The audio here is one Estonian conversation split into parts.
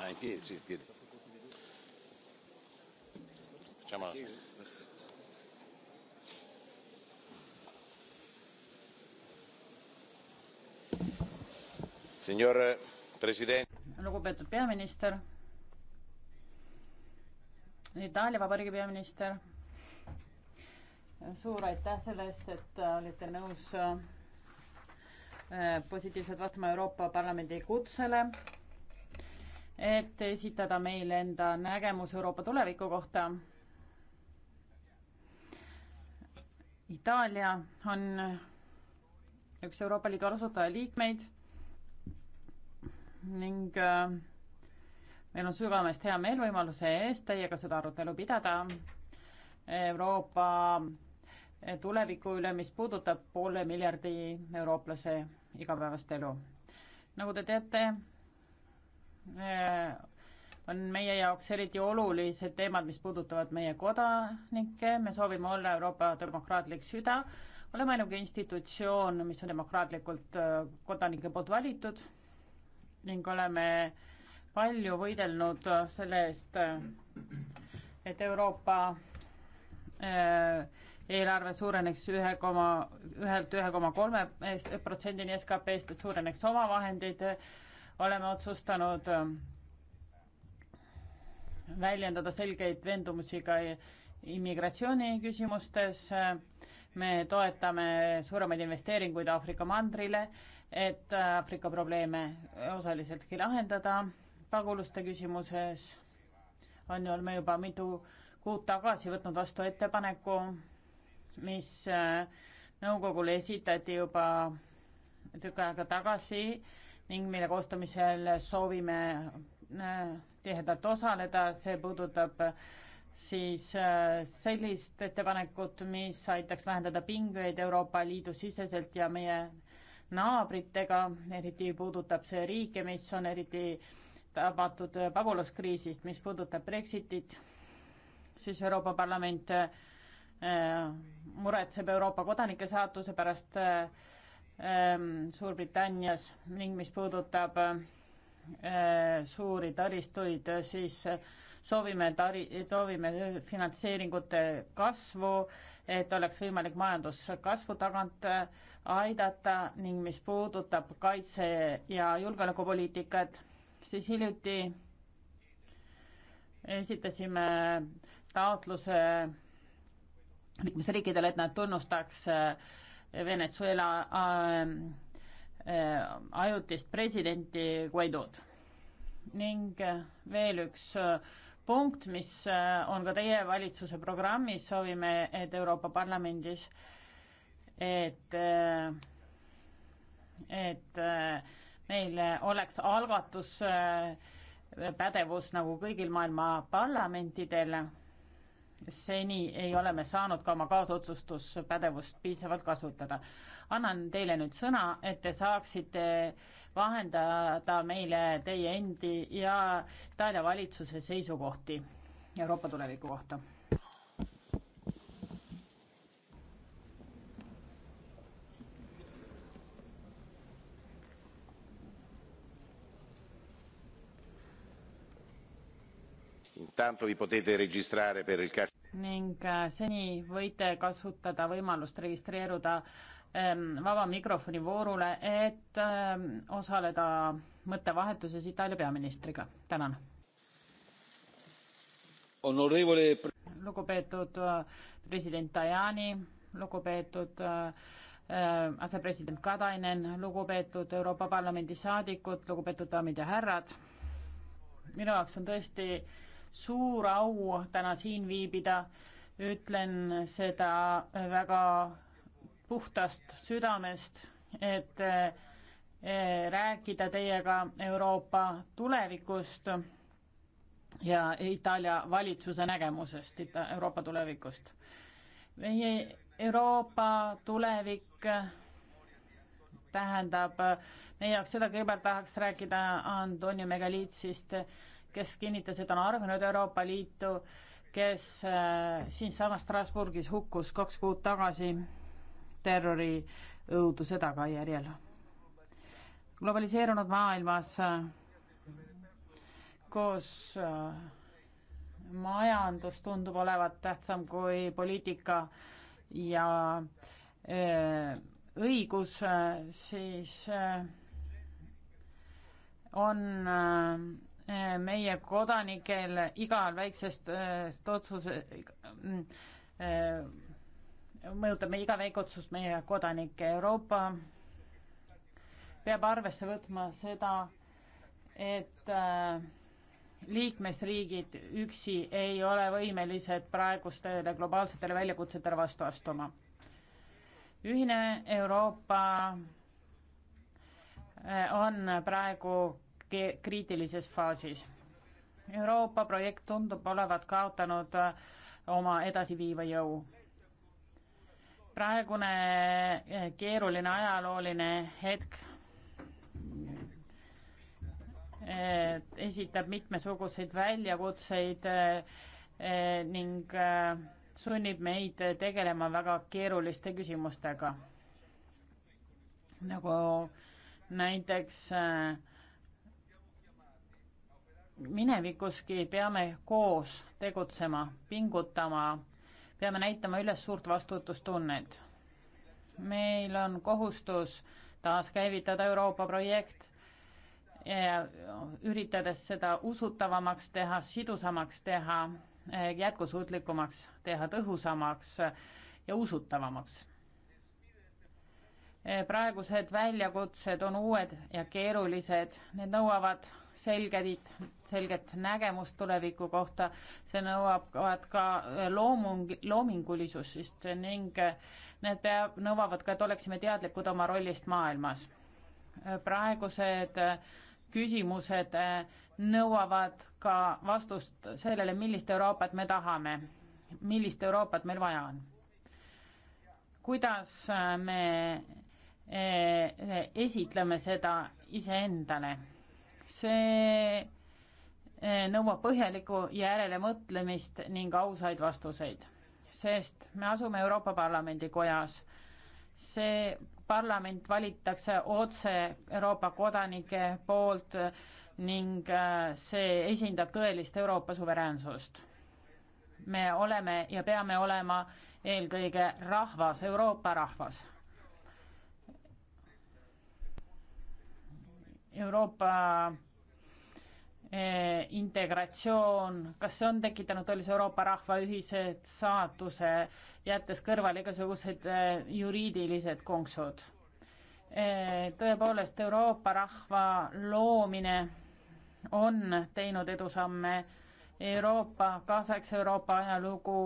Ah, in piedi, sì, in piedi. Facciamo... Signor Presidente. Lugupeetud peaminister. Itaalia Vabariigi peaminister. suur aitäh selle eest, et olite nõus eh, positiivselt vastama Euroopa Parlamendi kutsele et esitada meile enda nägemus Euroopa tuleviku kohta. Itaalia on üks Euroopa Liidu asutajaliikmeid ning äh, meil on sügavamest hea meel võimaluse eest teiega seda arutelu pidada Euroopa tuleviku üle, mis puudutab poole miljardi eurooplase igapäevast elu. nagu te teate, Äh, on meie jaoks eriti olulised teemad, mis puudutavad meie kodanikke, me soovime olla Euroopa demokraatlik süda, oleme ainuke institutsioon, mis on demokraatlikult äh, kodanike poolt valitud ning oleme palju võidelnud selle eest, äh, et Euroopa eelarve suureneks ühe koma, ühelt ühe koma kolme protsendini SKP-st, SKP et suureneks omavahendid, oleme otsustanud äh, väljendada selgeid veendumusi ka immigratsiooni küsimustes. me toetame suuremaid investeeringuid Aafrika mandrile, et Aafrika probleeme osaliseltki lahendada. pagulaste küsimuses on ju, oleme juba mitu kuud tagasi võtnud vastu ettepaneku, mis äh, nõukogule esitati juba tükk aega tagasi ning mille koostamisel soovime äh, tihedalt osaleda, see puudutab äh, siis äh, sellist ettepanekut, mis aitaks vähendada pingeid Euroopa Liidu siseselt ja meie naabritega, eriti puudutab see riike, mis on eriti tabatud pagulaskriisist, mis puudutab Brexitit, siis Euroopa Parlament muretseb Euroopa kodanike saatuse pärast äh, Ähm, Suurbritannias ning mis puudutab äh, suuri taristuid, siis äh, soovime tari-, soovime finantseeringute kasvu, et oleks võimalik majanduskasvu tagant äh, aidata ning mis puudutab kaitse- ja julgeolekupoliitikat, siis hiljuti esitasime taotluse liikmesriikidele, et nad tunnustaks äh, Venezuela ähm, äh, ajutist presidenti Guaidod. ning äh, veel üks äh, punkt, mis on ka teie valitsuse programmis, soovime, et Euroopa Parlamendis, et, et meil oleks algatuspädevus nagu kõigil maailma parlamentidel seni ei ole me saanud ka oma kaasotsustuspädevust piisavalt kasutada. annan teile nüüd sõna, et te saaksite vahendada meile teie endi ja Itaalia valitsuse seisukohti Euroopa tuleviku kohta ning eh, seni võite kasutada võimalust registreeruda ehm, vaba mikrofoni voorule, et ehm, osaleda mõttevahetuses Itaalia peaministriga. tänan. lugupeetud eh, president Tajani, lugupeetud eh, asepresident Katainen, lugupeetud Euroopa Parlamendi saadikud, lugupeetud daamid ja härrad. minu jaoks on tõesti suur au täna siin viibida, ütlen seda väga puhtast südamest, et eh, rääkida teiega Euroopa tulevikust ja Itaalia valitsuse nägemusest Ita-, Euroopa tulevikust. meie Euroopa tulevik tähendab meie jaoks seda, kõigepealt tahaks rääkida Antonio Megalitsist, kes kinnitas, et on arvanud Euroopa Liitu, kes äh, siinsamas Strasbourgis hukkus kaks kuud tagasi terroriõuduse tagajärjel. globaliseerunud maailmas äh, koos äh, majandus tundub olevat tähtsam kui poliitika ja õigus, siis on meie kodanikel igal väiksest äh, otsuse äh, mõjutab meie iga väike otsus meie kodanikke. Euroopa peab arvesse võtma seda, et äh, liikmesriigid üksi ei ole võimelised praegustele globaalsetele väljakutsetele vastu astuma. ühine Euroopa on praegu kriitilises faasis. Euroopa projekt tundub olevat kaotanud äh, oma edasiviiva jõu. praegune äh, keeruline ajalooline hetk äh, esitab mitmesuguseid väljakutseid ning sunnib meid tegelema väga keeruliste küsimustega, nagu näiteks äh, minevikuski peame koos tegutsema, pingutama, peame näitama üles suurt vastutustunnet. meil on kohustus taaskäivitada Euroopa projekt, üritades seda usutavamaks teha, sidusamaks teha, jätkusuutlikumaks teha, tõhusamaks ja usutavamaks praegused väljakutsed on uued ja keerulised, need nõuavad selged, selget nägemust tuleviku kohta, see nõuab ka äh, loomung, loomingulisusest ning äh, need peab, nõuavad ka, et oleksime teadlikud oma rollist maailmas. Äh, praegused küsimused nõuavad ka vastust sellele, millist Euroopat me tahame, millist Euroopat meil vaja on. kuidas me esitleme seda iseendale see eh, nõuab põhjalikku järelemõtlemist ning ausaid vastuseid, sest me asume Euroopa Parlamendi kojas. see parlament valitakse otse Euroopa kodanike poolt ning eh, see esindab tõelist Euroopa suveräänsust. me oleme ja peame olema eelkõige rahvas, Euroopa rahvas Euroopa eh, integratsioon, kas see on tekitanud tõelise Euroopa rahva ühise saatuse, jättes kõrvale igasugused eh, juriidilised konksud? Eh, tõepoolest, Euroopa rahva loomine on teinud edusamme, Euroopa, kaasaegse Euroopa ajalugu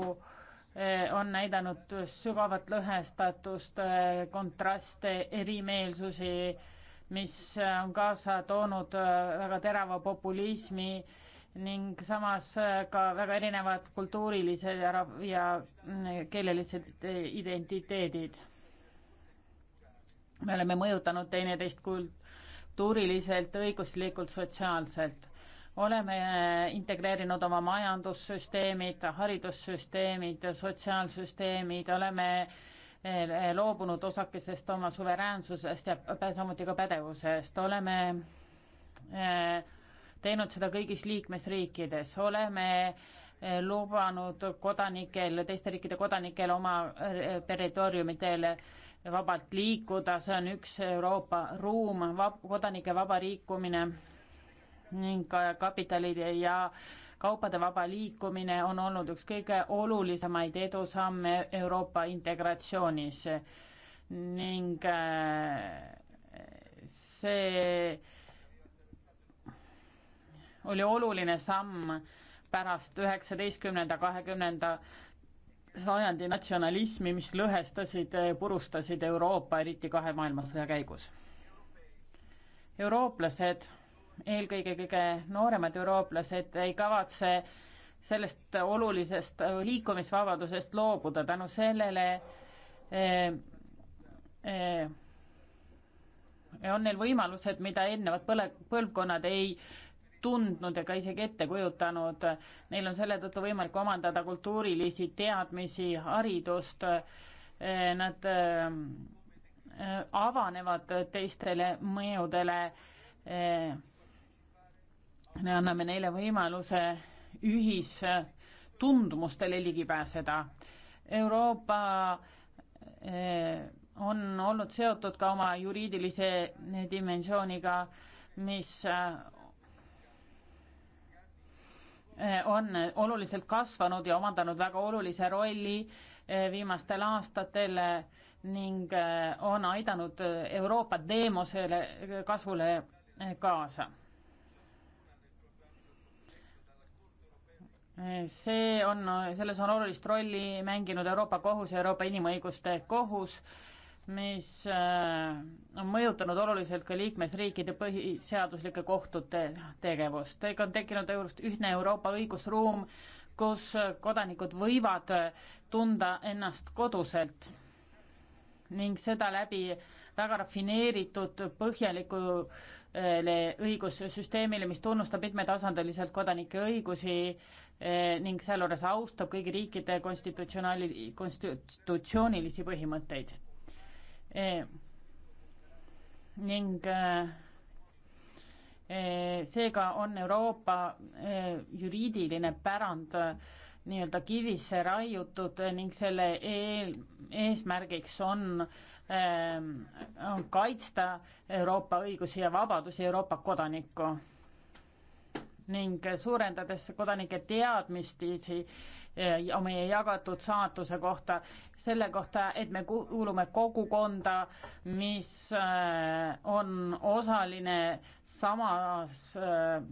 on näidanud sügavat lõhestatust, kontraste, erimeelsusi mis äh, on kaasa toonud äh, väga terava populismi ning samas äh, ka väga erinevad kultuurilised ja, ja mm, keelelised identiteedid. me oleme mõjutanud teineteist kultuuriliselt, õiguslikult, sotsiaalselt. oleme integreerinud oma majandussüsteemid, haridussüsteemid, sotsiaalsüsteemid, oleme äh, loobunud osakesest oma suveräänsusest ja samuti ka pädevusest. oleme eh, teinud seda kõigis liikmesriikides, oleme eh, lubanud kodanikel, teiste riikide kodanikel oma eh, territooriumidel vabalt liikuda, see on üks Euroopa ruum, vab-, kodanike vaba liikumine ning kapitalide ja äh, kaupade vaba liikumine on olnud üks kõige olulisemaid edusamme Euroopa integratsioonis ning äh, see oli oluline samm pärast üheksateistkümnenda, kahekümnenda sajandi natsionalismi, mis lõhestasid, purustasid Euroopa, eriti kahe maailmasõja käigus. eurooplased eelkõige kõige nooremad eurooplased ei kavatse sellest olulisest liikumisvabadusest loobuda, tänu sellele eh, eh, on neil võimalused, mida eelnevad põle, põlvkonnad ei tundnud ega isegi ette kujutanud. Neil on selle tõttu võimalik omandada kultuurilisi teadmisi, haridust, eh, nad eh, avanevad teistele mõjudele eh, me anname neile võimaluse ühistundmustele ligi pääseda. Euroopa eh, on olnud seotud ka oma juriidilise dimensiooniga, mis eh, on oluliselt kasvanud ja omandanud väga olulise rolli eh, viimastel aastatel ning on aidanud Euroopa demosele kasvule kaasa see on, selles on olulist rolli mänginud Euroopa Kohus ja Euroopa Inimõiguste Kohus, mis äh, on mõjutanud oluliselt ka liikmesriikide põhiseaduslike kohtute tegevust. ega on tekkinud ühtne Euroopa õigusruum, kus kodanikud võivad tunda ennast koduselt ning seda läbi väga rafineeritud põhjalikule õigussüsteemile, mis tunnustab mitmetasandiliselt kodanike õigusi Eh, ning sealjuures austab kõigi riikide konstitutsionaali, konstitutsioonilisi põhimõtteid e,. ning e, seega on Euroopa e, juriidiline pärand nii-öelda kivisse raiutud ning selle eel, eesmärgiks on, on kaitsta Euroopa õigusi ja vabadusi Euroopa kodanikku ning suurendades kodanike teadmistisi eh, ja meie jagatud saatuse kohta, selle kohta, et me kuulume kogukonda, mis eh, on osaline samas eh,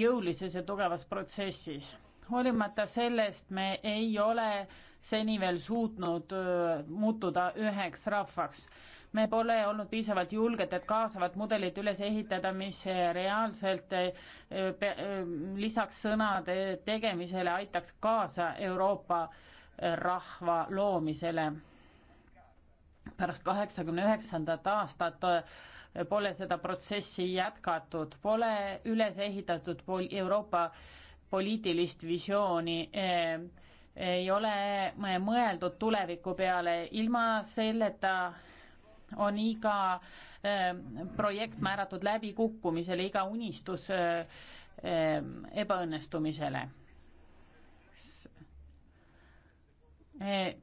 jõulises ja tugevas protsessis. hoolimata sellest me ei ole seni veel suutnud muutuda üheks rahvaks me pole olnud piisavalt julged, et kaasavat mudelit üles ehitada, mis reaalselt eh, eh, lisaks sõnade tegemisele aitaks kaasa Euroopa eh, rahva loomisele. pärast kaheksakümne üheksandat aastat pole seda protsessi jätkatud, pole üles ehitatud pol-, Euroopa poliitilist visiooni ei ole mõeldud tuleviku peale, ilma selleta on iga ähm, projekt määratud läbikukkumisele, iga unistus ähm, ebaõnnestumisele. Äh,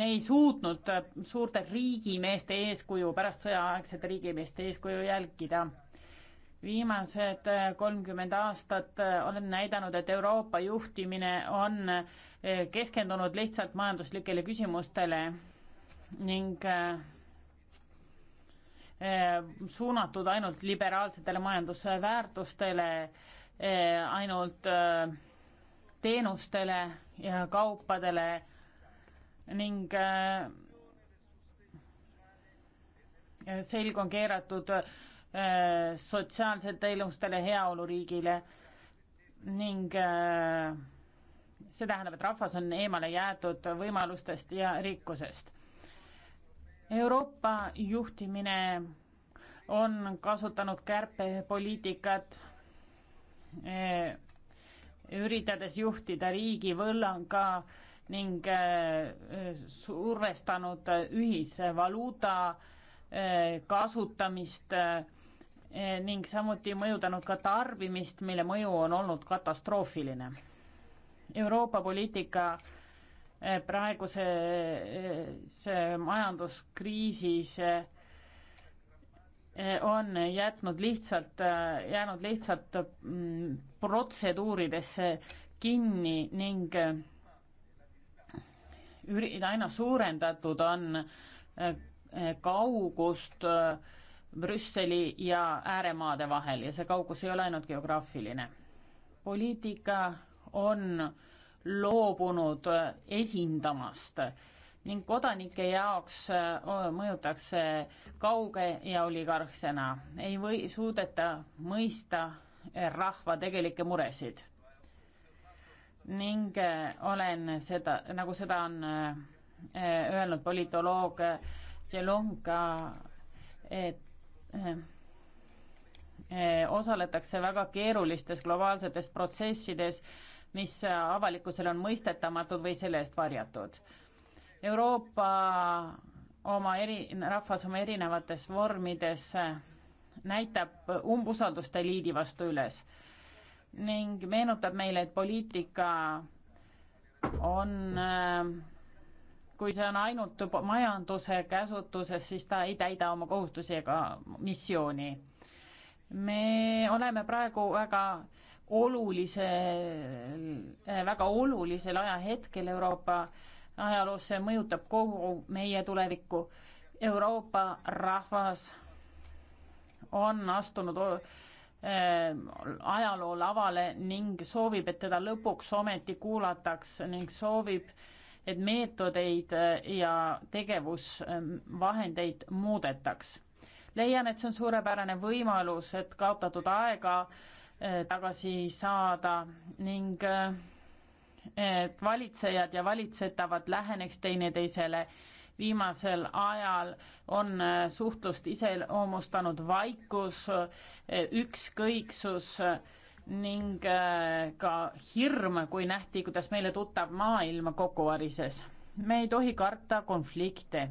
ei suutnud suurte riigimeeste eeskuju, pärast sõjaaegsete riigimeeste eeskuju jälgida. viimased äh, kolmkümmend aastat äh, olen näidanud, et Euroopa juhtimine on keskendunud lihtsalt majanduslikele küsimustele ning äh, Eh, suunatud ainult liberaalsetele majandusväärtustele, eh, ainult eh, teenustele ja kaupadele ning selg on keeratud sotsiaalsetele elustele, heaoluriigile ning see tähendab, et rahvas on eemale jäetud võimalustest ja rikkusest Euroopa juhtimine on kasutanud kärpepoliitikat, eh, üritades juhtida riigi võlanga ning eh, survestanud ühisvaluuta eh, kasutamist ning samuti mõjutanud ka tarbimist, mille mõju on olnud katastroofiline. Euroopa poliitika praeguses majanduskriisis eh, on jätnud lihtsalt, eh, jäänud lihtsalt mm, protseduuridesse kinni ning eh, üri-, aina suurendatud on kaugust Brüsseli ja ääremaade vahel ja see kaugus ei ole ainult geograafiline. poliitika on äh, loobunud äh, esindamast ning kodanike jaoks äh, mõjutakse kauge ja oligarhsena. ei või, suudeta mõista äh, rahva tegelikke muresid. ning olen seda, nagu seda on öelnud politoloog Tšelonka, et osaletakse väga keerulistes globaalsetes protsessides mis avalikkusele on mõistetamatud või selle eest varjatud. Euroopa oma eri, rahvas oma erinevates vormides näitab umbusaldust eliidi vastu üles ning meenutab meile, et poliitika on kui see on ainult majanduse käsutuses, siis ta ei täida oma kohustusi ega missiooni. me oleme praegu väga äh, olulisel, äh, väga olulisel ajahetkel Euroopa ajaloos, see mõjutab kogu meie tulevikku. Euroopa rahvas on astunud äh, ajaloo lavale ning soovib, et teda lõpuks ometi kuulataks ning soovib, et meetodeid äh, ja tegevusvahendeid muudetaks. leian, et see on suurepärane võimalus, et kaotatud aega äh, Äh, tagasi saada ning äh, et valitsejad ja valitsetavad läheneks teineteisele. viimasel ajal on äh, suhtlust iseloomustanud vaikus, ükskõiksus ning ka hirm, kui nähti, kuidas meile tuttav maailm kokku varises. me ei tohi karta konflikte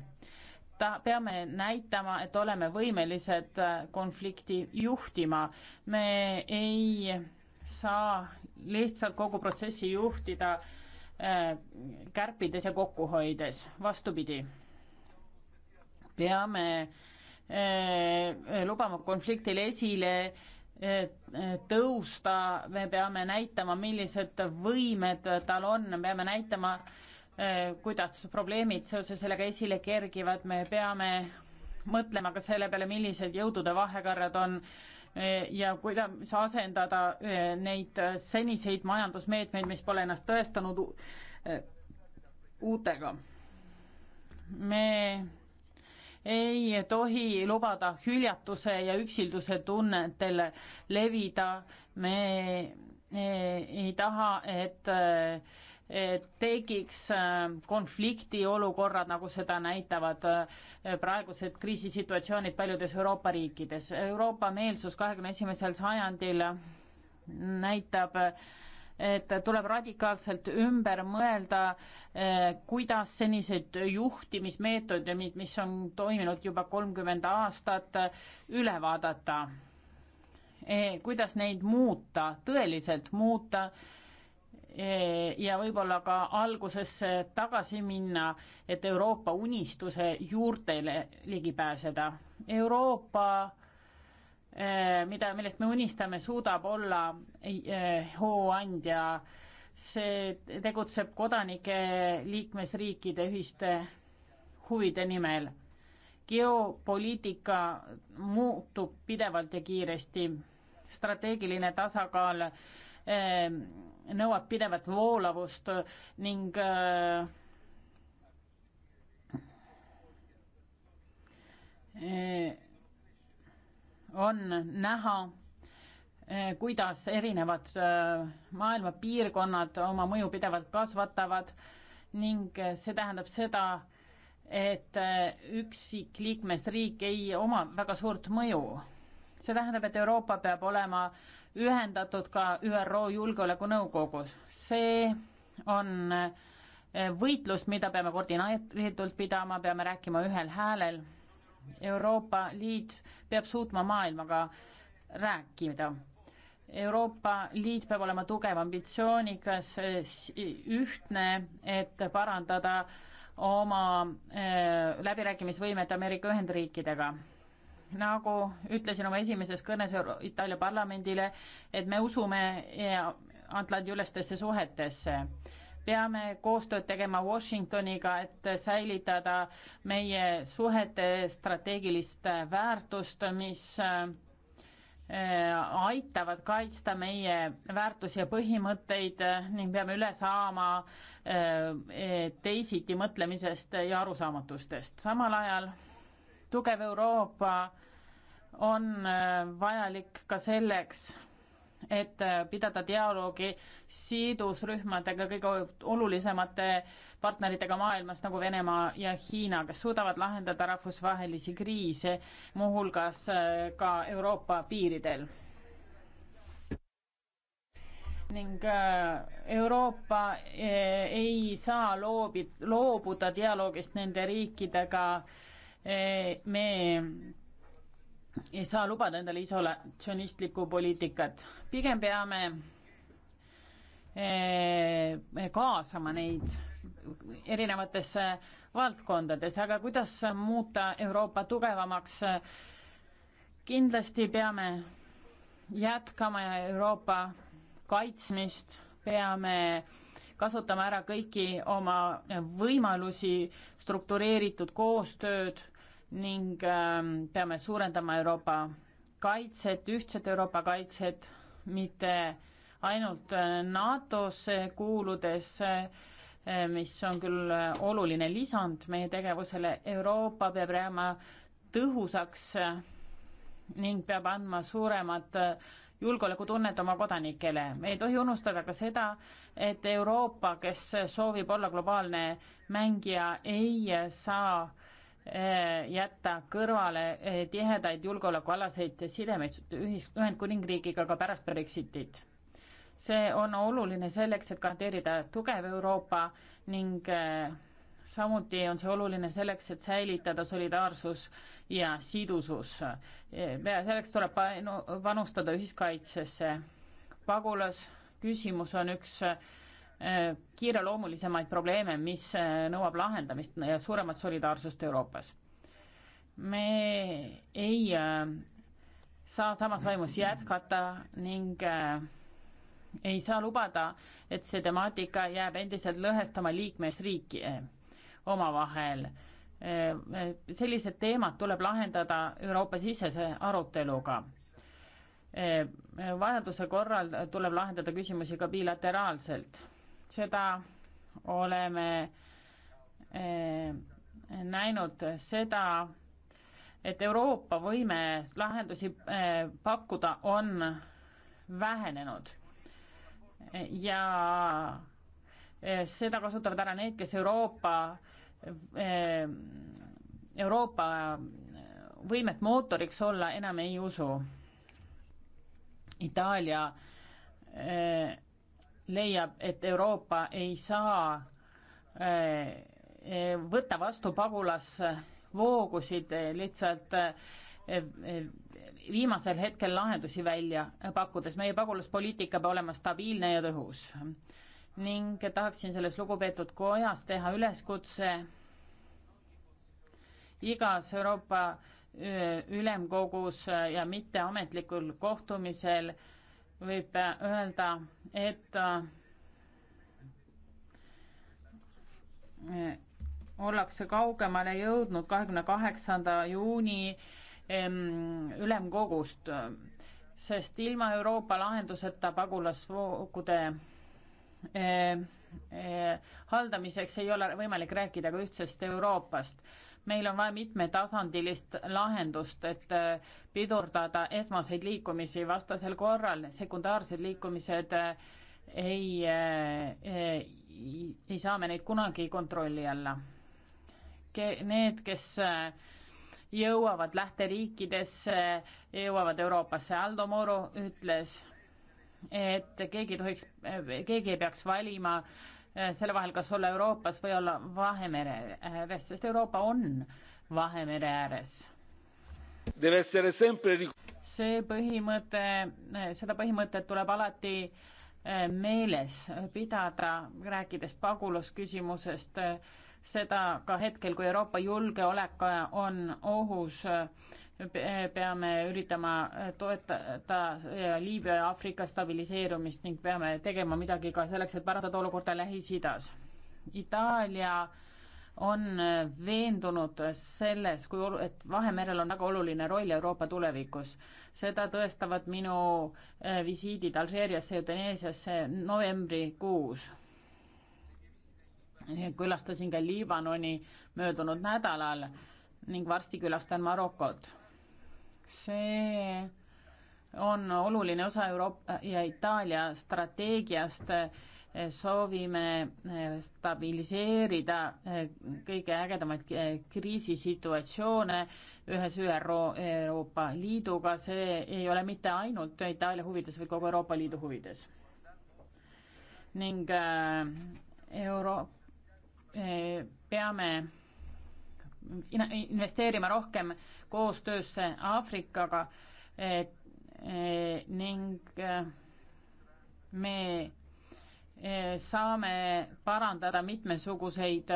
ta, peame näitama, et oleme võimelised äh, konflikti juhtima. me ei saa lihtsalt kogu protsessi juhtida äh, kärpides ja kokku hoides, vastupidi. peame äh, lubama konfliktil esile tõusta, me peame näitama, millised võimed tal on, me peame näitama, Äh, kuidas probleemid seoses sellega esile kergivad, me peame mõtlema ka selle peale, millised jõudude vahekarjad on äh, ja kuidas asendada äh, neid seniseid majandusmeetmeid, mis pole ennast tõestanud, uutega. me ei tohi lubada hüljatuse ja üksilduse tunnetel levida, me ei taha, et äh, tekiks äh, konfliktiolukorrad, nagu seda näitavad äh, praegused kriisisituatsioonid paljudes Euroopa riikides. Euroopa meelsus kahekümne esimesel sajandil näitab, et tuleb radikaalselt ümber mõelda, äh, kuidas seniseid juhtimismeetodeid, mis on toiminud juba kolmkümmend aastat, üle vaadata. E, kuidas neid muuta, tõeliselt muuta Eh, ja võib-olla ka algusesse tagasi minna, et Euroopa unistuse juurtele ligi pääseda. Euroopa, eh, mida, millest me unistame, suudab olla eh, hooandja, see tegutseb kodanike liikmesriikide ühiste huvide nimel. geopoliitika muutub pidevalt ja kiiresti, strateegiline tasakaal äh, nõuab pidevat voolavust ning äh, on näha, äh, kuidas erinevad äh, maailma piirkonnad oma mõju pidevalt kasvatavad ning see tähendab seda, et üksik liikmesriik ei oma väga suurt mõju. see tähendab, et Euroopa peab olema äh, ühendatud ka ÜRO Julgeolekunõukogus. see on eh, võitlus, mida peame koordineeritult pidama, peame rääkima ühel häälel. Euroopa Liit peab suutma maailmaga rääkida. Euroopa Liit peab olema tugev, ambitsioonikas, eh, ühtne, et parandada oma eh, läbirääkimisvõimet Ameerika Ühendriikidega nagu ütlesin oma esimeses kõnes Itaalia parlamendile, et me usume eh, Atlandi-ülestesse suhetesse. peame koostööd tegema Washingtoniga, et säilitada meie suhete strateegilist väärtust, mis eh, aitavad kaitsta meie väärtusi ja põhimõtteid eh, ning peame üle saama teisiti mõtlemisest ja arusaamatustest. samal ajal tugev Euroopa on äh, vajalik ka selleks, et äh, pidada dialoogi sidusrühmadega, kõige olulisemate partneritega maailmas nagu Venemaa ja Hiina, kes suudavad lahendada rahvusvahelisi kriise, muuhulgas äh, ka Euroopa piiridel. ning Euroopa ei saa loobi, loobuda dialoogist nende riikidega, me ei saa lubada endale isolatsionistlikku poliitikat, pigem peame eh, kaasama neid erinevates valdkondades, aga kuidas muuta Euroopa tugevamaks, kindlasti peame jätkama Euroopa kaitsmist, peame kasutama ära kõiki oma võimalusi struktureeritud koostööd ning ähm, peame suurendama Euroopa kaitset, ühtset Euroopa kaitset, mitte ainult äh, NATO-sse kuuludes, äh, mis on küll äh, oluline lisand meie tegevusele, Euroopa peab jääma tõhusaks ning peab andma suuremat julgeolekutunnet oma kodanikele. me ei tohi unustada ka seda, et Euroopa, kes soovib olla globaalne mängija, ei saa eh, jätta kõrvale eh, tihedaid julgeolekualaseid sidemeid ühis-, Ühendkuningriigiga ka pärast Brexitit. see on oluline selleks, et garanteerida tugev Euroopa ning eh, samuti on see oluline selleks, et säilitada solidaarsus ja sidusus. selleks tuleb panustada ühiskaitsesse. pagulasküsimus on üks äh, kiireloomulisemaid probleeme, mis äh, nõuab lahendamist ja suuremat solidaarsust Euroopas. me ei äh, saa samas vaimus jätkata ning ei saa lubada, et see temaatika jääb endiselt lõhestama liikmesriiki omavahel. Äh, sellised teemad tuleb lahendada Euroopa-sisese aruteluga. Äh, vajaduse korral tuleb lahendada küsimusi ka bilateraalselt. seda oleme äh, näinud seda, et Euroopa võime lahendusi pakkuda on vähenenud ja seda kasutavad ära need, kes Euroopa Eh, Euroopa võimet mootoriks olla enam ei usu. Itaalia eh, leiab, et Euroopa ei saa eh, võtta vastu pagulasvoogusid lihtsalt viimasel hetkel lahendusi välja pakkudes. meie pagulaspoliitika peab olema stabiilne ja tõhus ning tahaksin selles lugupeetud kojas teha üleskutse igas Euroopa ülemkogus äh, ja mitteametlikul kohtumisel võib äh, öelda, et äh, ollakse kaugemale jõudnud kahekümne kaheksanda juuni ülemkogust, sest ilma Euroopa lahenduseta pagulasvoogude Eh, eh, haldamiseks ei ole võimalik rääkida ka ühtsest Euroopast. meil on vaja mitmetasandilist lahendust, et eh, pidurdada esmaseid liikumisi, vastasel korral sekundaarsed liikumised ei, ei, ei saa me neid kunagi kontrolli alla. Need, kes jõuavad lähteriikidesse, jõuavad Euroopasse. Aldo Moro ütles, et keegi ei tohiks, keegi ei peaks valima eh, selle vahel, kas olla Euroopas või olla Vahemere ääres, sest Euroopa on Vahemere ääres. see põhimõte, eh, seda põhimõtet tuleb alati eh, meeles pidada, rääkides pagulasküsimusest, seda ka hetkel, kui Euroopa julgeolek on ohus peame üritama toetada Liibüa ja Aafrika stabiliseerumist ning peame tegema midagi ka selleks, et parandada olukorda Lähis-Idas. Itaalia on veendunud selles, kui, et Vahemerel on väga oluline roll Euroopa tulevikus. seda tõestavad minu eh, visiidid Alžeeriasse ja Tuneesiasse novembrikuus. külastasin ka Liibanoni möödunud nädalal ning varsti külastan Marokot see on oluline osa Euroopa ja Itaalia strateegiast, soovime eh, stabiliseerida eh, kõige ägedamaid eh, kriisisituatsioone ühes ÜRO Euroopa Liiduga, see ei ole mitte ainult Itaalia huvides, vaid kogu Euroopa Liidu huvides. ning euro-, peame investeerima rohkem äh, koostöösse Aafrikaga et, et, eh, ning eh, me eh, saame parandada mitmesuguseid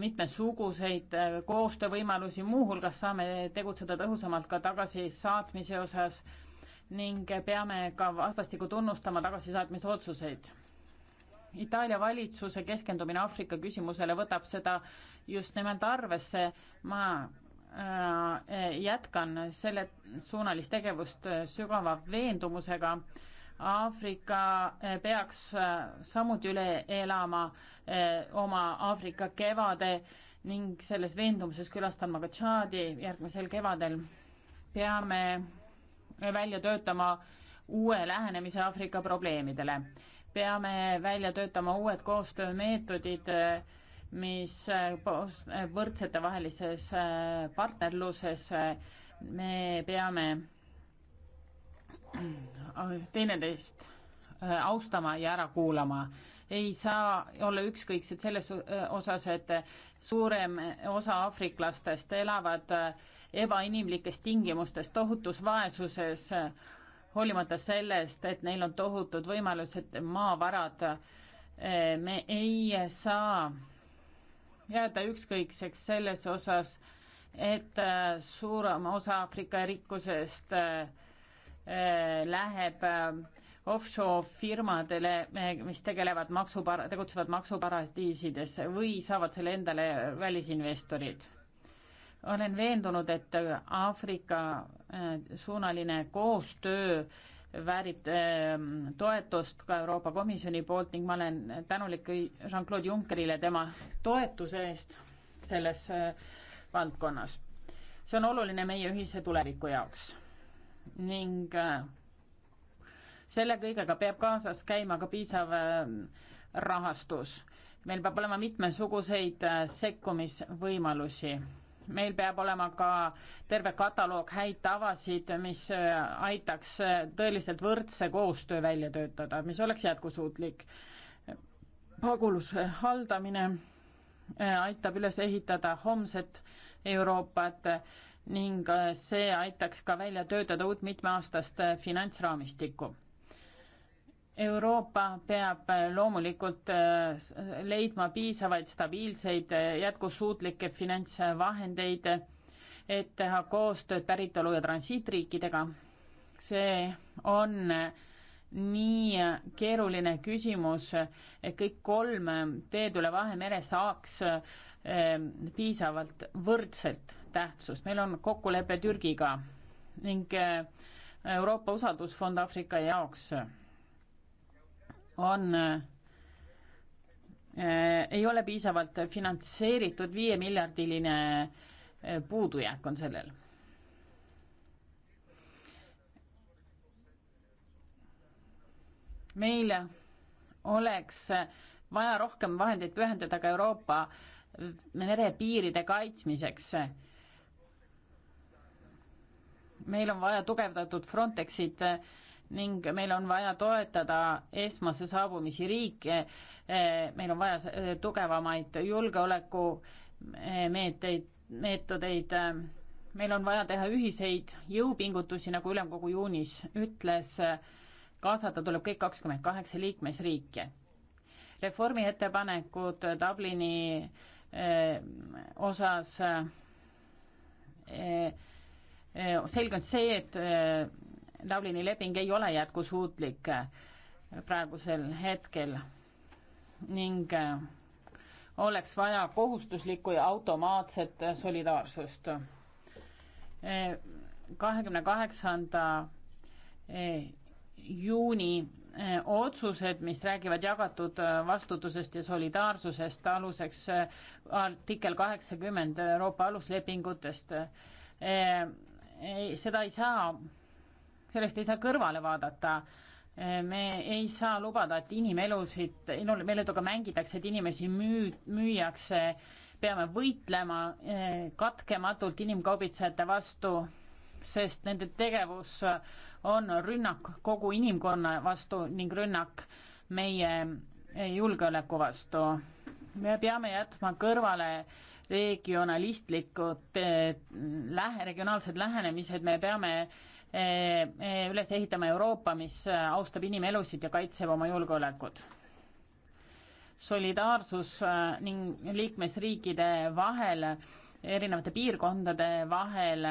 mitmesuguseid koostöövõimalusi, muuhulgas saame tegutseda tõhusamalt ka tagasisaatmise osas ning peame ka vastastikku tunnustama tagasisaatmise otsuseid. Itaalia valitsuse keskendumine Aafrika küsimusele võtab seda just nimelt arvesse. ma Äh, äh, jätkan selle suunalist tegevust äh, sügava veendumusega. Aafrika peaks samuti üle elama oma Aafrika kevade ning selles veendumuses külastama ka Tšaadi järgmisel kevadel. peame välja töötama uue lähenemise Aafrika probleemidele. peame välja töötama uued koostöömeetodid äh, mis eh, eh, võrdsetevahelises eh, partnerluses me peame oh, teineteist austama ja ära kuulama. ei saa olla ükskõiksed selles osas, et suurem osa aafriklastest elavad ebainimlikes tingimustes, tohutus vaesuses, hoolimata sellest, et neil on tohutud võimalused, maavarad. me ei saa jääda ükskõikseks selles osas, et äh, suurem osa Aafrika rikkusest äh, äh, läheb offshore firmadele, mis tegelevad maksupara-, tegutsevad maksuparadiisides või saavad selle endale välisinvestorid. olen veendunud, et Aafrika suunaline koostöö väärib ähm, toetust ka Euroopa Komisjoni poolt ning ma olen tänulik Jean-Claude Junckerile tema toetuse eest selles äh, valdkonnas. see on oluline meie ühise tuleviku jaoks ning äh, selle kõigega peab kaasas käima ka piisav ähm, rahastus. meil peab olema mitmesuguseid äh, sekkumisvõimalusi meil peab olema ka terve kataloog häid tavasid, mis äh, aitaks äh, tõeliselt võrdse koostöö välja töötada, mis oleks jätkusuutlik. paguluse haldamine äh, aitab üles ehitada homset Euroopat ning see aitaks ka välja töötada uut mitmeaastast finantsraamistikku Euroopa peab äh, loomulikult äh, leidma piisavaid stabiilseid äh, jätkusuutlikke finantsvahendeid, et teha koostööd päritolu- ja transiitriikidega. see on nii keeruline küsimus, et kõik kolm teed üle Vahemere saaks piisavalt võrdselt tähtsust. meil on kokkulepe Türgiga ning Euroopa usaldusfond Aafrika jaoks on äh, ei ole piisavalt finantseeritud, viiemiljardiline äh, puudujääk on sellel. meil oleks vaja rohkem vahendeid pühendada ka Euroopa merepiiride kaitsmiseks. meil on vaja tugevdatud Frontexit äh, ning meil on vaja toetada esmase saabumisi riike, eh, meil on vaja eh, tugevamaid julgeolekumeeteid, eh, meetodeid, meil on vaja teha ühiseid jõupingutusi, nagu Ülemkogu juunis ütles, kaasata tuleb kõik kakskümmend kaheksa liikmesriiki. reformi ettepanekud Dublini osas selge on see, et Dublini leping ei ole jätkusuutlik äh, praegusel hetkel ning äh, oleks vaja kohustuslikku ja automaatset äh, solidaarsust. kahekümne kaheksanda juuni otsused, mis räägivad jagatud vastutusest ja solidaarsusest, aluseks artikkel kaheksakümmend Euroopa aluslepingutest. seda ei saa sellest ei saa kõrvale vaadata. me ei saa lubada, et inimelusid, inimeluga mängitakse, et inimesi müü-, müüakse, peame võitlema eh, katkematult inimkaubitsejate vastu, sest nende tegevus on rünnak kogu inimkonna vastu ning rünnak meie eh, julgeoleku vastu. me peame jätma kõrvale regionalistlikud eh, lähe-, regionaalsed lähenemised, me peame Eh, eh, üles ehitama Euroopa, mis eh, austab inimelusid ja kaitseb oma julgeolekut. solidaarsus ning liikmesriikide vahel, erinevate piirkondade vahel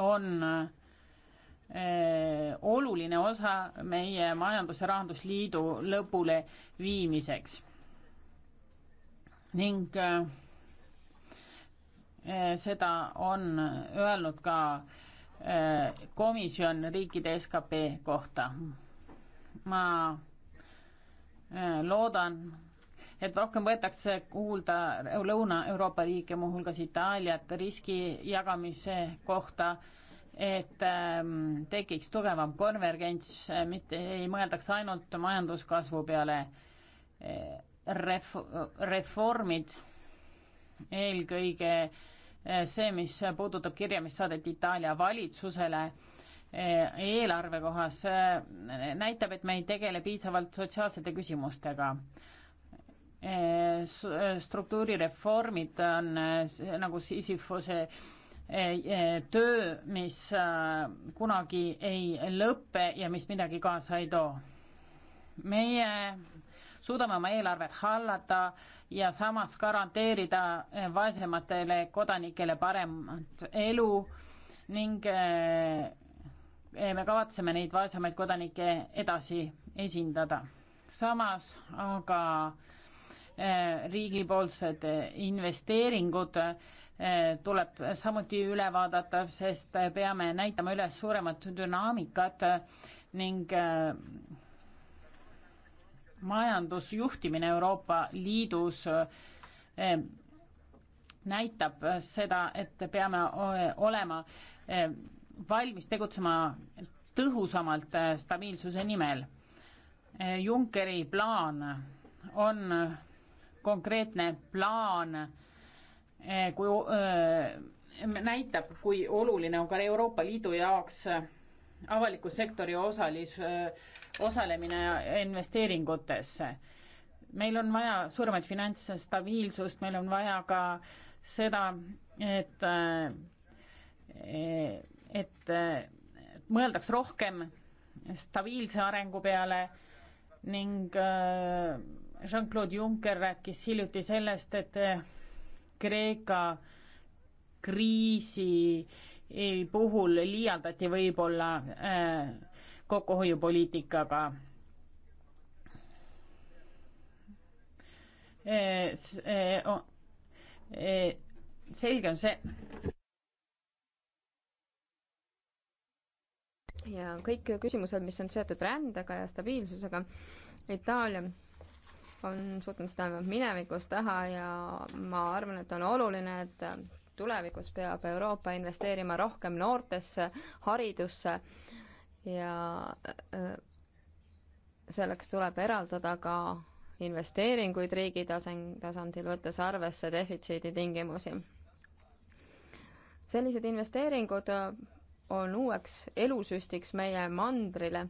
on oluline osa meie Majandus- ja Rahandusliidu lõpule viimiseks. ning seda on öelnud ka äh, Äh, komisjon riikide skp kohta. ma äh, loodan, et rohkem võetakse kuulda Lõuna-Euroopa riike, muuhulgas Itaaliat, riski jagamise kohta, et ähm, tekiks tugevam konvergents, äh, mitte ei mõeldaks ainult majanduskasvu peale. Ref-, reformid eelkõige äh, Eh, see, mis puudutab kirja, mis saadeti Itaalia valitsusele eh, eelarve kohas, eh, näitab, et me ei tegele piisavalt sotsiaalsete küsimustega. struktuurireformid on nagu Sisyphose töö, mis kunagi ei lõpe ja mis midagi kaasa ei too. meie suudame oma eelarvet hallata ja samas garanteerida eh, vaesematele kodanikele paremat elu ning eh, eh, me kavatseme neid vaesemaid kodanikke edasi esindada. samas aga riigipoolsed investeeringud tuleb samuti üle vaadata, sest peame näitama üles suuremat dünaamikat ning majandusjuhtimine Euroopa Liidus eh, näitab seda, et peame eh, olema eh, valmis tegutsema tõhusamalt stabiilsuse nimel. Junckeri plaan on konkreetne plaan, kui näitab, kui oluline on ka Euroopa Liidu jaoks avaliku sektori osalis, osalemine investeeringutesse. meil on vaja suuremaid finantsstabiilsust, meil on vaja ka seda, et, et mõeldaks rohkem stabiilse arengu peale ning Jean-Claude Juncker rääkis hiljuti sellest, et Kreeka kriisi puhul liialdati võib-olla äh, kokkuhoiupoliitikaga. Äh, äh, selge on see. ja kõik küsimused, mis on seotud rändega ja stabiilsusega, Itaalia on suutnud seda minevikus teha ja ma arvan, et on oluline, et tulevikus peab Euroopa investeerima rohkem noortesse, haridusse ja äh, selleks tuleb eraldada ka investeeringuid riigi tasen-, tasandil, võttes arvesse defitsiidi tingimusi. sellised investeeringud äh, on uueks elusüstiks meie mandrile.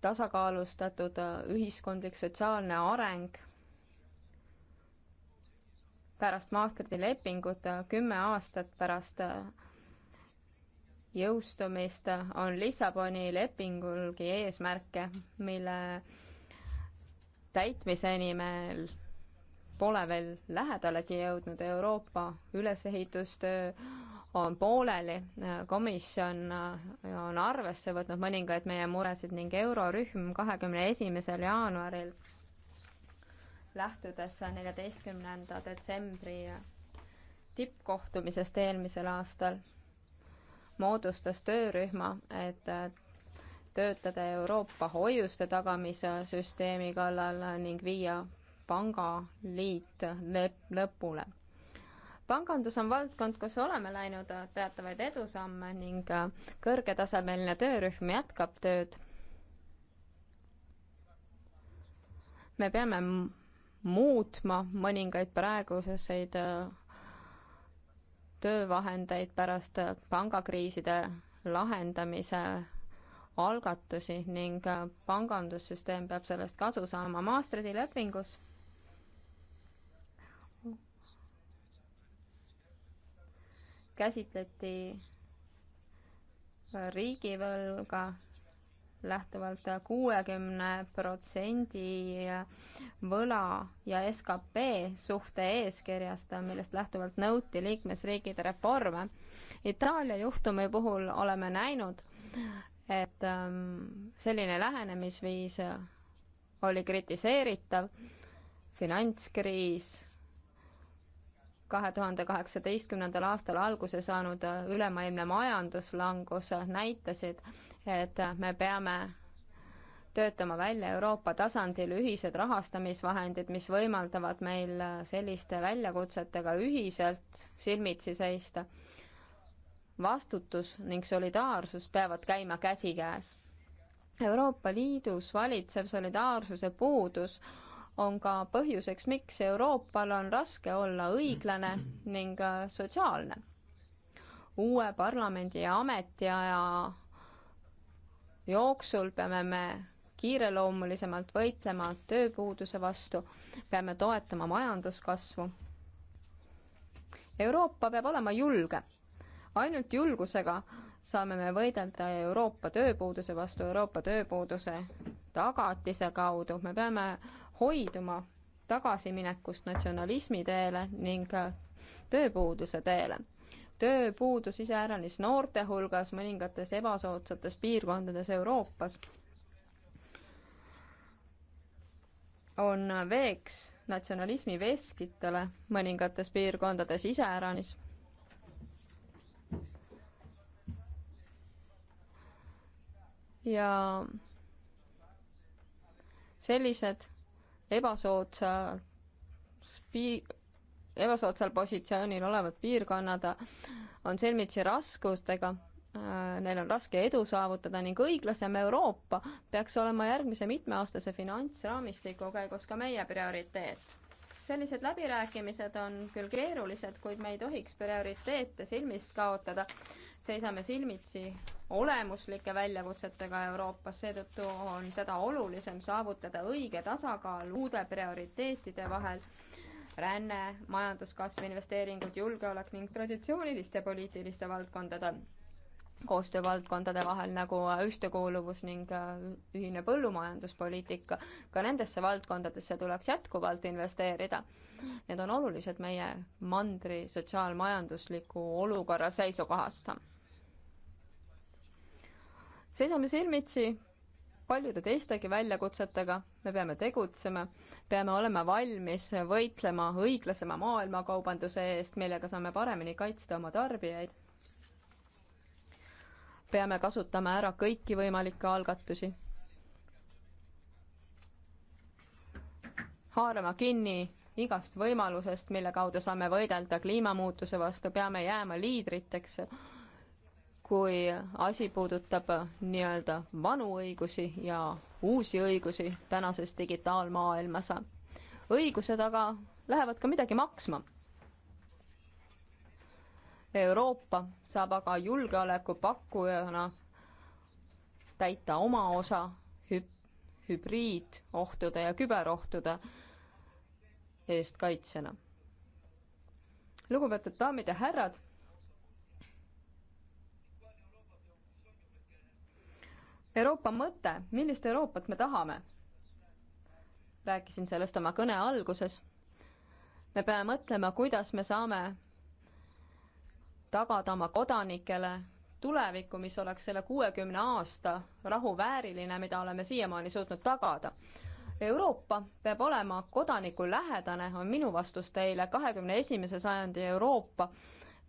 tasakaalustatud äh, ühiskondlik sotsiaalne areng pärast Maastrichti lepingut, kümme aastat pärast jõustumist on Lissaboni lepingulgi eesmärke, mille täitmiseni me pole veel lähedalegi jõudnud, Euroopa ülesehitustöö on pooleli, komisjon on arvesse võtnud mõningaid meie muresid ning eurorühm kahekümne esimesel jaanuaril lähtudes neljateistkümnenda detsembri tippkohtumisest eelmisel aastal, moodustas töörühma, et töötada Euroopa hoiuste tagamise süsteemi kallal ning viia pangaliit lõpule. pangandus on valdkond, kus oleme läinud teatavaid edusamme ning kõrgetasemeline töörühm jätkab tööd. me peame muutma mõningaid praeguseid äh, töövahendeid pärast äh, pangakriiside lahendamise algatusi ning äh, pangandussüsteem peab sellest kasu saama. Maastridi lepingus käsitleti riigivõlga lähtuvalt kuuekümne protsendi võla ja skp suhte eeskirjast, millest lähtuvalt nõuti liikmesriigid reforme. Itaalia juhtumi puhul oleme näinud, et ähm, selline lähenemisviis oli kritiseeritav, finantskriis, kahe tuhande kaheksateistkümnendal aastal alguse saanud ülemaailmne majanduslangus näitasid, et me peame töötama välja Euroopa tasandil ühised rahastamisvahendid, mis võimaldavad meil selliste väljakutsetega ühiselt silmitsi seista. vastutus ning solidaarsus peavad käima käsikäes. Euroopa Liidus valitsev solidaarsuse puudus on ka põhjuseks, miks Euroopal on raske olla õiglane ning sotsiaalne. uue parlamendi ametiaja jooksul peame me kiireloomulisemalt võitlema tööpuuduse vastu, peame toetama majanduskasvu. Euroopa peab olema julge. ainult julgusega saame me võidelda Euroopa tööpuuduse vastu, Euroopa tööpuuduse tagatise kaudu, me peame hoiduma tagasiminekust natsionalismi teele ning tööpuuduse teele tööpuudus iseäranis noorte hulgas mõningates ebasoodsates piirkondades Euroopas on veeks natsionalismi veskitele mõningates piirkondades iseäranis. ja sellised ebasoodsa spi-, ebasoodsal positsioonil olevad piirkonnad on silmitsi raskustega, neil on raske edu saavutada ning õiglasem Euroopa peaks olema järgmise mitmeaastase finantsraamistiku käigus ka meie prioriteet. sellised läbirääkimised on küll keerulised, kuid me ei tohiks prioriteete silmist kaotada. seisame silmitsi olemuslike väljakutsetega Euroopas, seetõttu on seda olulisem saavutada õige tasakaal uude prioriteetide vahel ränne, majanduskasv, investeeringud, julgeolek ning traditsiooniliste poliitiliste valdkondade koostöövaldkondade vahel nagu äh, ühtekuuluvus ning äh, ühine põllumajanduspoliitika, ka nendesse valdkondadesse tuleks jätkuvalt investeerida. Need on olulised meie mandri sotsiaalmajandusliku olukorra seisukohast. seisame silmitsi paljude teistegi väljakutsetega, me peame tegutsema, peame olema valmis võitlema õiglasema maailmakaubanduse eest, millega saame paremini kaitsta oma tarbijaid. peame kasutama ära kõiki võimalikke algatusi. haarama kinni igast võimalusest, mille kaudu saame võidelda kliimamuutuse vastu, peame jääma liidriteks kui asi puudutab nii-öelda vanu õigusi ja uusi õigusi tänases digitaalmaailmas. õigused aga lähevad ka midagi maksma. Euroopa saab aga julgeolekupakkujana täita oma osa hüp-, hübriidohtude ja küberohtude eest kaitsjana. lugupeetud daamid ja härrad Euroopa mõte, millist Euroopat me tahame? rääkisin sellest oma kõne alguses. me peame mõtlema, kuidas me saame tagada oma kodanikele tulevikku, mis oleks selle kuuekümne aasta rahu vääriline, mida oleme siiamaani suutnud tagada. Euroopa peab olema kodanikulähedane, on minu vastus teile, kahekümne esimese sajandi Euroopa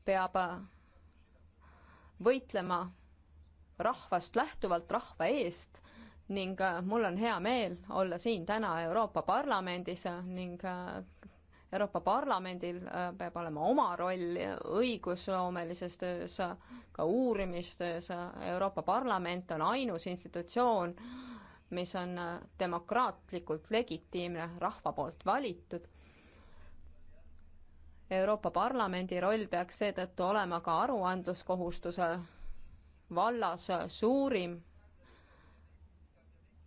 peab võitlema rahvast lähtuvalt, rahva eest ning äh, mul on hea meel olla siin täna Euroopa Parlamendis äh, ning äh, Euroopa Parlamendil peab olema oma roll õigusloomelises töös, ka uurimistöös. Euroopa Parlament on ainus institutsioon, mis on demokraatlikult legitiimne, rahva poolt valitud. Euroopa Parlamendi roll peaks seetõttu olema ka aruandluskohustuse vallas äh, suurim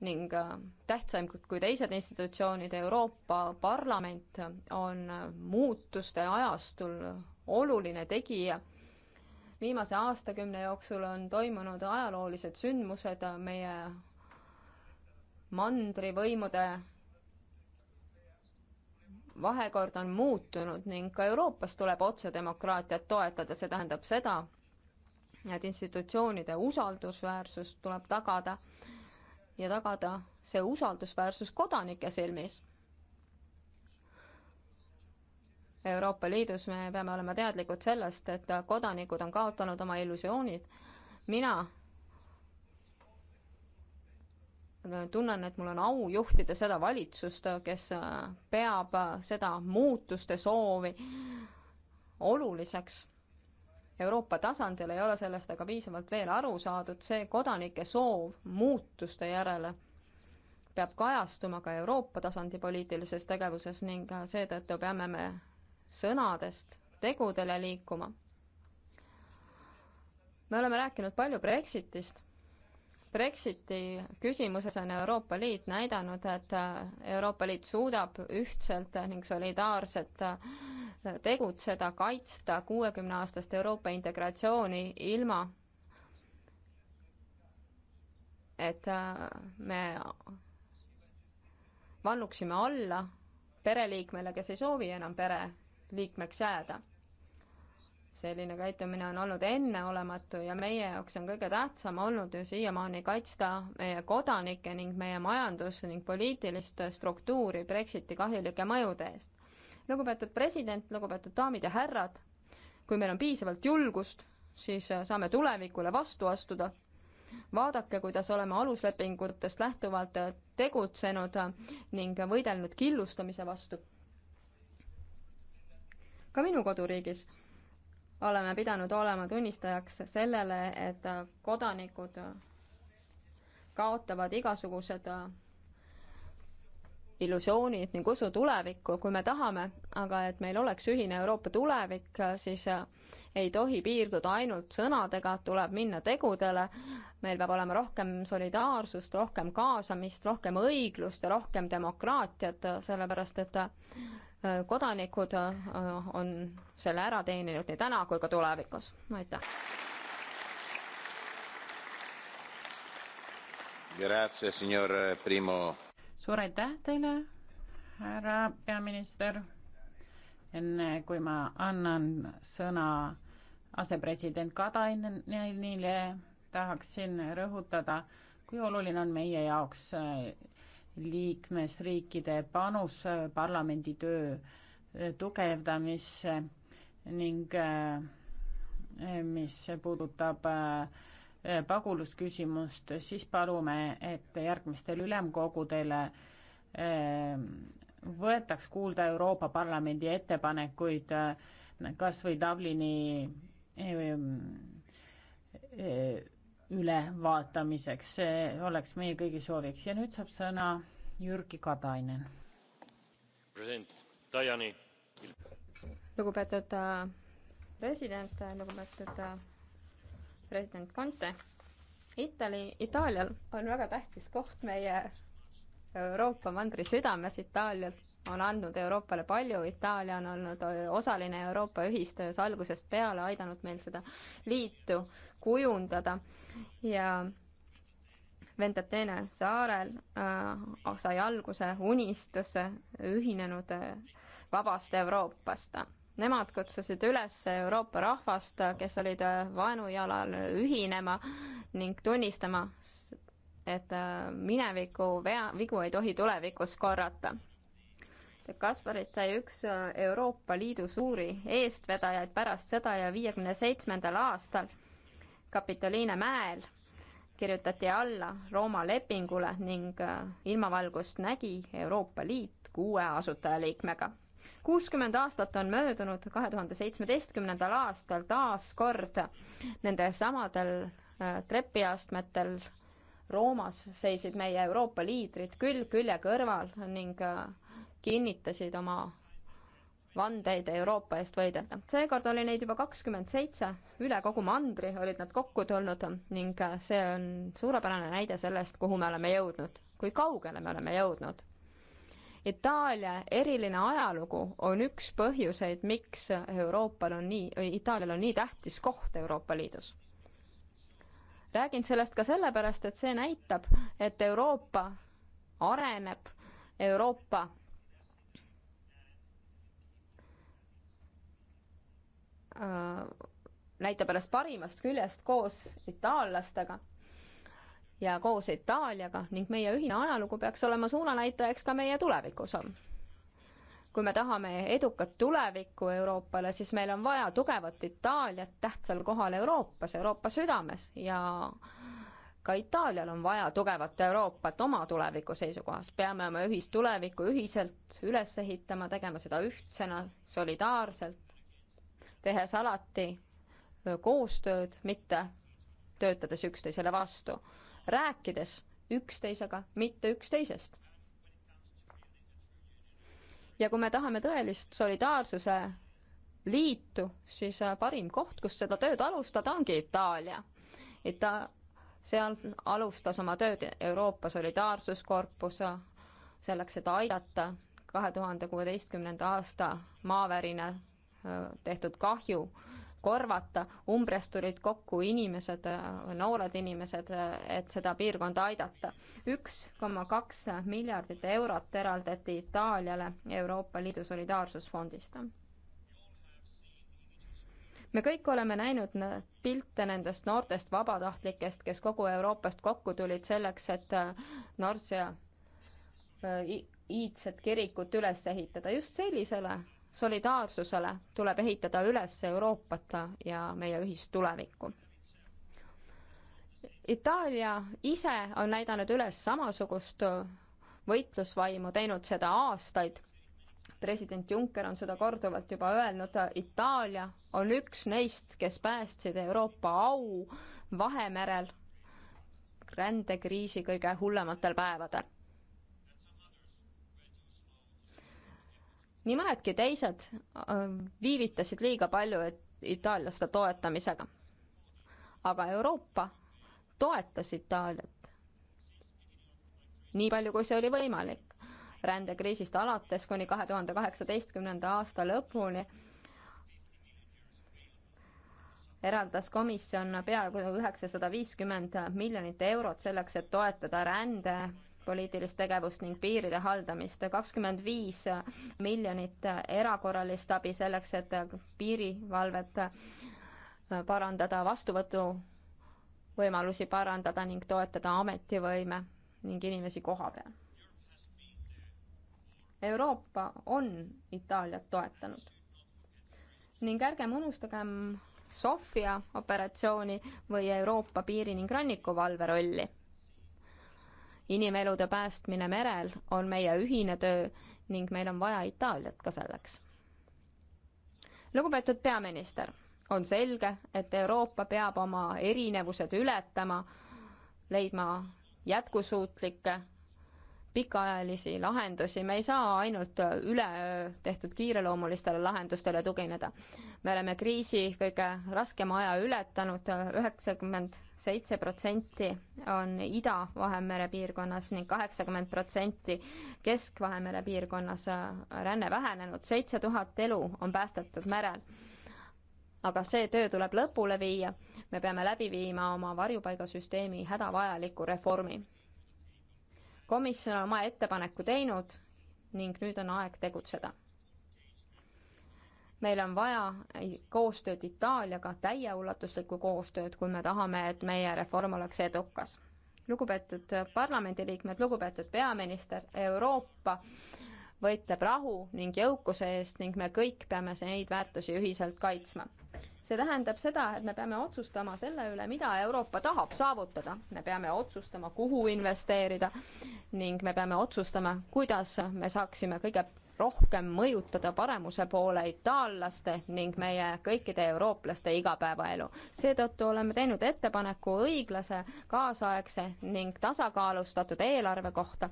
ning äh, tähtsaim kui teised institutsioonid, Euroopa Parlament on äh, muutuste ajastul oluline tegija. viimase aastakümne jooksul on toimunud ajaloolised sündmused meie mandrivõimude vahekord on muutunud ning ka Euroopas tuleb otsedemokraatiat toetada, see tähendab seda, et institutsioonide usaldusväärsus tuleb tagada ja tagada see usaldusväärsus kodanike silmis. Euroopa Liidus me peame olema teadlikud sellest, et kodanikud on kaotanud oma illusioonid. mina tunnen, et mul on au juhtida seda valitsust, kes peab seda muutuste soovi oluliseks Euroopa tasandil ei ole sellest aga piisavalt veel aru saadud, see kodanike soov muutuste järele peab kajastuma ka Euroopa tasandi poliitilises tegevuses ning seetõttu peame me sõnadest tegudele liikuma. me oleme rääkinud palju Brexitist. Brexiti küsimuses on Euroopa Liit näidanud, et Euroopa Liit suudab ühtselt ning solidaarselt äh, tegutseda, kaitsta kuuekümneaastast Euroopa integratsiooni ilma, et äh, me vannuksime alla pereliikmele, kes ei soovi enam pereliikmeks jääda. selline käitumine on olnud enneolematu ja meie jaoks on kõige tähtsam olnud ju siiamaani kaitsta meie kodanikke ning meie majandus- ning poliitilist struktuuri Brexiti kahjulike mõjude eest lugupeetud president, lugupeetud daamid ja härrad, kui meil on piisavalt julgust, siis äh, saame tulevikule vastu astuda. vaadake, kuidas oleme aluslepingutest lähtuvalt äh, tegutsenud äh, ning võidelnud killustamise vastu. ka minu koduriigis oleme pidanud olema tunnistajaks sellele, et kodanikud kaotavad igasugused illusioonid ning usu tulevikku, kui me tahame, aga et meil oleks ühine Euroopa tulevik, siis äh, ei tohi piirduda ainult sõnadega, tuleb minna tegudele, meil peab olema rohkem solidaarsust, rohkem kaasamist, rohkem õiglust ja rohkem demokraatiat, sellepärast et äh, kodanikud äh, on selle ära teeninud nii täna kui ka tulevikus, aitäh. Grazie signor eh, Primo suur aitäh teile, härra peaminister. enne kui ma annan sõna asepresident Katainenile, tahaksin rõhutada, kui oluline on meie jaoks äh, liikmesriikide panus äh, parlamendi töö äh, tugevdamisse ning mis puudutab äh, pagulusküsimust, siis palume, et järgmistel ülemkogudel ehm, võetaks kuulda Euroopa Parlamendi ettepanekuid eh, kas või Dublini ehm, eh, ülevaatamiseks, see oleks meie kõigi sooviks ja nüüd saab sõna Jürgi Katainen. president Tajani. lugupeetud äh, president, lugupeetud äh, president Conte. Itali, Itaalial on väga tähtis koht meie Euroopa mandri südames, Itaalial on andnud Euroopale palju, Itaalia on olnud osaline Euroopa ühistöös algusest peale, aidanud meil seda liitu kujundada ja Ventatene saarel äh, sai alguse unistus ühinenud äh, vabast Euroopast Nemad kutsusid üles Euroopa rahvast, kes olid äh, vaenujalal, ühinema ning tunnistama, et äh, mineviku vea, vigu ei tohi tulevikus korrata. Kasparist sai üks äh, Euroopa Liidu suuri eestvedajaid pärast seda ja viiekümne seitsmendal aastal Kapitoliine mäel kirjutati alla Rooma lepingule ning ilmavalgust nägi Euroopa Liit kuue asutajaliikmega kuuskümmend aastat on möödunud kahe tuhande seitsmeteistkümnendal aastal taas kord nendesamadel äh, trepiastmetel Roomas seisid meie Euroopa liidrid külg külje kõrval ning äh, kinnitasid oma vandeid Euroopa eest võidelda. seekord oli neid juba kakskümmend seitse, üle kogu mandri olid nad kokku tulnud ning äh, see on suurepärane näide sellest, kuhu me oleme jõudnud, kui kaugele me oleme jõudnud Itaalia eriline ajalugu on üks põhjuseid, miks Euroopal on nii, Itaalial on nii tähtis koht Euroopa Liidus. räägin sellest ka sellepärast, et see näitab, et Euroopa areneb, Euroopa äh, näitab ennast parimast küljest koos itaallastega ja koos Itaaliaga ning meie ühine ajalugu peaks olema suunanäitajaks ka meie tulevikus. kui me tahame edukat tulevikku Euroopale, siis meil on vaja tugevat Itaaliat tähtsal kohal Euroopas, Euroopa südames ja ka Itaalial on vaja tugevat Euroopat oma tuleviku seisukohast. peame oma ühist tulevikku ühiselt üles ehitama, tegema seda ühtsena, solidaarselt, tehes alati koostööd, mitte töötades üksteisele vastu rääkides üksteisega, mitte üksteisest. ja kui me tahame tõelist solidaarsuse liitu, siis äh, parim koht, kus seda tööd alustada, ongi Itaalia. Ita-, seal alustas oma tööd Euroopa Solidaarsuskorpus äh, selleks, et aidata kahe tuhande kuueteistkümnenda aasta maavärina äh, tehtud kahju korvata umbresturid kokku inimesed, noored inimesed, et seda piirkonda aidata. üks koma kaks miljardit eurot eraldati Itaaliale Euroopa Liidu solidaarsusfondist me kõik oleme näinud pilte nendest noortest vabatahtlikest, kes kogu Euroopast kokku tulid selleks, et äh, Narsia äh, iidset kirikut üles ehitada just sellisele solidaarsusele tuleb ehitada üles Euroopat ja meie ühist tulevikku. Itaalia ise on näidanud üles samasugust võitlusvaimu, teinud seda aastaid. president Juncker on seda korduvalt juba öelnud, Itaalia on üks neist, kes päästsid Euroopa au Vahemerel rändekriisi kõige hullematel päevadel nii mõnedki teised äh, viivitasid liiga palju itaallaste toetamisega. aga Euroopa toetas Itaaliat. nii palju, kui see oli võimalik. rändekriisist alates kuni kahe tuhande kaheksateistkümnenda aasta lõpuni eraldas komisjon peaaegu üheksasada viiskümmend miljonit eurot selleks, et toetada rände poliitilist tegevust ning piiride haldamist. kakskümmend viis miljonit erakorralist abi selleks, et piirivalvet parandada, vastuvõtuvõimalusi parandada ning toetada ametivõime ning inimesi koha peal. Euroopa on Itaaliat toetanud ning ärgem unustagem Sofia operatsiooni või Euroopa piiri- ning rannikuvalve rolli inimelude päästmine merel on meie ühine töö ning meil on vaja Itaaliat ka selleks. lugupeetud peaminister, on selge, et Euroopa peab oma erinevused ületama, leidma jätkusuutlikke pikaajalisi lahendusi, me ei saa ainult äh, üleöö äh, tehtud kiireloomulistele lahendustele tugineda. me oleme kriisi kõige raskema aja ületanud, äh, üheksakümmend seitse protsenti on Ida-Vahemere piirkonnas ning kaheksakümmend protsenti Kesk-Vahemere piirkonnas ränne vähenenud, seitse tuhat elu on päästetud merel aga see töö tuleb lõpule viia, me peame läbi viima oma varjupaigasüsteemi hädavajaliku reformi komisjon on oma ettepaneku teinud ning nüüd on aeg tegutseda. meil on vaja koostööd Itaaliaga, täieulatuslikku koostööd, kui me tahame, et meie reform oleks edukas. lugupeetud parlamendiliikmed, lugupeetud peaminister, Euroopa võitleb rahu ning jõukuse eest ning me kõik peame neid väärtusi ühiselt kaitsma see tähendab seda, et me peame otsustama selle üle, mida Euroopa tahab saavutada. me peame otsustama, kuhu investeerida ning me peame otsustama, kuidas me saaksime kõige rohkem mõjutada paremuse poole itaallaste ning meie kõikide eurooplaste igapäevaelu. seetõttu oleme teinud ettepaneku õiglase, kaasaegse ning tasakaalustatud eelarve kohta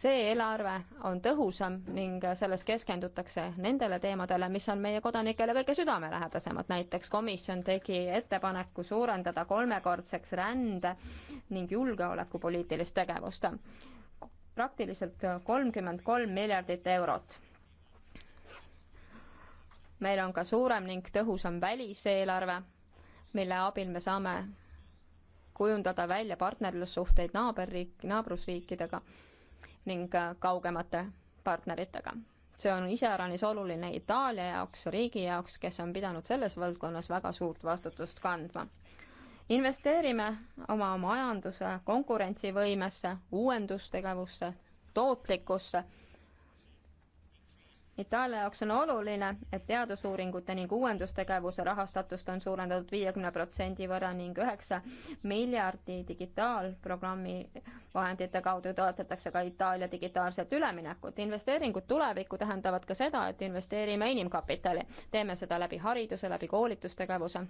see eelarve on tõhusam ning selles keskendutakse nendele teemadele, mis on meie kodanikele kõige südamelähedasemad, näiteks komisjon tegi ettepaneku suurendada kolmekordseks rände ning julgeolekupoliitilist tegevust. praktiliselt kolmkümmend kolm miljardit eurot meil on ka suurem ning tõhusam väliseelarve, mille abil me saame kujundada välja partnerlussuhteid naaberriik, naabrusriikidega ning äh, kaugemate partneritega. see on iseäranis oluline Itaalia jaoks, riigi jaoks, kes on pidanud selles valdkonnas väga suurt vastutust kandma. investeerime oma majanduse konkurentsivõimesse, uuendustegevusse, tootlikkusse Itaalia jaoks on oluline, et teadusuuringute ning uuendustegevuse rahastatust on suurendatud viiekümne protsendi võrra ning üheksa miljardi digitaalprogrammi vahendite kaudu toetatakse ka Itaalia digitaalset üleminekut. investeeringud tulevikku tähendavad ka seda, et investeerime inimkapitali. teeme seda läbi hariduse, läbi koolitustegevuse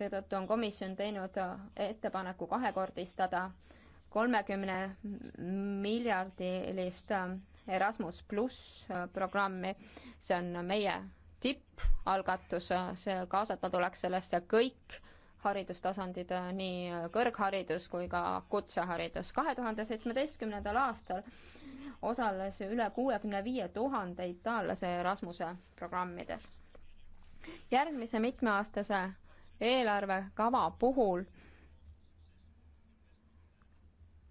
seetõttu on komisjon teinud ettepaneku kahekordistada kolmekümne miljardilist äh, Erasmus pluss äh, programmi, see on meie tippalgatus, äh, see, kaasata tuleks sellesse kõik haridustasandid, äh, nii kõrgharidus kui ka kutseharidus. kahe tuhande seitsmeteistkümnendal aastal osales üle kuuekümne viie tuhande itaallase Erasmuse programmides. järgmise mitmeaastase eelarvekava puhul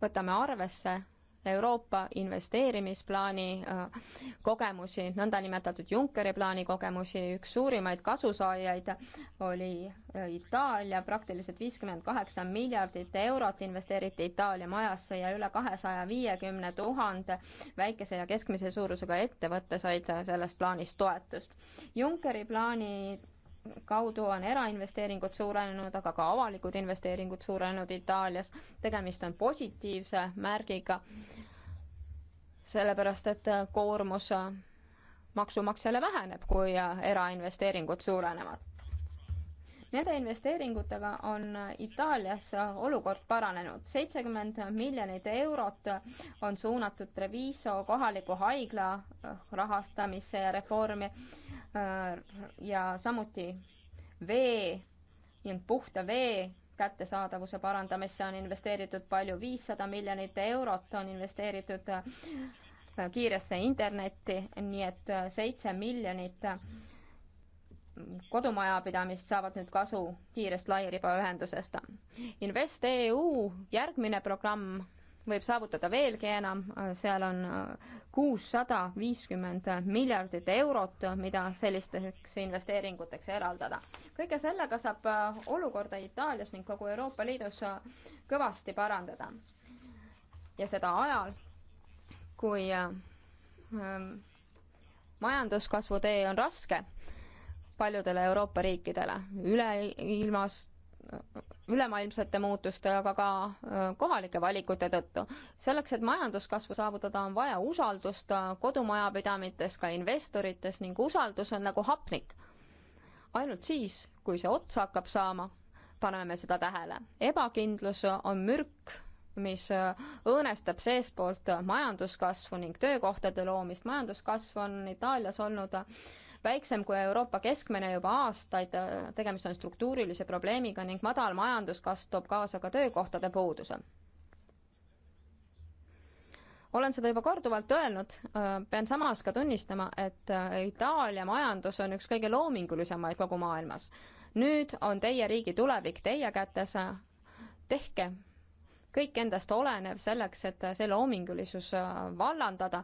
võtame arvesse Euroopa investeerimisplaani äh, kogemusi, nõndanimetatud Junckeri plaani kogemusi, üks suurimaid kasusaajaid oli äh, Itaalia, praktiliselt viiskümmend kaheksa miljardit eurot investeeriti Itaalia majasse ja üle kahesaja viiekümne tuhande väikese ja keskmise suurusega ettevõtte said äh, sellest plaanist toetust. Junckeri plaani kaudu on erainvesteeringud suurenenud, aga ka avalikud investeeringud suurenenud Itaalias. tegemist on positiivse märgiga, sellepärast et koormus maksumaksjale väheneb, kui erainvesteeringud suurenevad. Nende investeeringutega on Itaalias olukord paranenud. seitsekümmend miljonit eurot on suunatud Treviso kohaliku haigla rahastamisse ja reformi Äh, ja samuti vee, nii-öelda puhta vee kättesaadavuse parandamisse on investeeritud palju, viissada miljonit eurot on investeeritud äh, kiiresse internetti, nii et äh, seitse miljonit kodumajapidamist saavad nüüd kasu kiirest lairibaühendusest. InvestEU järgmine programm võib saavutada veelgi enam, seal on äh, kuussada viiskümmend miljardit eurot, mida sellisteks investeeringuteks eraldada. kõige sellega saab äh, olukorda Itaalias ning kogu Euroopa Liidus äh, kõvasti parandada. ja seda ajal, kui ähm, majanduskasvu tee on raske paljudele Euroopa riikidele, üleilmast ülemaailmsete muutuste, aga ka äh, kohalike valikute tõttu. selleks, et majanduskasvu saavutada, on vaja usaldust äh, kodumajapidamites, ka investorites ning usaldus on nagu hapnik. ainult siis, kui see otsa hakkab saama, paneme seda tähele. ebakindlus on mürk, mis äh, õõnestab seestpoolt majanduskasvu ning töökohtade loomist. majanduskasv on Itaalias olnud väiksem kui Euroopa keskmine juba aastaid, tegemist on struktuurilise probleemiga ning madal majanduskasv toob kaasa ka töökohtade puuduse. olen seda juba korduvalt öelnud, pean samas ka tunnistama, et Itaalia majandus on üks kõige loomingulisemaid kogu maailmas. nüüd on teie riigi tulevik teie kätes, tehke kõik endast olenev selleks, et see loomingulisus vallandada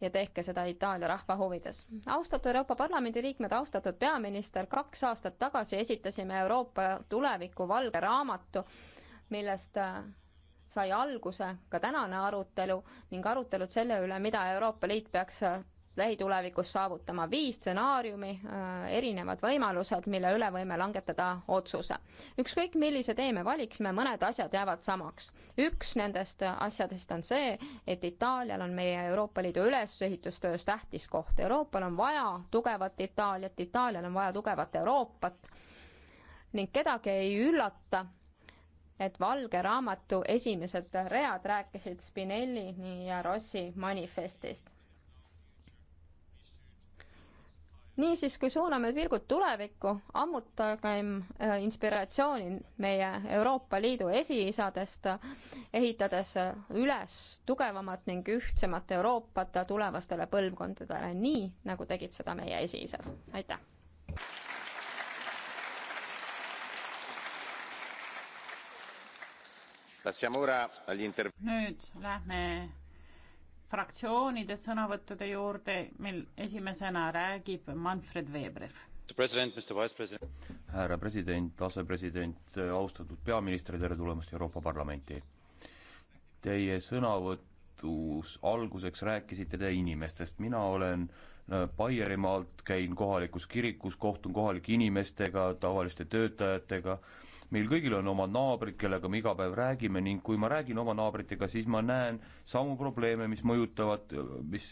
ja tehke seda Itaalia rahva huvides. austatud Euroopa Parlamendi liikmed, austatud peaminister, kaks aastat tagasi esitasime Euroopa tuleviku valge raamatu, millest äh, sai alguse ka tänane arutelu ning arutelud selle üle, mida Euroopa Liit peaks äh, lähitulevikus saavutama viis stsenaariumi, äh, erinevad võimalused, mille üle võime langetada otsuse. ükskõik, millise tee me valiksime, mõned asjad jäävad samaks. üks nendest asjadest on see, et Itaalial on meie Euroopa Liidu ülesehitustöös tähtis koht. Euroopal on vaja tugevat Itaaliat, Itaalial on vaja tugevat Euroopat ning kedagi ei üllata, et Valge Raamatu esimesed read rääkisid Spinelli ja Rossi manifestist niisiis, kui suuname pilgud tulevikku, ammutagem äh, inspiratsiooni meie Euroopa Liidu esiisadest, ehitades äh, üles tugevamat ning ühtsemat Euroopat tulevastele põlvkondadele, nii nagu tegid seda meie esiisad. aitäh! nüüd lähme fraktsioonide sõnavõttude juurde, mil esimesena räägib Manfred Weber. härra president, asepresident, austatud peaminister, tere tulemast Euroopa Parlamenti. Teie sõnavõtus alguseks rääkisite te inimestest, mina olen äh, Baierimaalt, käin kohalikus kirikus, kohtun kohalike inimestega, tavaliste töötajatega meil kõigil on omad naabrid, kellega me iga päev räägime ning kui ma räägin oma naabritega, siis ma näen samu probleeme, mis mõjutavad, mis,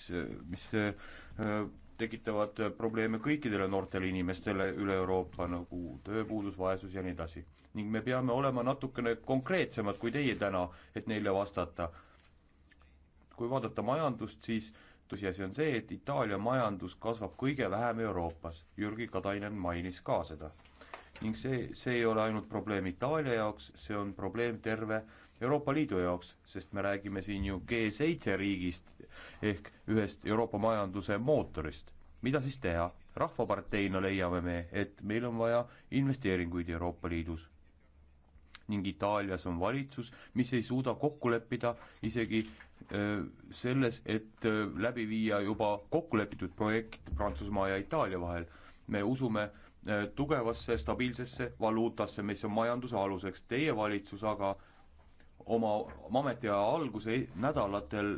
mis äh, tekitavad probleeme kõikidele noortele inimestele üle Euroopa, nagu tööpuudus, vaesus ja nii edasi. ning me peame olema natukene konkreetsemad kui teie täna, et neile vastata. kui vaadata majandust, siis tõsiasi on see, et Itaalia majandus kasvab kõige vähem Euroopas. Jürgi Katainen mainis ka seda ning see, see ei ole ainult probleem Itaalia jaoks, see on probleem terve Euroopa Liidu jaoks, sest me räägime siin ju G7 riigist ehk ühest Euroopa majanduse mootorist. mida siis teha? rahvaparteina leiame me, et meil on vaja investeeringuid Euroopa Liidus. ning Itaalias on valitsus, mis ei suuda kokku leppida isegi öö, selles, et öö, läbi viia juba kokku lepitud projekt Prantsusmaa ja Itaalia vahel. me usume öö, Äh, tugevasse stabiilsesse valuutasse, mis on majanduse aluseks. Teie valitsus aga oma ametiaja alguse nädalatel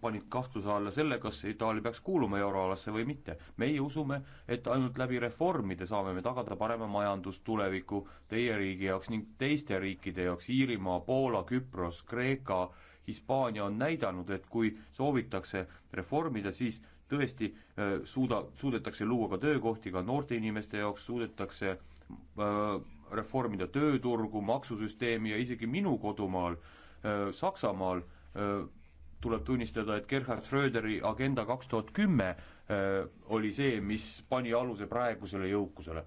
panid kahtluse alla selle, kas Itaalia peaks kuuluma euroalasse või mitte. meie usume, et ainult läbi reformide saame me tagada parema majandustuleviku teie riigi jaoks ning teiste riikide jaoks, Iirimaa, Poola, Küpros, Kreeka, Hispaania on näidanud, et kui soovitakse reformida, siis tõesti äh, suuda, suudetakse luua ka töökohti ka noorte inimeste jaoks, suudetakse äh, reformida tööturgu, maksusüsteemi ja isegi minu kodumaal, äh, Saksamaal, tuleb tunnistada, et Gerhard Schröderi agenda kaks tuhat kümme oli see, mis pani aluse praegusele jõukusele.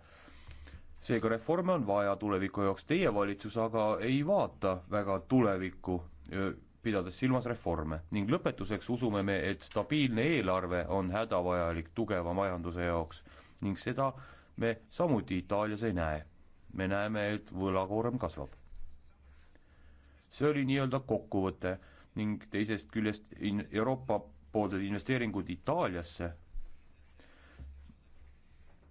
seega reforme on vaja tuleviku jaoks, teie valitsus aga ei vaata väga tulevikku pidades silmas reforme ning lõpetuseks usume me, et stabiilne eelarve on hädavajalik tugeva majanduse jaoks ning seda me samuti Itaalias ei näe. me näeme, et võlakoorem kasvab. see oli nii-öelda kokkuvõte ning teisest küljest in-, Euroopa poolsed investeeringud Itaaliasse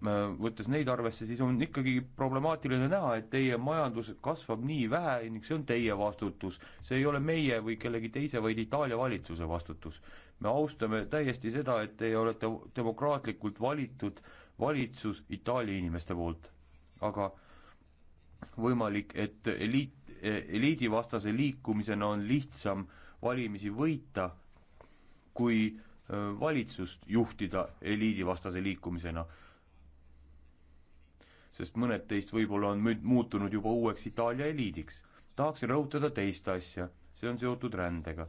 Äh, võttes neid arvesse, siis on ikkagi problemaatiline näha, et teie majandus kasvab nii vähe ning see on teie vastutus. see ei ole meie või kellegi teise, vaid Itaalia valitsuse vastutus. me austame täiesti seda, et teie olete demokraatlikult valitud valitsus Itaalia inimeste poolt. aga võimalik, et eliit, e, eliidivastase liikumisena on lihtsam valimisi võita, kui äh, valitsust juhtida eliidivastase liikumisena sest mõned teist võib-olla on nüüd muutunud juba uueks Itaalia eliidiks. tahaksin rõhutada teist asja, see on seotud rändega.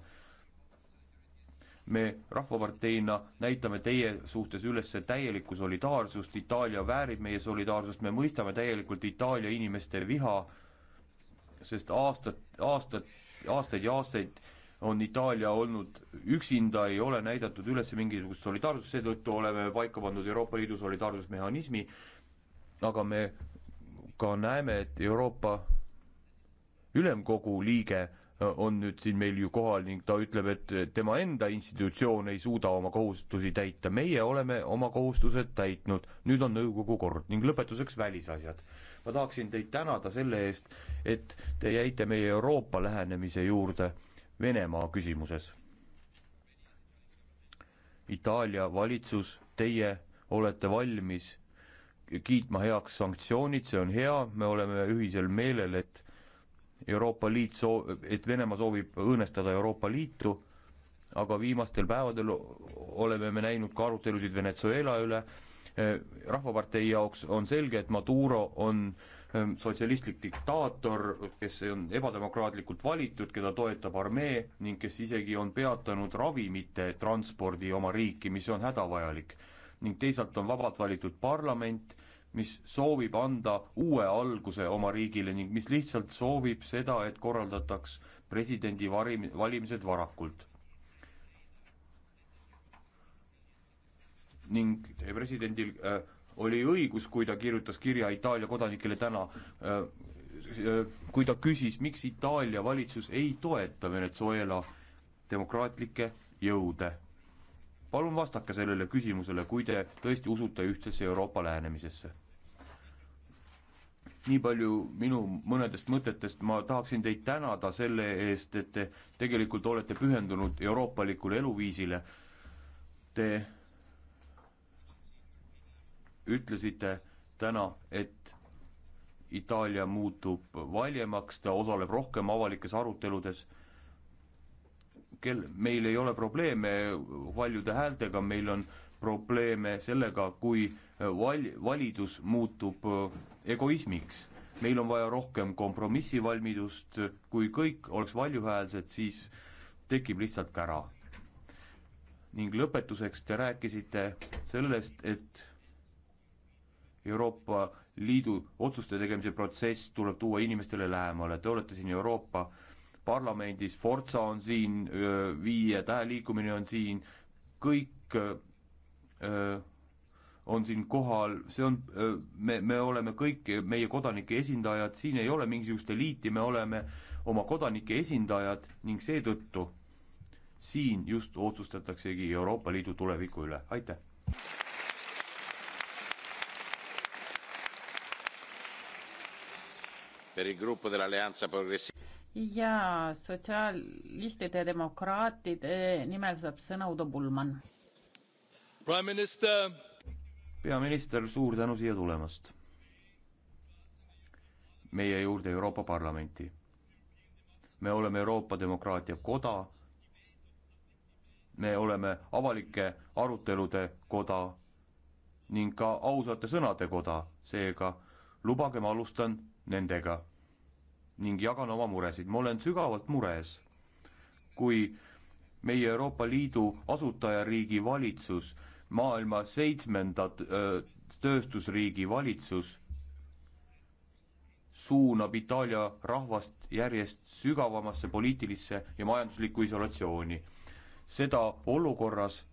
me Rahvaparteina näitame teie suhtes üles täielikku solidaarsust, Itaalia väärib meie solidaarsust, me mõistame täielikult Itaalia inimeste viha, sest aastad, aastad, aastaid ja aastaid on Itaalia olnud üksinda, ei ole näidatud üles mingisugust solidaarsust, seetõttu oleme paika pannud Euroopa Liidu solidaarsusmehhanismi, aga me ka näeme, et Euroopa Ülemkogu liige äh, on nüüd siin meil ju kohal ning ta ütleb, et tema enda institutsioon ei suuda oma kohustusi täita, meie oleme oma kohustused täitnud, nüüd on nõukogu kord ning lõpetuseks välisasjad. ma tahaksin teid tänada selle eest, et te jäite meie Euroopa lähenemise juurde Venemaa küsimuses. Itaalia valitsus, teie olete valmis kiitma heaks sanktsioonid, see on hea, me oleme ühisel meelel, et Euroopa Liit soo-, et Venemaa soovib õõnestada Euroopa Liitu, aga viimastel päevadel oleme me näinud ka arutelusid Venezuela üle, rahvapartei jaoks on selge, et Maduro on ehm, sotsialistlik diktaator, kes on ebademokraatlikult valitud, keda toetab armee ning kes isegi on peatanud ravimite transpordi oma riiki, mis on hädavajalik ning teisalt on vabalt valitud parlament, mis soovib anda uue alguse oma riigile ning mis lihtsalt soovib seda, et korraldataks presidendi varim-, valimised varakult. ning presidendil äh, oli õigus, kui ta kirjutas kirja Itaalia kodanikele täna äh,, äh kui ta küsis, miks Itaalia valitsus ei toeta Venezuela demokraatlikke jõude palun vastake sellele küsimusele, kui te tõesti usute ühtsesse Euroopa lähenemisesse. nii palju minu mõnedest mõtetest, ma tahaksin teid tänada selle eest, et te tegelikult olete pühendunud euroopalikule eluviisile. Te ütlesite täna, et Itaalia muutub valjemaks, ta osaleb rohkem avalikes aruteludes kel-, meil ei ole probleeme valjude häältega, meil on probleeme sellega, kui äh, val-, validus muutub äh, egoismiks. meil on vaja rohkem kompromissivalmidust, kui kõik oleks valjuhäälsed, siis tekib lihtsalt kära. ning lõpetuseks te rääkisite sellest, et Euroopa Liidu otsuste tegemise protsess tuleb tuua inimestele lähemale, te olete siin Euroopa äh, parlamendis, Forza on siin, Viie Tähe liikumine on siin, kõik öö, on siin kohal, see on, me, me oleme kõik meie kodanike esindajad, siin ei ole mingisugust eliiti, me oleme oma kodanike esindajad ning seetõttu siin just otsustataksegi Euroopa Liidu tuleviku üle, aitäh! per il gruppo dell'alleanza progressiva ja sotsialistide ja demokraatide nimel saab sõna Udo Bullmann. peaminister, suur tänu siia tulemast. meie juurde Euroopa Parlamenti. me oleme Euroopa demokraatia koda. me oleme avalike arutelude koda ning ka ausate sõnade koda, seega lubage, ma alustan nendega ning jagan oma muresid. ma olen sügavalt mures, kui meie Euroopa Liidu asutajariigi valitsus, maailma seitsmenda tööstusriigi valitsus suunab Itaalia rahvast järjest sügavamasse poliitilisse ja majanduslikku isolatsiooni. seda olukorras,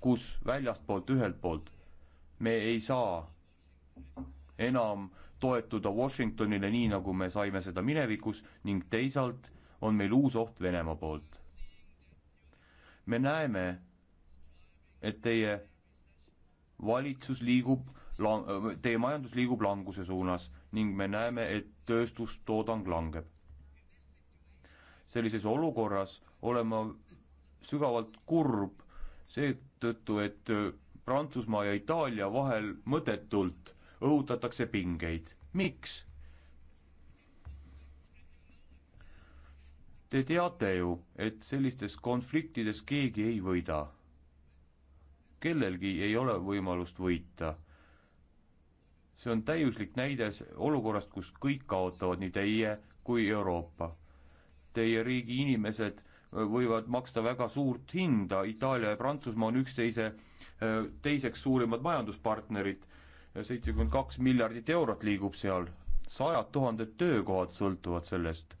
kus väljastpoolt, ühelt poolt me ei saa enam äh, toetuda Washingtonile, nii nagu me saime seda minevikus, ning teisalt on meil uus oht Venemaa poolt. me näeme, et teie valitsus liigub lang-, teie majandus liigub languse suunas ning me näeme, et tööstustoodang langeb. sellises olukorras olen ma sügavalt kurb seetõttu, et Prantsusmaa ja Itaalia vahel mõttetult õhutatakse pingeid. miks? Te teate ju, et sellistes konfliktides keegi ei võida. kellelgi ei ole võimalust võita. see on täiuslik näide olukorrast, kus kõik kaotavad, nii teie kui Euroopa. Teie riigi inimesed võivad maksta väga suurt hinda, Itaalia ja Prantsusmaa on üksteise teiseks suurimad majanduspartnerid seitsekümmend kaks miljardit eurot liigub seal, sajad tuhanded töökohad sõltuvad sellest,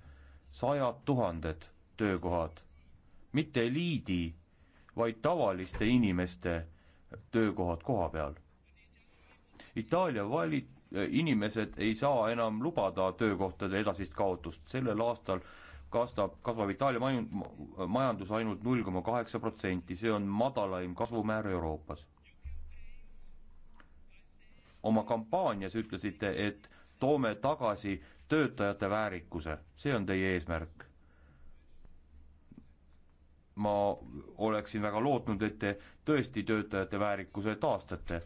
sajad tuhanded töökohad, mitte eliidi, vaid tavaliste inimeste töökohad koha peal. Itaalia vali-, inimesed ei saa enam lubada töökohtade edasist kaotust, sellel aastal kasvab, kasvab Itaalia maju-, majandus ainult null koma kaheksa protsenti, see on madalaim kasvumäär Euroopas oma kampaanias ütlesite, et toome tagasi töötajate väärikuse, see on teie eesmärk. ma oleksin väga lootnud, et te tõesti töötajate väärikuse taastate.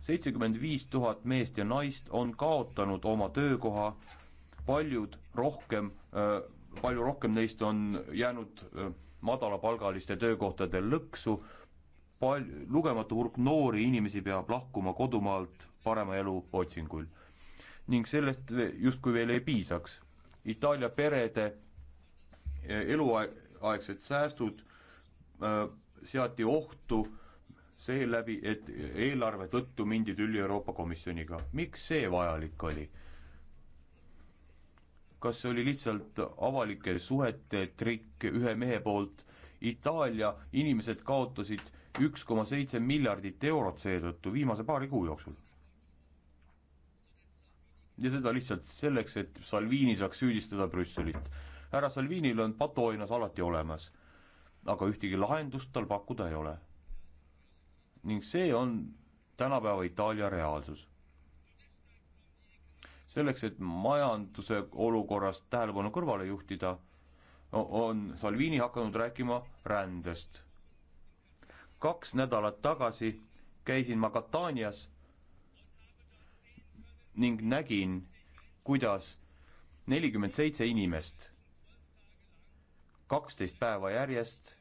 seitsekümmend viis tuhat meest ja naist on kaotanud oma töökoha, paljud rohkem, palju rohkem neist on jäänud madalapalgaliste töökohtade lõksu, pal-, lugematu hulk noori inimesi peab lahkuma kodumaalt parema elu otsingul. ning sellest justkui veel ei piisaks. Itaalia perede e, eluaegsed säästud äh, seati ohtu seeläbi, et eelarve tõttu mindi tülli Euroopa Komisjoniga. miks see vajalik oli? kas see oli lihtsalt avalike suhete trikk ühe mehe poolt? Itaalia inimesed kaotasid üks koma seitse miljardit eurot seetõttu viimase paari kuu jooksul ja seda lihtsalt selleks, et Salvini saaks süüdistada Brüsselit. härra Salvinil on patuoinas alati olemas, aga ühtegi lahendust tal pakkuda ei ole. ning see on tänapäeva Itaalia reaalsus. selleks, et majanduse olukorrast tähelepanu kõrvale juhtida, on Salvini hakanud rääkima rändest. kaks nädalat tagasi käisin ma Katanias ning nägin, kuidas nelikümmend seitse inimest kaksteist päeva järjest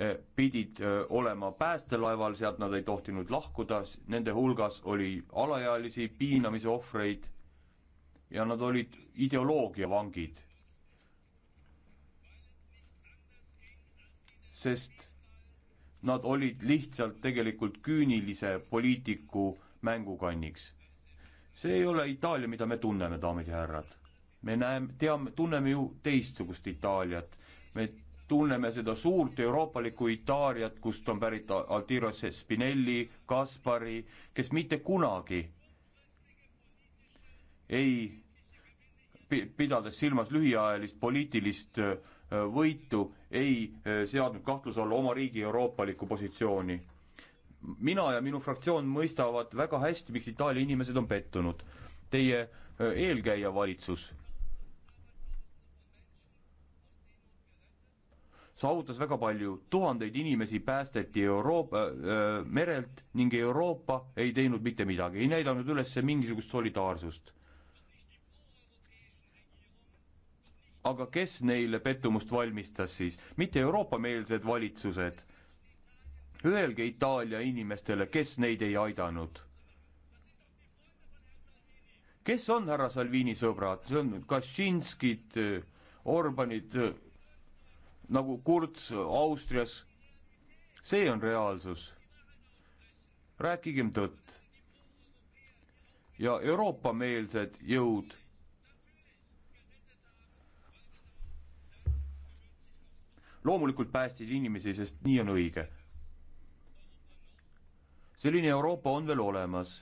äh, pidid äh, olema päästelaeval, sealt nad ei tohtinud lahkuda, nende hulgas oli alaealisi piinamise ohvreid ja nad olid ideoloogia vangid. sest nad olid lihtsalt tegelikult küünilise poliitiku mängukanniks see ei ole Itaalia, mida me tunneme, daamid ja härrad. me näeme, teame, tunneme ju teistsugust Itaaliat. me tunneme seda suurt euroopalikku Itaaliat, kust on pärit Altirosse Spinelli, Kaspari, kes mitte kunagi ei pidades silmas lühiajalist poliitilist äh, võitu, ei äh, seadnud kahtluse alla oma riigi euroopalikku positsiooni mina ja minu fraktsioon mõistavad väga hästi, miks Itaalia inimesed on pettunud. Teie eelkäija valitsus saavutas väga palju, tuhandeid inimesi päästeti Euroopa äh, merelt ning Euroopa ei teinud mitte midagi, ei näidanud üles mingisugust solidaarsust. aga kes neile pettumust valmistas siis? mitte Euroopa-meelsed valitsused, Öelge Itaalia inimestele, kes neid ei aidanud. kes on härra Salvini sõbrad, see on Kaczynskid, Orbanid, nagu Kurz Austrias. see on reaalsus. rääkigem tõtt. ja Euroopa-meelsed jõud loomulikult päästsid inimesi, sest nii on õige selline Euroopa on veel olemas,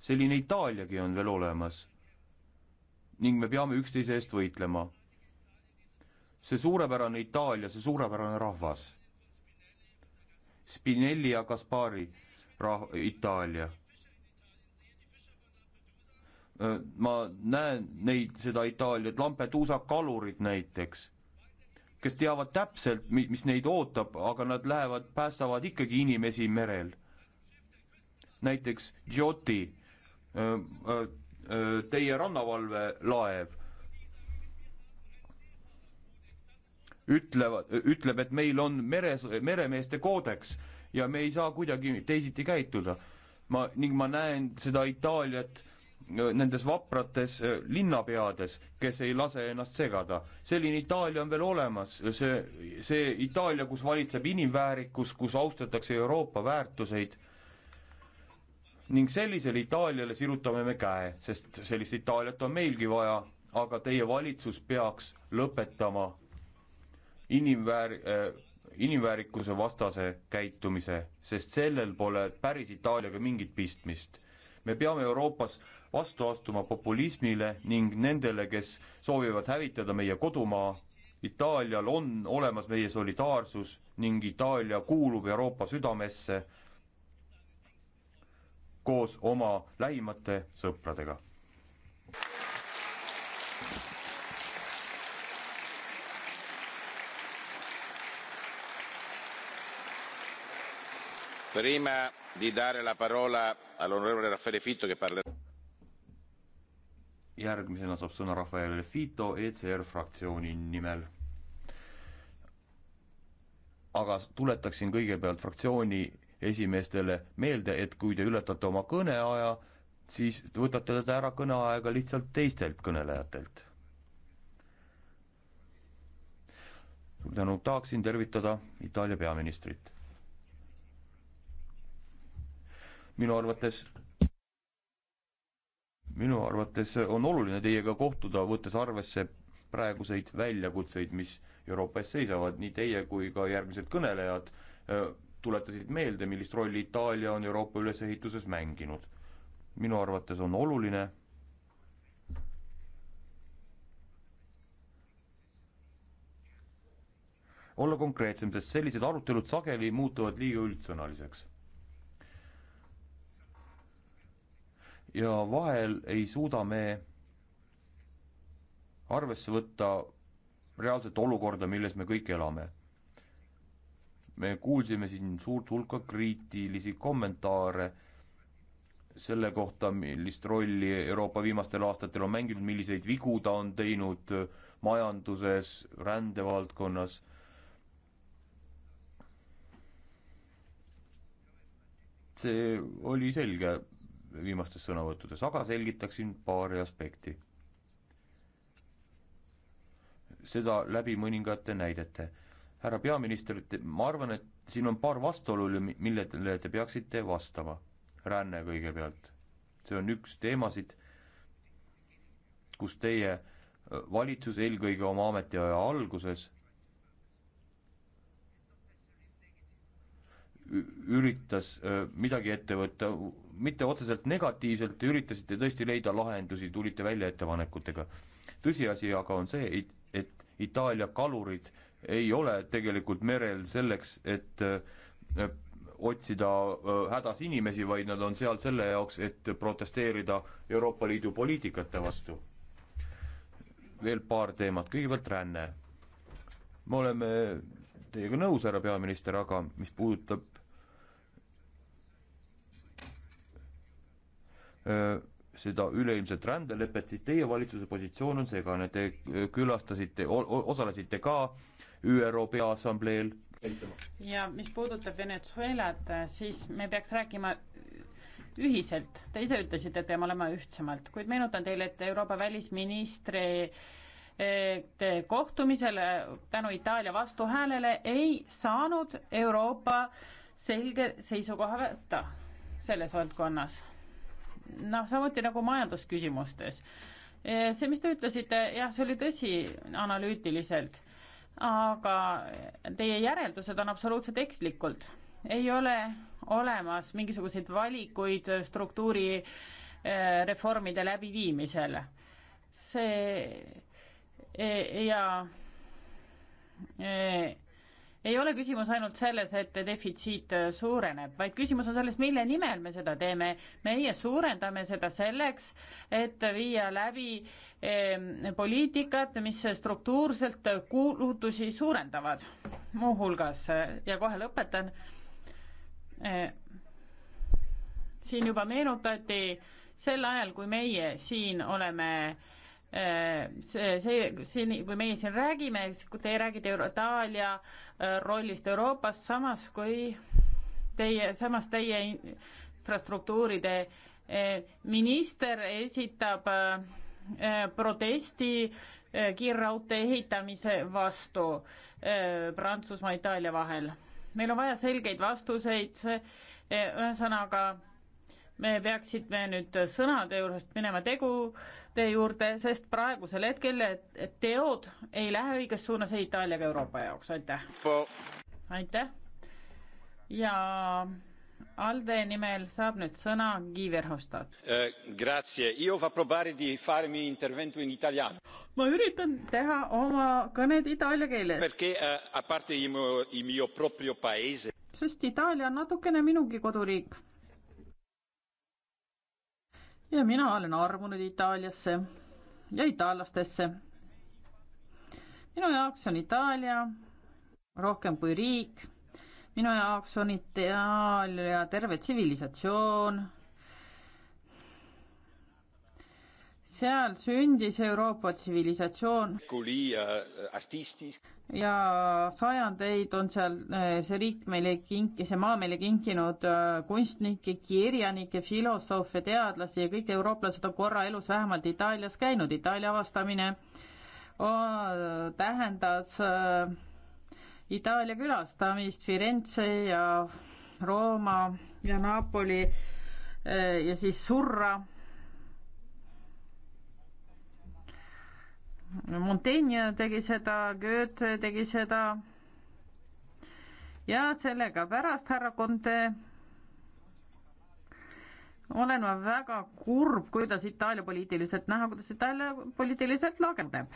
selline Itaaliagi on veel olemas. ning me peame üksteise eest võitlema. see suurepärane Itaalia, see suurepärane rahvas. Spinelli ja Kaspari rah-, Itaalia ma näen neid, seda Itaaliat, Lampeduusa kalurid näiteks, kes teavad täpselt, mis neid ootab, aga nad lähevad, päästavad ikkagi inimesi merel näiteks Jyoti, teie rannavalvelaev, ütlevad, ütleb, et meil on meres, meremeeste koodeks ja me ei saa kuidagi teisiti käituda. ma, ning ma näen seda Itaaliat nendes vaprates linnapeades, kes ei lase ennast segada. selline Itaalia on veel olemas, see, see Itaalia, kus valitseb inimväärikus, kus austatakse Euroopa väärtuseid ning sellisele Itaaliale sirutame me käe, sest sellist Itaaliat on meilgi vaja, aga teie valitsus peaks lõpetama inimväär- äh,, inimväärikuse vastase käitumise, sest sellel pole päris Itaaliaga mingit pistmist. me peame Euroopas vastu astuma populismile ning nendele, kes soovivad hävitada meie kodumaa. Itaalial on olemas meie solidaarsus ning Itaalia kuulub Euroopa südamesse koos oma lähimate sõpradega. Prima di dare la parola all'onorevole Raffaele Fitto che parlerà järgmisena saab sõna Rafael Fito ECR fraktsiooni nimel. aga tuletaksin kõigepealt fraktsiooni esimeestele meelde, et kui te ületate oma kõneaja, siis võtate teda ära kõneaega lihtsalt teistelt kõnelejatelt. suur tänu, tahaksin tervitada Itaalia peaministrit. minu arvates minu arvates on oluline teiega kohtuda, võttes arvesse praeguseid väljakutseid, mis Euroopa ees seisavad, nii teie kui ka järgmised kõnelejad tuletasid meelde, millist rolli Itaalia on Euroopa ülesehituses mänginud. minu arvates on oluline olla konkreetsem, sest sellised arutelud sageli muutuvad liiga üldsõnaliseks. ja vahel ei suuda me arvesse võtta reaalset olukorda, milles me kõik elame me kuulsime siin suurt hulka kriitilisi kommentaare selle kohta, millist rolli Euroopa viimastel aastatel on mänginud, milliseid vigu ta on teinud majanduses, rändevaldkonnas. see oli selge viimastes sõnavõttudes, aga selgitaksin paari aspekti. seda läbi mõningate näidete härra peaminister, ma arvan, et siin on paar vastuolulu, millele te peaksite vastama. ränne kõigepealt, see on üks teemasid, kus teie valitsus eelkõige oma ametiaja alguses üritas midagi ette võtta, mitte otseselt negatiivselt, te üritasite tõesti leida lahendusi, tulite välja ettepanekutega. tõsiasi aga on see, et Itaalia kalurid ei ole tegelikult merel selleks, et äh, otsida äh, hädas inimesi, vaid nad on seal selle jaoks, et protesteerida Euroopa Liidu poliitikate vastu. veel paar teemat, kõigepealt ränne. me oleme teiega nõus, härra peaminister, aga mis puudutab äh, seda üleilmset rändelepet, siis teie valitsuse positsioon on segane, te külastasite, osalesite ka äh, ÜRO Peaassambleel. ja mis puudutab Venezuelat, siis me peaks rääkima ühiselt, te ise ütlesite, et peame olema ühtsemalt, kuid meenutan teile, et Euroopa välisministri eh, kohtumisel eh, tänu Itaalia vastuhäälele ei saanud Euroopa selge seisukoha võtta selles valdkonnas. noh, samuti nagu majandusküsimustes. Eh, see, mis te ütlesite, jah, see oli tõsi analüütiliselt aga teie järeldused on absoluutselt ekslikult. ei ole olemas mingisuguseid valikuid struktuurireformide eh, läbiviimisel. see eh, ja eh, ei ole küsimus ainult selles, et defitsiit äh, suureneb, vaid küsimus on selles, mille nimel me seda teeme. meie suurendame seda selleks, et viia läbi eh, poliitikat, mis struktuurselt kulutusi suurendavad, muuhulgas, äh, ja kohe lõpetan eh,, siin juba meenutati sel ajal, kui meie siin oleme eh, Äh, see, see, siin, kui meie siin räägime, kui teie räägite Itaalia äh, rollist Euroopas, samas kui teie, samas teie infrastruktuuride äh, minister esitab protesti kiirraudtee ehitamise vastu Prantsusmaa, Itaalia vahel. meil on vaja selgeid vastuseid, ühesõnaga me peaksime nüüd sõnade juurest minema tegu äh, juurde, sest praegusel hetkel teod ei lähe õiges suunas ei Itaalia ega Euroopa jaoks, aitäh. aitäh. ja ALDE nimel saab nüüd sõna Guy Verhofstadt uh,. Grazie, io va probare di farmi intervento in italiano. ma üritan teha oma kõned itaalia keeles. Perché uh, a parte il mio, il mio proprio paese. sest Itaalia on natukene minugi koduriik ja mina olen armunud Itaaliasse ja itaallastesse. minu jaoks on Itaalia rohkem kui riik, minu jaoks on Itaalia terve tsivilisatsioon seal sündis Euroopa tsivilisatsioon. Äh, ja sajandeid on seal äh, see riik meile kinki, see maa meile kinkinud äh, kunstnikke, kirjanikke, filosoofe, teadlasi ja kõik eurooplased on korra elus vähemalt Itaalias käinud, Itaalia avastamine tähendas Itaalia külastamist, Firenze ja Rooma ja Napoli ja siis Surra Montaigne tegi seda, Goethe tegi seda ja sellega pärast, härra Conte, olen ma väga kurb, kuidas Itaalia poliitiliselt näha, kuidas Itaalia poliitiliselt lageneb.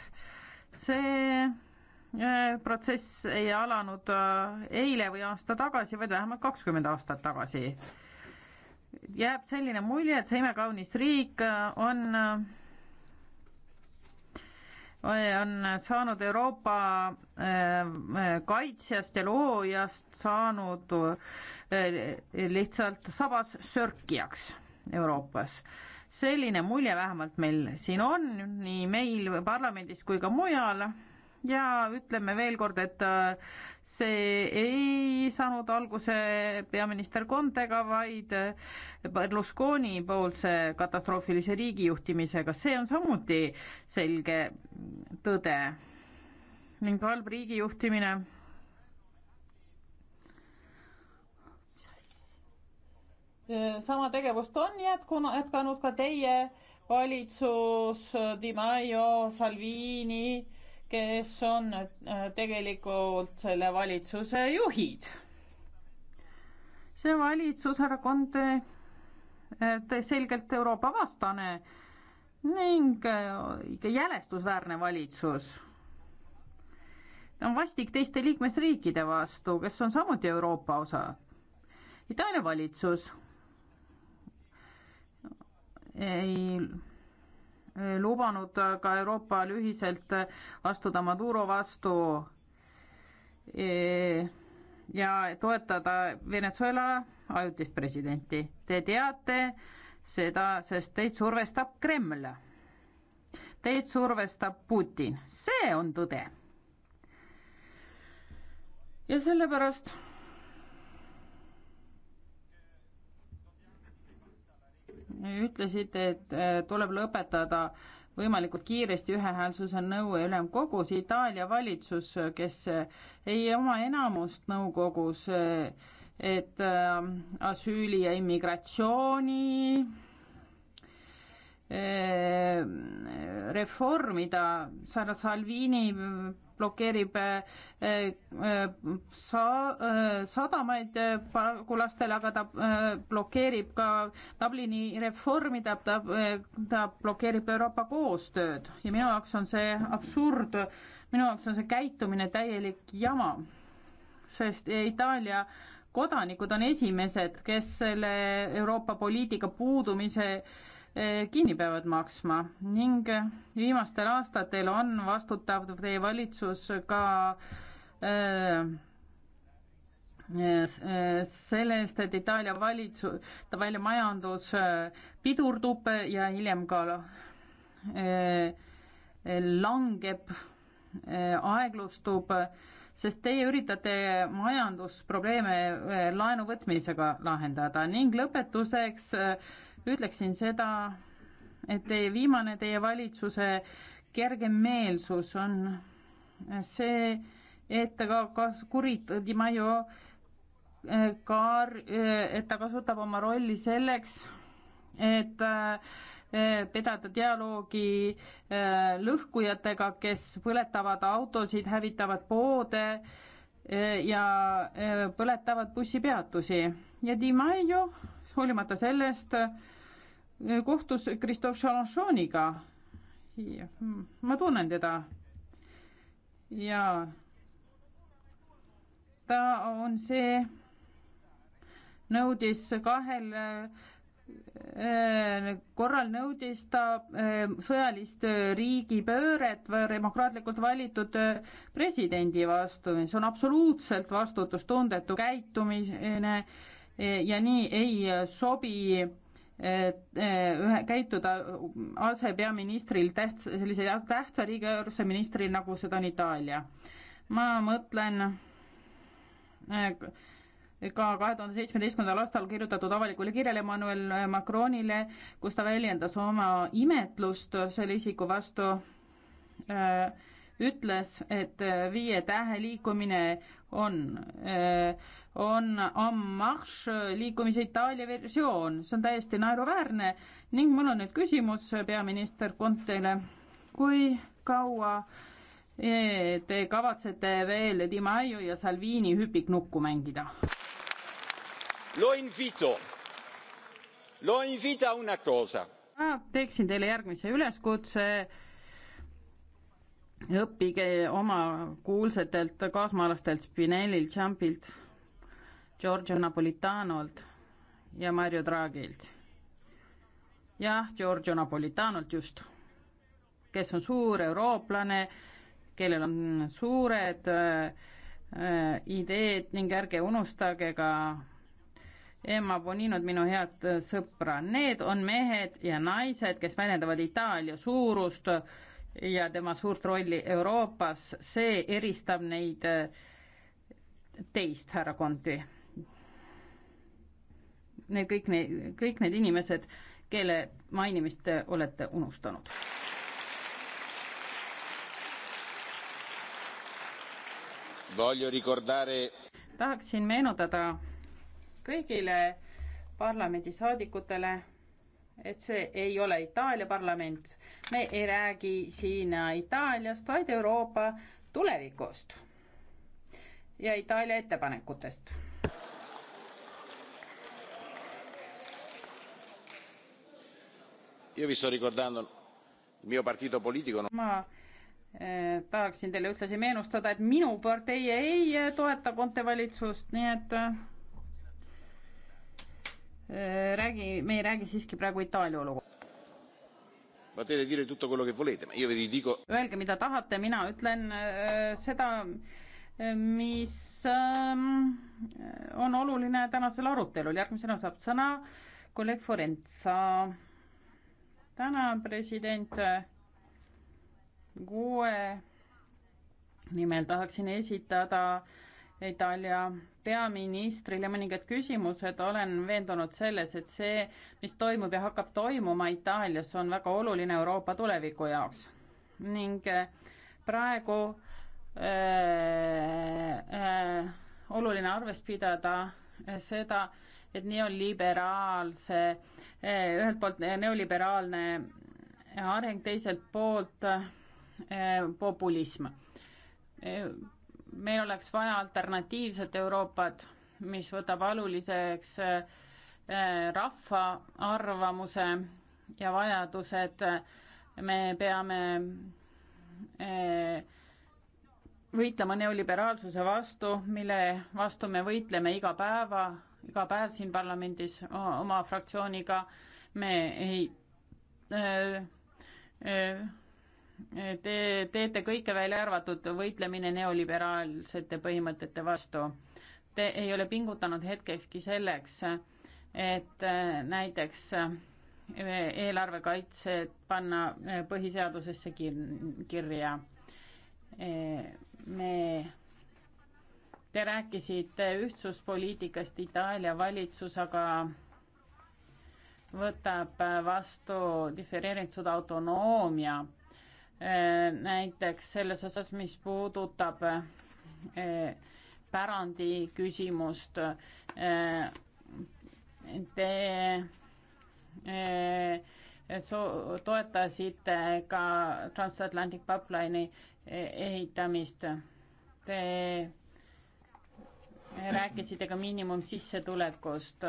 see eh, protsess ei alanud eh, eile või aasta tagasi, vaid vähemalt kakskümmend aastat tagasi. jääb selline mulje, et see imekaunis riik eh, on on saanud Euroopa eh, eh, kaitsjast ja loojast saanud eh, lihtsalt sabas sörkijaks Euroopas. selline mulje vähemalt meil siin on, nii meil parlamendis kui ka mujal ja ütleme veel kord, et see ei saanud alguse peaminister Kontega, vaid Berlusconi poolse katastroofilise riigijuhtimisega, see on samuti selge tõde. ning halb riigijuhtimine sama tegevust on jätkunud, jätkanud ka teie valitsus, Di Maio, Salvini kes on äh, tegelikult selle valitsuse juhid. see valitsuserakond äh, selgelt Euroopa vastane ning ikka äh, jälestusväärne valitsus. ta on vastik teiste liikmesriikide vastu, kes on samuti Euroopa osa. Itaalia valitsus ei Eh, lubanud ka Euroopal ühiselt astuda Maduro vastu eh, ja toetada Venezuela ajutist presidenti. Te teate seda, sest teid survestab Kreml. Teid survestab Putin, see on tõde. ja sellepärast ütlesite, et äh, tuleb lõpetada võimalikult kiiresti ühehäälsuse nõue ülemkogus. Itaalia valitsus, kes ei oma enamust nõukogus, et äh, asüüli ja immigratsiooni äh, reformida, Sarah Salvini blokeerib äh, äh, sa-, äh, sadamaid pagulastele, aga ta blokeerib ka Dublini reformi, ta, ta, ta blokeerib Euroopa koostööd ja minu jaoks on see absurd, minu jaoks on see käitumine täielik jama, sest Itaalia kodanikud on esimesed, kes selle Euroopa poliitika puudumise äh, Eh, kinni peavad maksma ning eh, viimastel aastatel on vastutav teie valitsus ka eh, selle eest, et Itaalia valitsus, Itaalia majandus pidurdub ja hiljem ka langeb, aeglustub, sest teie üritate majandusprobleeme laenu võtmisega lahendada ning lõpetuseks ütleksin seda, et teie viimane, teie valitsuse kergemeelsus on see, et ta ka kas-, kurit-, Di Maio äh, kaar, äh, et ta kasutab oma rolli selleks, et äh, pidada dialoogi lõhkujatega, kes põletavad autosid, hävitavad poode ja põletavad bussipeatusi. ja Di Maio, hoolimata sellest, kohtus Christophe Chalanchoniga. ma tunnen teda. ja ta on see, nõudis kahel äh, korral nõudis ta äh, sõjalist riigipööret või demokraatlikult valitud äh, presidendi vastu, mis on absoluutselt vastutustundetu käitumine ja nii ei sobi Eh, ühe, käituda asepeaministril täht-, sellise tähtsa riigiõiguse ministril, nagu seda on Itaalia. ma mõtlen eh, ka kahe tuhande seitsmeteistkümnendal aastal kirjutatud avalikule kirjale Emmanuel Macronile, kus ta väljendas oma imetlust selle isiku vastu äh,, ütles, et äh, viie tähe liikumine on, äh, on en marche liikumise Itaalia versioon, see on täiesti naeruväärne ning mul on nüüd küsimus äh, peaminister Kontele, kui kaua te kavatsete veel Di Maio ja Salvini hüpiknukku mängida? Lo invito, lo invita una cosa. ma teeksin teile järgmise üleskutse õppige oma kuulsatelt kaasmaalastelt Spinellilt, Champilt, Giorgio Napolitanolt ja Mario Draghilt. jah, Giorgio Napolitanolt just, kes on suur eurooplane, kellel on suured äh, ideed ning ärge unustage ka Emma Boninot, minu head sõpra, need on mehed ja naised, kes väljendavad Itaalia suurust äh, ja tema suurt rolli Euroopas, see eristab neid eh, teist, härra Konti. Need kõik need, kõik need inimesed, kelle mainimist te olete unustanud. Ricordare... tahaksin meenutada kõigile parlamendisaadikutele et see ei ole Itaalia parlament. me ei räägi siin Itaaliast, vaid Euroopa tulevikust ja Itaalia ettepanekutest. ma eh, tahaksin teile ühtlasi meenustada, et minu partei ei toeta Conte valitsust, nii et räägi, me ei räägi siiski praegu Itaalia olukorda. Öelge, mida tahate, mina ütlen äh, seda, äh, mis ähm, äh, on oluline tänasel arutelul, järgmisena saab sõna kolleeg Forenza. tänan, president. kuue nimel tahaksin esitada äh, Itaalia peaministrile mõningad küsimused, olen veendunud selles, et see, mis toimub ja hakkab toimuma Itaalias, on väga oluline Euroopa tuleviku jaoks. ning äh, praegu äh, äh, oluline arvest pidada äh, seda, et neoliberaalse äh,, ühelt poolt äh, neoliberaalne areng, teiselt poolt populism meil oleks vaja alternatiivset Euroopat, mis võtab aluliseks äh, rahva arvamuse ja vajadused, me peame äh, võitlema neoliberaalsuse vastu, mille vastu me võitleme iga päeva, iga päev siin parlamendis oma fraktsiooniga, me ei öö, äh, öö, Te teete kõike välja arvatud võitlemine neoliberaalsete põhimõtete vastu. Te ei ole pingutanud hetkekski selleks, et äh, näiteks äh, eelarvekaitset panna äh, põhiseadusesse kirja. me, te rääkisite ühtsuspoliitikast Itaalia valitsus, aga võtab vastu difereeritud autonoomia Äh, näiteks selles osas, mis puudutab äh, pärandi küsimust. Äh, te so-, toetasite ka Transatlantic Pipeline'i ehitamist. Te rääkisite ka miinimumsissetulekust,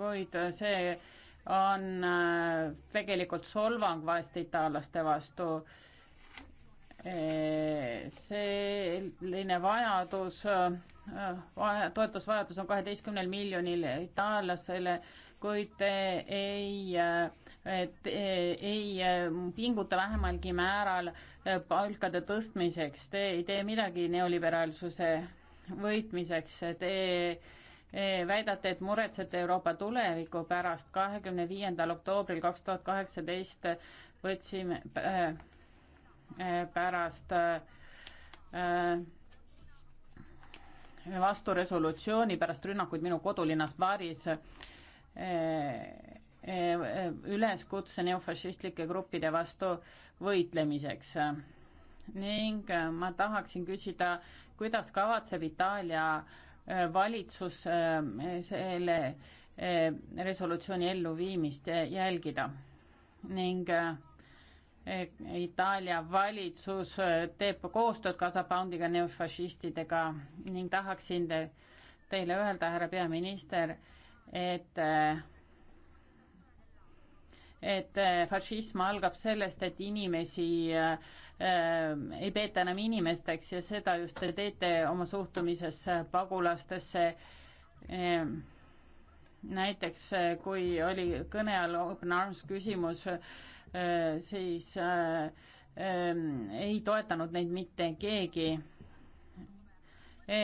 kuid see on äh, tegelikult solvang vahest itaallaste vastu. selline vajadus, äh, toetusvajadus on kaheteistkümnel miljonil itaallasele, kuid ei, äh, e, ei pinguta vähemalgi määral palkade tõstmiseks, te ei tee midagi neoliberaalsuse võitmiseks, te Eh, väidate, et muretsete Euroopa tuleviku pärast. kahekümne viiendal oktoobril kaks tuhat kaheksateist võtsime eh, eh, pärast vastu resolutsiooni pärast rünnakuid minu kodulinnas Baris üleskutse neofašistlike gruppide vastu võitlemiseks. ning ma tahaksin küsida, kuidas kavatseb Itaalia valitsus eh, selle eh, resolutsiooni elluviimist eh, jälgida ning Itaalia valitsus teeb koostööd Kasapoundiga, neofašistidega ning tahaksin te, teile öelda, härra peaminister, et et fašism algab sellest, et inimesi äh, Ähm, ei peeta enam inimesteks ja seda just te teete oma suhtumises pagulastesse. Ähm, näiteks äh, kui oli kõne all open arms küsimus, äh, siis äh, ähm, ei toetanud neid mitte keegi e,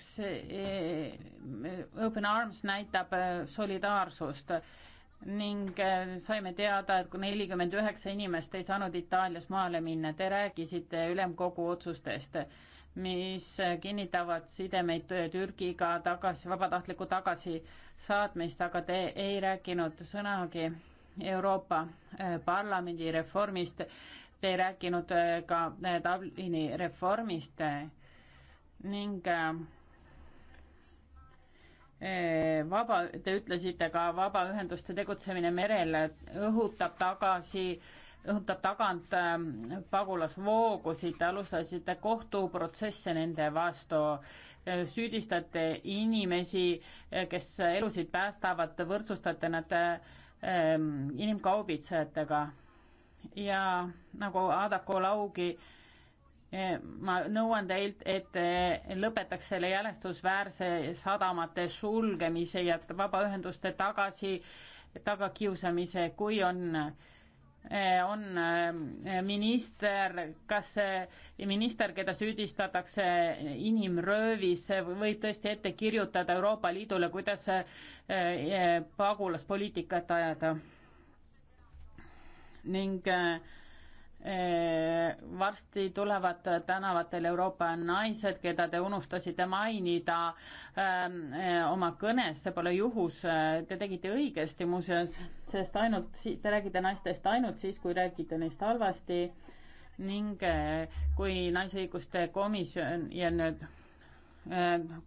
see e, Open Arms näitab solidaarsust ning äh, saime teada, et kui nelikümmend üheksa inimest ei saanud Itaalias maale minna, te rääkisite ülemkogu otsustest, mis kinnitavad sidemeid Türgiga tagasi, vabatahtlikku tagasisaatmist, aga te ei rääkinud sõnagi Euroopa äh, Parlamendi reformist, te ei rääkinud äh, ka Dublini reformist ning Eh, vaba, te ütlesite ka, vabaühenduste tegutsemine merel õhutab tagasi, õhutab tagant ähm, pagulasvoogusid, alustasite kohtuprotsesse nende vastu, eh, süüdistate inimesi, eh, kes elusid päästavad, võrdsustate nad ähm, inimkaubitsejatega. ja nagu Adako Laugi äh, ma nõuan teilt, et te eh, lõpetaks selle jälestusväärse sadamate sulgemise ja vabaühenduste tagasi, tagakiusamise, kui on eh, on eh, minister, kas minister, keda süüdistatakse inimröövis, võib tõesti ette kirjutada Euroopa Liidule, kuidas pagulaspoliitikat ajada? ning äh, Äh, varsti tulevad tänavatel Euroopa naised, keda te unustasite mainida ähm, äh, oma kõnes, see pole juhus, äh, te tegite õigesti muuseas, sest ainult, te räägite naistest ainult siis, kui räägite neist halvasti ning kui Naisõiguste Komisjon ja nüüd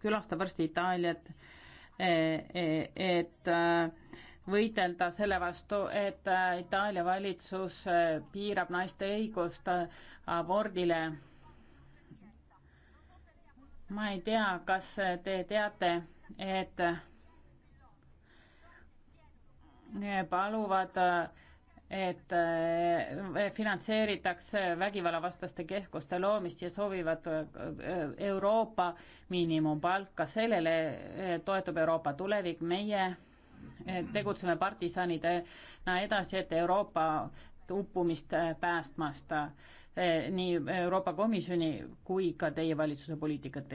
külastab varsti Itaaliat, et, et võidelda selle vastu, et äh, Itaalia valitsus äh, piirab naiste õigust äh, abordile. ma ei tea, kas te teate, et paluvad, et finantseeritakse vägivallavastaste keskuste loomist ja soovivad Euroopa miinimumpalka, sellele toetub Euroopa tulevik, meie tegutseme partisanidena edasi, et Euroopa uppumist äh, päästmast äh, nii Euroopa Komisjoni kui ka teie valitsuse poliitikat.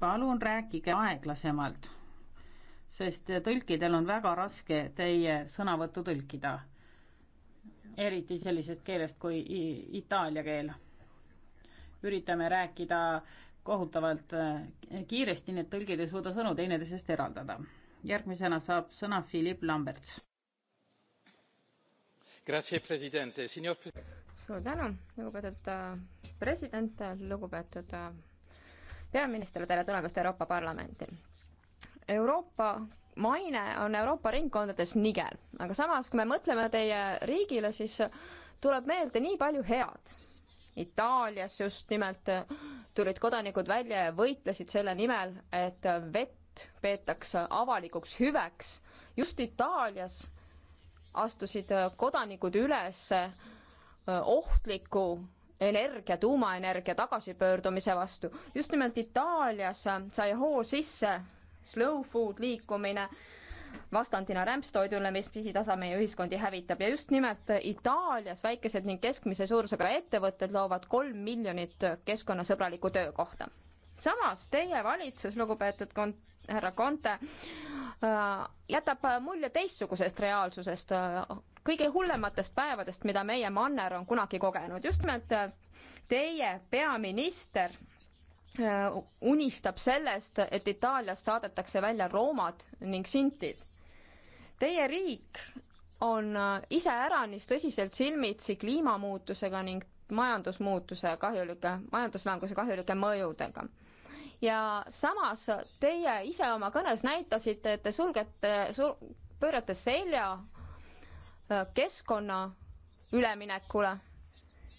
palun rääkige aeglasemalt, sest tõlkidel on väga raske teie sõnavõttu tõlkida, eriti sellisest keelest kui itaalia keel. üritame rääkida kohutavalt eh, kiiresti, nii et tõlgid ei suuda sõnu teineteisest eraldada. järgmisena saab sõna Philip Lamberts. Signor... suur tänu, lugupeetud eh, president, lugupeetud eh, peaminister, tere tulemast Euroopa Parlamenti. Euroopa maine on Euroopa ringkondades niger, aga samas, kui me mõtleme teie riigile, siis tuleb meelde nii palju head Itaalias just nimelt tulid kodanikud välja ja võitlesid selle nimel, et vett peetakse avalikuks hüveks. just Itaalias astusid kodanikud üles ohtliku energia, tuumaenergia tagasipöördumise vastu. just nimelt Itaalias sai hoo sisse slow food liikumine vastandina rämpstoidule, mis pisitasa meie ühiskondi hävitab ja just nimelt Itaalias väikesed ning keskmise suurusega ettevõtted loovad kolm miljonit keskkonnasõbralikku töökohta. samas teie valitsus, lugupeetud kon-, härra Conte, äh, jätab mulje teistsugusest reaalsusest, äh, kõige hullematest päevadest, mida meie manner on kunagi kogenud, just nimelt äh, teie peaminister Äh, unistab sellest, et Itaaliast saadetakse välja roomad ning sintid. Teie riik on äh, iseäranis tõsiselt silmitsi kliimamuutusega ning majandusmuutuse kahjulike, majanduslanguse kahjulike mõjudega. ja samas teie ise oma kõnes näitasite, et te sulgete sul,, pöörate selja äh, keskkonna üleminekule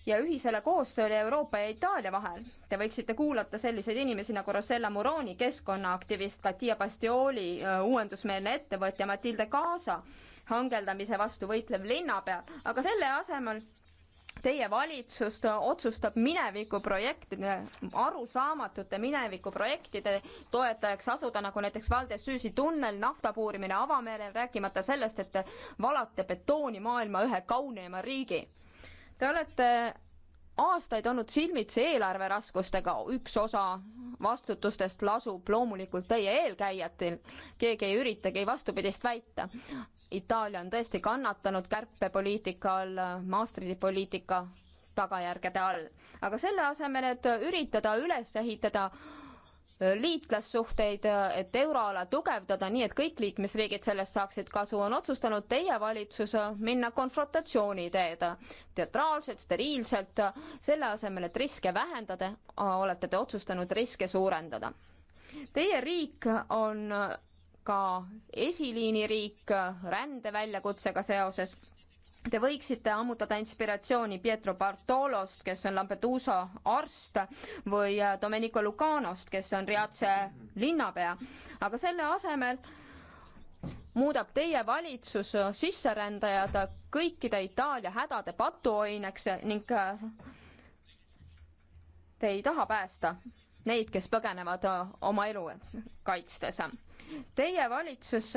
ja ühisele koostööle Euroopa ja Itaalia vahel. Te võiksite kuulata selliseid inimesi nagu Rossella Muroni, keskkonnaaktivist, Katia Bastioli, äh, uuendusmeelne ettevõtja Matilde Kaasa, hangeldamise vastu võitlev linnapea, aga selle asemel teie valitsus äh, otsustab minevikuprojektide, arusaamatute minevikuprojektide toetajaks asuda, nagu näiteks Valde-Süüsi tunnel, nafta puurimine avamerel, rääkimata sellest, et te valate betooni maailma ühe kauneima riigi Te olete aastaid olnud silmitsi eelarveraskustega, üks osa vastutustest lasub loomulikult teie eelkäijatel, keegi ei üritagi vastupidist väita. Itaalia on tõesti kannatanud kärpepoliitika all, Maastrichti poliitika tagajärgede all. aga selle asemel, et üritada üles ehitada liitlassuhteid, et euroala tugevdada, nii et kõik liikmesriigid sellest saaksid kasu, on otsustanud teie valitsus minna konfrontatsiooni teed. teatraalselt, steriilselt, selle asemel, et riske vähendada, olete te otsustanud riske suurendada. Teie riik on ka esiliiniriik rändeväljakutsega seoses Te võiksite ammutada inspiratsiooni Pietro Bartolost, kes on Lampedusa arst, või äh, Domenico Lucanost, kes on Riace linnapea, aga selle asemel muudab teie valitsus äh, sisserändajad kõikide Itaalia hädade patuoineks ning äh, te ei taha päästa neid, kes põgenevad oma elu kaitstes. Teie valitsus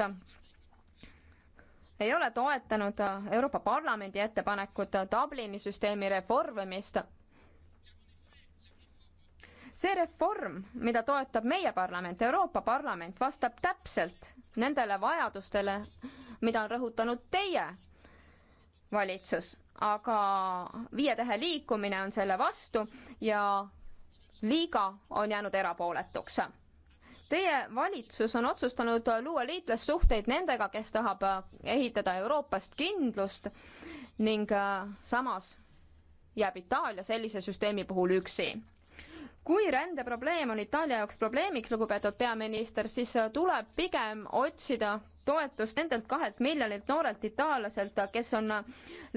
ei ole toetanud Euroopa Parlamendi ettepanekut Dublini süsteemi reformimist. see reform, mida toetab meie parlament, Euroopa Parlament, vastab täpselt nendele vajadustele, mida on rõhutanud teie valitsus, aga viie tähe liikumine on selle vastu ja liiga on jäänud erapooletuks Teie valitsus on otsustanud luua liitlassuhteid nendega, kes tahab äh, ehitada Euroopast kindlust ning äh, samas jääb Itaalia sellise süsteemi puhul üksi kui rändeprobleem on Itaalia jaoks probleemiks, lugupeetud peaminister, siis äh, tuleb pigem otsida toetust nendelt kahelt miljonilt noorelt itaallaselt, äh, kes on äh,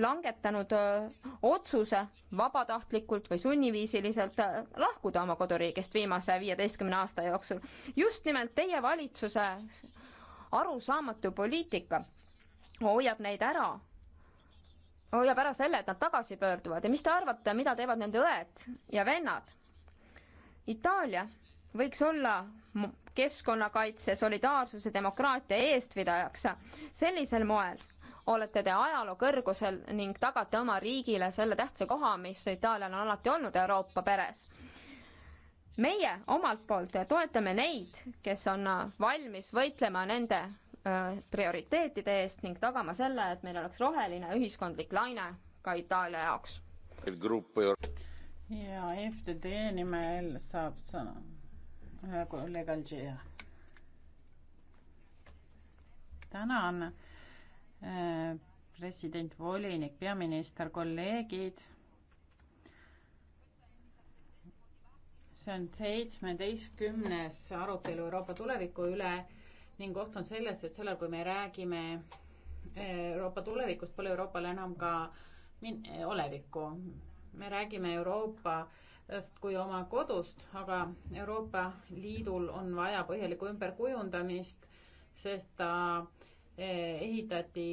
langetanud otsuse vabatahtlikult või sunniviisiliselt lahkuda oma koduriigist viimase viieteistkümne aasta jooksul. just nimelt teie valitsuse arusaamatu poliitika hoiab neid ära, hoiab ära selle, et nad tagasi pöörduvad ja mis te arvate, mida teevad nende õed ja vennad? Itaalia võiks olla keskkonnakaitse, solidaarsuse, demokraatia eestvedajaks. sellisel moel olete te ajaloo kõrgusel ning tagate oma riigile selle tähtsa koha, mis Itaalial on alati olnud Euroopa peres. meie omalt poolt toetame neid, kes on valmis võitlema nende prioriteetide eest ning tagama selle, et meil oleks roheline ühiskondlik laine ka Itaalia jaoks ja FTD nimel saab sõna kolleeg Alžeia. tänan, äh, president, volinik, peaminister, kolleegid see on seitsmeteistkümnes arutelu Euroopa tuleviku üle ning oht on selles, et sellal, kui me räägime äh, Euroopa tulevikust, pole Euroopal enam ka min-, olevikku me räägime Euroopast kui oma kodust, aga Euroopa Liidul on vaja põhjalikku ümberkujundamist, sest ta e, ehitati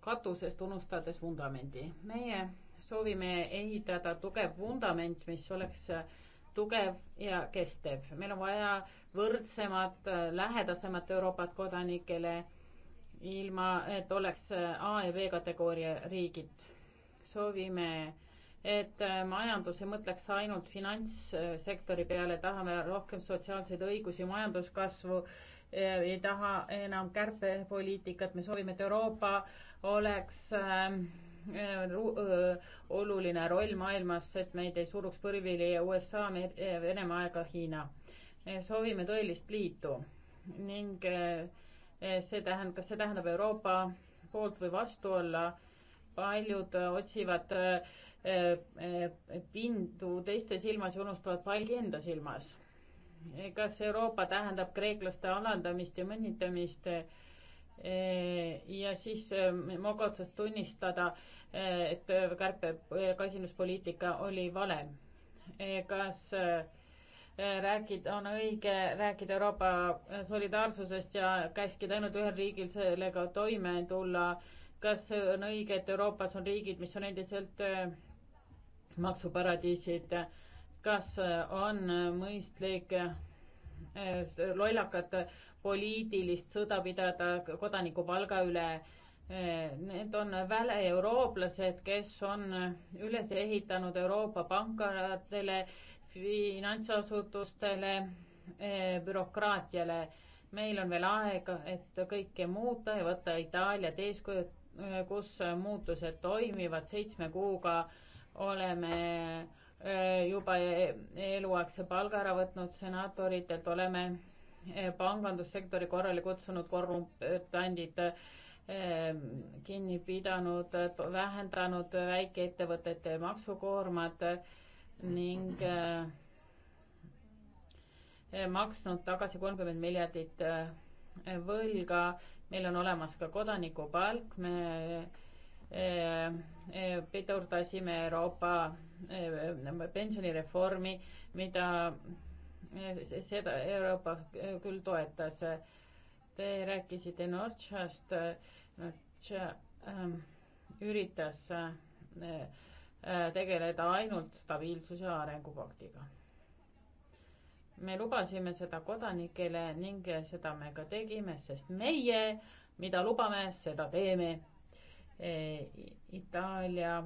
katusest, unustades vundamendi. meie soovime ehitada tugev vundament, mis oleks tugev ja kestev. meil on vaja võrdsemat, lähedasemat Euroopat kodanikele, ilma et oleks A ja B kategooria riigid. soovime äh, et äh, majandus ei mõtleks ainult finantssektori peale, tahame rohkem sotsiaalseid õigusi, majanduskasvu, ei taha enam kärpepoliitikat, me soovime, et Euroopa oleks ähm, äh, äh, oluline roll maailmas, et meid ei suruks põrvili USA, Venemaa ega Hiina. soovime tõelist liitu ning see tähendab, kas see tähendab Euroopa poolt või vastu olla, paljud otsivad äh, Äh, äh, pindu teiste silmas ja unustavad palgi enda silmas. Äh, kas Euroopa tähendab kreeklaste alandamist ja mõnitamist? ja siis Mogo otsas tunnistada, et kärpe kasinuspoliitika oli vale. kas rääkida, on õige rääkida Euroopa solidaarsusest ja käskida ainult ühel riigil sellega toime tulla. kas on õige, et Euroopas on riigid, mis on endiselt maksuparadiisid, kas äh, on äh, mõistlik äh, lollakat poliitilist sõda pidada kodanikupalga üle. Need on väleeurooplased, kes on üles ehitanud Euroopa pankadele, finantsasutustele, bürokraatiale. meil on veel aega, et kõike muuta ja võtta Itaaliat eeskujuks, kus muutused toimivad seitsme kuuga oleme äh, juba eluaegse palga ära võtnud senaatoritelt, oleme äh, pangandussektori korrale kutsunud korruptandid äh, kinni pidanud, vähendanud väikeettevõtete maksukoormad ning maksnud tagasi kolmkümmend miljardit võlga. meil on olemas ka kodanikupalk, me Eh, eh, pidurdasime Euroopa eh, pensionireformi, mida seda Euroopa küll toetas. Te rääkisite Nortšast, Nortša ähm, üritas tegeleda ainult stabiilsuse ja arengupaktiga. me lubasime seda kodanikele ning seda me ka tegime, sest meie, mida lubame, seda teeme Eh, Itaalia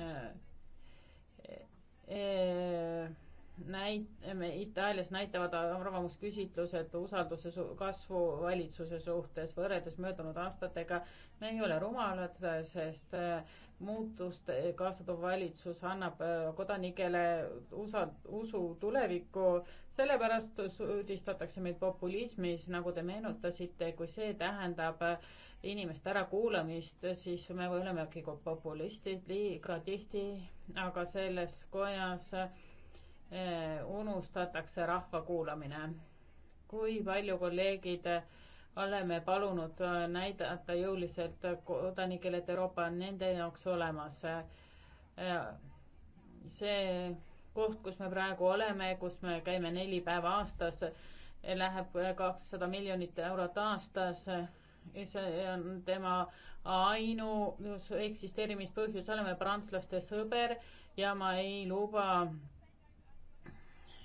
eh, eh, näit-, Itaalias näitavad arvamusküsitlused usalduse kasvu valitsuse suhtes võrreldes möödunud aastatega. me ei ole rumalad, sest äh, muutust kaasa toov valitsus annab äh, kodanikele usa-, usu tulevikku. sellepärast süüdistatakse meid populismis, nagu te meenutasite, kui see tähendab äh, inimeste ärakuulamist, siis me olemegi populistid liiga tihti, aga selles kojas äh, Äh, unustatakse rahva kuulamine. kui palju kolleegid äh, oleme palunud äh, näidata jõuliselt kodanikele, et Euroopa on nende jaoks olemas. see koht, kus me praegu oleme, kus me käime neli päeva aastas, läheb kakssada miljonit eurot aastas. see on tema ainus eksisteerimispõhjus, oleme prantslaste sõber ja ma ei luba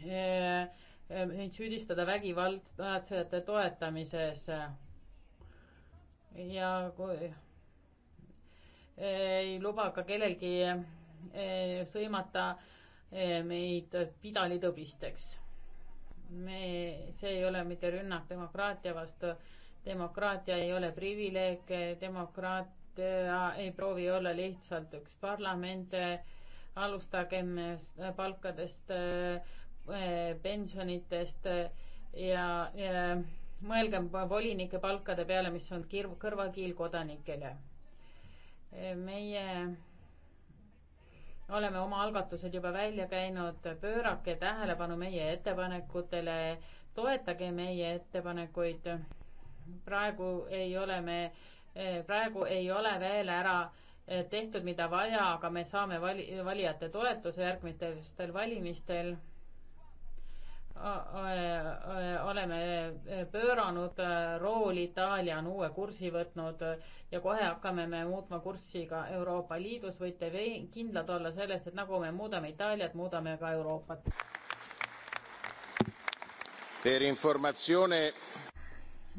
Eh, eh, neid süüdistada vägivaldsete toetamises. ja kui ei luba ka kellelgi eh, sõimata meid pidalitõbisteks. me, see ei ole mitte rünnak demokraatia vastu, demokraatia ei ole privileeg, demokraatia ei proovi olla lihtsalt üks parlament, alustagem palkadest, Eh, pensionitest eh, ja, ja mõelgem volinike palkade peale, mis on kirv, kõrvakiil kodanikele. Eh, meie oleme oma algatused juba välja käinud, pöörake tähelepanu meie ettepanekutele, toetage meie ettepanekuid. praegu ei ole me, praegu ei ole veel ära tehtud, mida vaja, aga me saame vali, valijate toetuse järgmistel valimistel oleme pööranud äh, rooli, Itaalia on uue kursi võtnud äh, ja kohe hakkame me muutma kurssi ka Euroopa Liidus, võite kindlad olla selles, et nagu me muudame Itaaliat, muudame ka Euroopat. Per informatsioone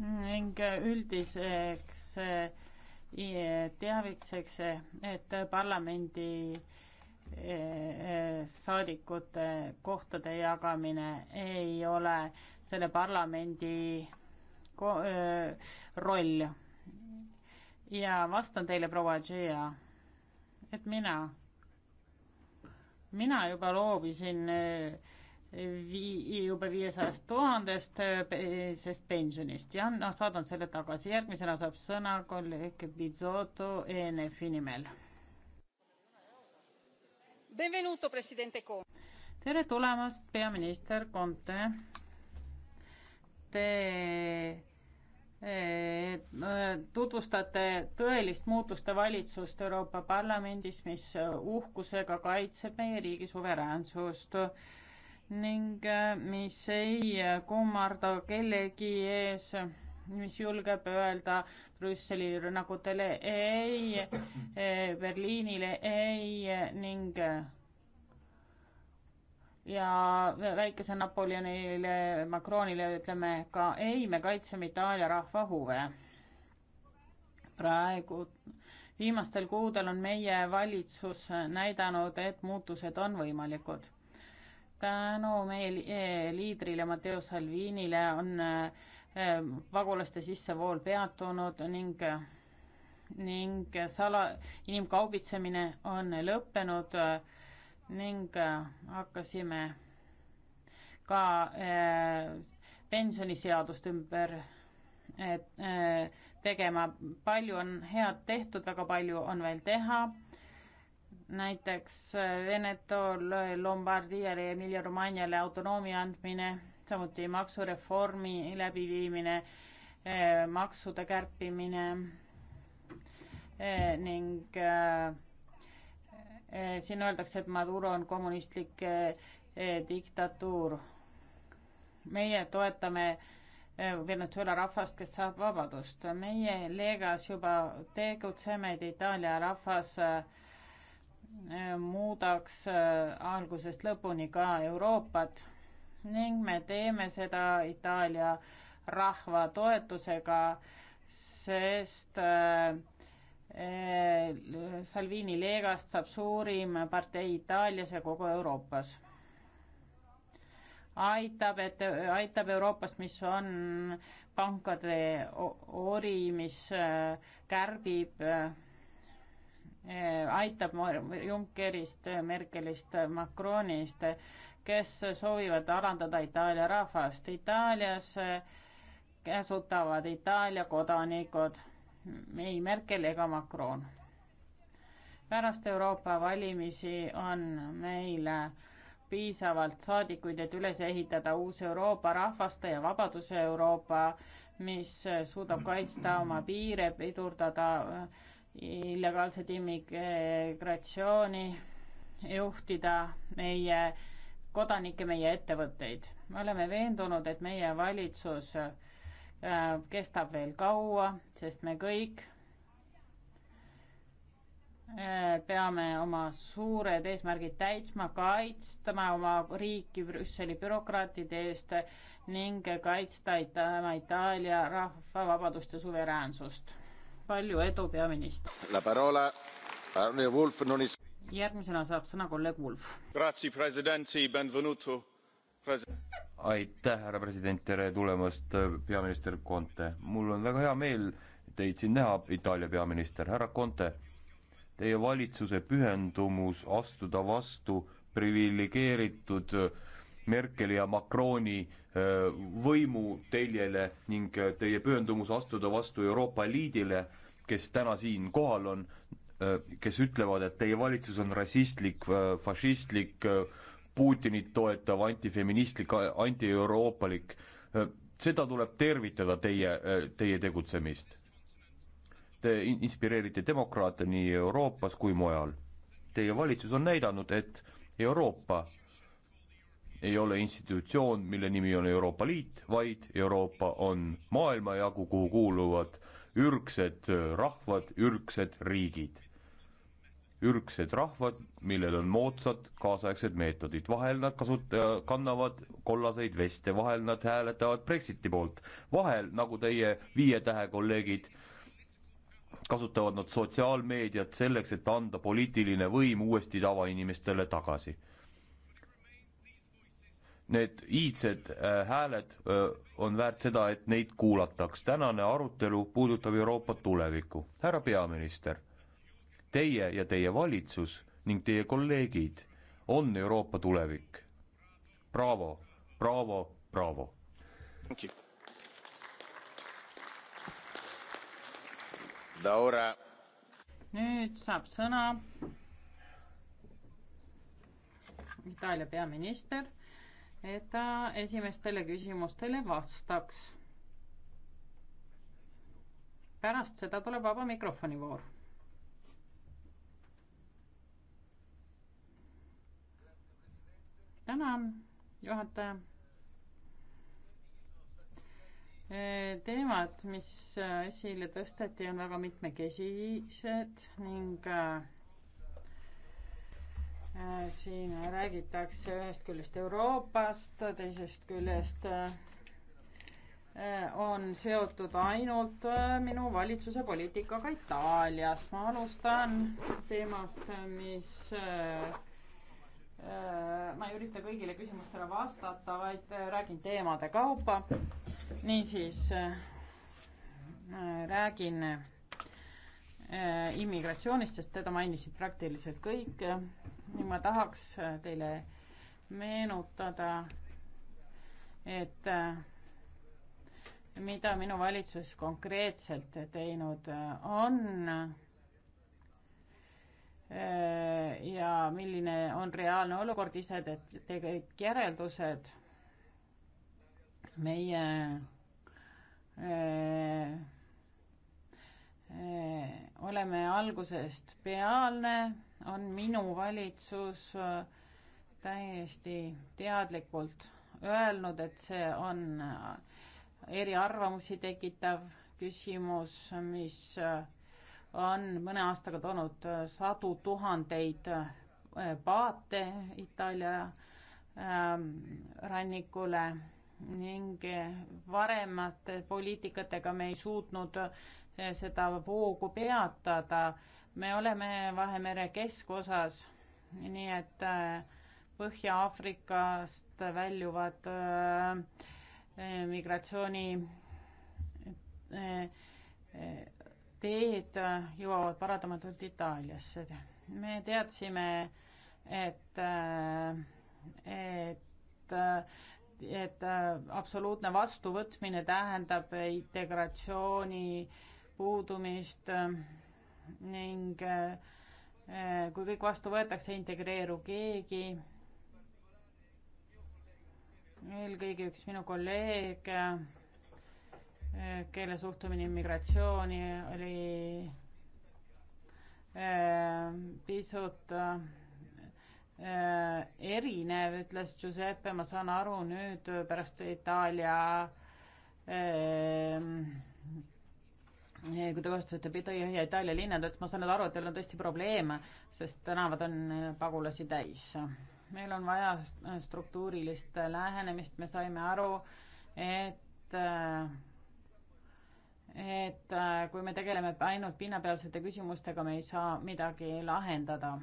ning üldiseks äh, teavituseks, et parlamendi E, e, saadikute kohtade jagamine ei ole selle parlamendi e, roll. ja vastan teile, proua Džia, et mina, mina juba loobisin vii-, juba viiesajast tuhandest sest pensionist ja noh, saadan selle tagasi, järgmisena saab sõna kolleeg Bizotto ENF-i nimel Benvenuto, president Conte. tere tulemast, peaminister Conte. Te eh, tutvustate tõelist muutuste valitsust Euroopa Parlamendis, mis uhkusega kaitseb meie riigi suveräänsust ning eh, mis ei kummarda kellegi ees mis julgeb öelda Brüsseli rünnakutele ei, Berliinile ei ning ja väikese Napoleonile, Macronile ütleme ka ei, me kaitseme Itaalia rahva huve. praegu, viimastel kuudel on meie valitsus näidanud, et muutused on võimalikud. tänu meie eh, liidrile Matteo Salvinile on äh, Ehm, pagulaste sissevool peatunud ning, ning sala, inimkaubitsemine on lõppenud ning hakkasime ka ehm, pensioniseadust ümber ehm, tegema. palju on head tehtud, väga palju on veel teha. näiteks Veneto, Lombardiale ja Emilia-Romagnale autonoomia andmine samuti maksureformi läbiviimine, eh, maksude kärpimine eh, ning eh, siin öeldakse, et Maduro on kommunistlik diktatuur. meie toetame Venezuela rahvast, kes saab vabadust. meie Leegas juba tegutseme, et Itaalia rahvas muudaks algusest lõpuni ka Euroopat ning me teeme seda Itaalia rahva toetusega, sest äh, eh, Salvini Leegast saab suurim partei Itaalias ja kogu Euroopas. aitab, et aitab Euroopast, mis on pankade ori, mis äh, kärbib, äh, aitab Junckerist, Merkelist, Macronist kes soovivad alandada Itaalia rahvast. Itaalias eh, käsutavad Itaalia kodanikud, ei Merkel ega Macron. pärast Euroopa valimisi on meil piisavalt saadikuid, et üles ehitada uus Euroopa rahvaste ja vabaduse Euroopa, mis suudab kaitsta oma piire, pidurdada eh, illegaalset immigratsiooni, juhtida meie kodanikke, meie ettevõtteid. me oleme veendunud, et meie valitsus äh, kestab veel kaua, sest me kõik äh, peame oma suured eesmärgid täitma, kaitstama oma riiki Brüsseli bürokraatide eest ning kaitsta Ita Itaalia rahva vabadust ja suveräänsust. palju edu, peaminister! järgmisena saab sõna kolleeg Wolf. aitäh, härra president, tere tulemast, äh, peaminister Conte. mul on väga hea meel teid siin näha, Itaalia peaminister, härra Conte. Teie valitsuse pühendumus astuda vastu priviligeeritud äh, Merkeli ja Macroni äh, võimu teljele ning teie pühendumus astuda vastu Euroopa Liidile, kes täna siin kohal on, Äh, kes ütlevad, et teie valitsus on rassistlik, äh, fašistlik, äh, Putinit toetav, antifeministlik, antieuroopalik. seda tuleb tervitada, teie, teie tegutsemist. Te inspireerite demokraate nii Euroopas kui mujal. Teie valitsus on näidanud, et Euroopa ei ole institutsioon, mille nimi on Euroopa Liit, vaid Euroopa on maailmajagu, kuhu kuuluvad ürgsed rahvad, ürgsed riigid ürgsed rahvad, millel on moodsad kaasaegsed meetodid, vahel nad kasut-, äh, kannavad kollaseid veste, vahel nad hääletavad Brexiti poolt, vahel, nagu teie viie tähe kolleegid, kasutavad nad sotsiaalmeediat selleks, et anda poliitiline võim uuesti tavainimestele tagasi. Need iidsed äh, hääled äh, on väärt seda, et neid kuulataks. tänane arutelu puudutab Euroopa tulevikku. härra peaminister Teie ja teie valitsus ning teie kolleegid on Euroopa tulevik. Bravo, bravo, bravo! nüüd saab sõna Itaalia peaminister, et ta esimestele küsimustele vastaks. pärast seda tuleb vaba mikrofoni voor tänan, juhataja. Äh, teemad, mis äh, esile tõsteti, on väga mitmekesised ning äh, siin räägitakse ühest küljest Euroopast, teisest küljest on seotud ainult minu valitsuse poliitikaga Itaalias. ma alustan teemast, mis Äh, ma ei ürita kõigile küsimustele vastata, vaid äh, räägin teemade kaupa. niisiis äh, räägin immigratsioonist, sest teda mainisid praktiliselt kõik ning ma tahaks teile meenutada, et mida minu valitsus konkreetselt teinud on Äh, ja milline on reaalne olukord, ise teete kõik järeldused. meie öö, äh, öö, äh, oleme algusest peale, on minu valitsus täiesti teadlikult öelnud, et see on eriarvamusi tekitav küsimus, mis öö, on mõne aastaga toonud äh, sadu tuhandeid äh, paate Itaalia ähm, rannikule ning äh, varemate poliitikatega me ei suutnud seda voogu peatada. me oleme Vahemere keskosas, nii et Põhja-Aafrikast väljuvad migratsiooni teed äh, jõuavad paratamatult Itaaliasse. me teadsime, et, äh, et, äh, et absoluutne vastuvõtmine tähendab integratsiooni puudumist ning kui kõik vastu võetakse, ei integreeru keegi. eelkõige üks minu kolleeg kelle suhtumine immigratsiooni oli äh, pisut äh, erinev, ütles Giuseppe, ma saan aru nüüd pärast Itaalia ähm, kui te vastasite Pidõja Itaalia linnades, ma saan nüüd aru, et teil on tõesti probleeme, sest tänavad on pagulasi täis. meil on vaja struktuurilist lähenemist, me saime aru, et äh, et äh, kui me tegeleme ainult pinnapealsete küsimustega, me ei saa midagi lahendada.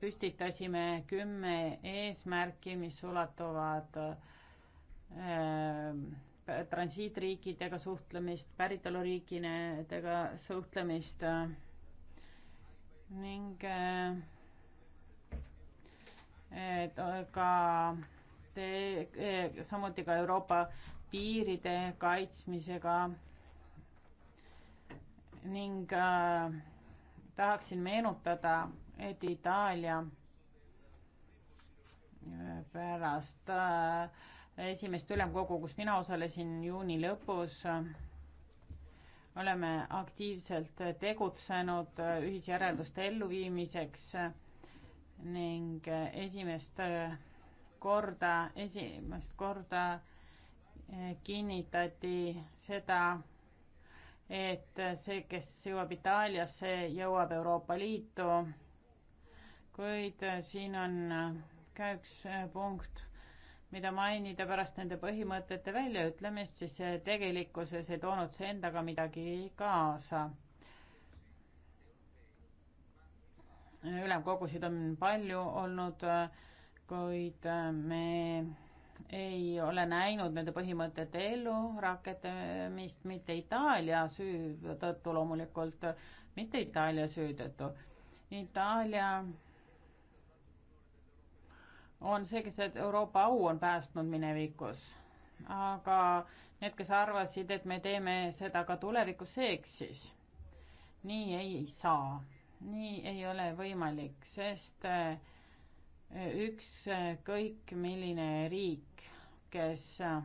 püstitasime kümme eesmärki, mis ulatuvad äh, transiitriikidega suhtlemist, päritoluriikidega suhtlemist äh, ning äh, et äh, ka te, äh, samuti ka Euroopa piiride kaitsmisega ning äh, tahaksin meenutada, et Itaalia äh, pärast äh, esimest ülemkogu, kus mina osalesin juuni lõpus äh,, oleme aktiivselt tegutsenud äh, ühisjärelduste elluviimiseks äh, ning esimest korda, esimest korda äh, kinnitati seda, et see, kes jõuab Itaaliasse, jõuab Euroopa Liitu. kuid siin on ka üks äh, punkt, mida mainida pärast nende põhimõtete väljaütlemist, siis tegelikkuses ei toonud see endaga midagi kaasa. ülemkogusid on palju olnud, äh, kuid äh, me ei ole näinud nende põhimõtete ellurakendamist mitte Itaalia süü tõttu loomulikult, mitte Itaalia süü tõttu. Itaalia on see, kes Euroopa au on päästnud minevikus, aga need, kes arvasid, et me teeme seda ka tulevikus, see eksis. nii ei saa, nii ei ole võimalik, sest äh, ükskõik äh, milline riik, kes äh,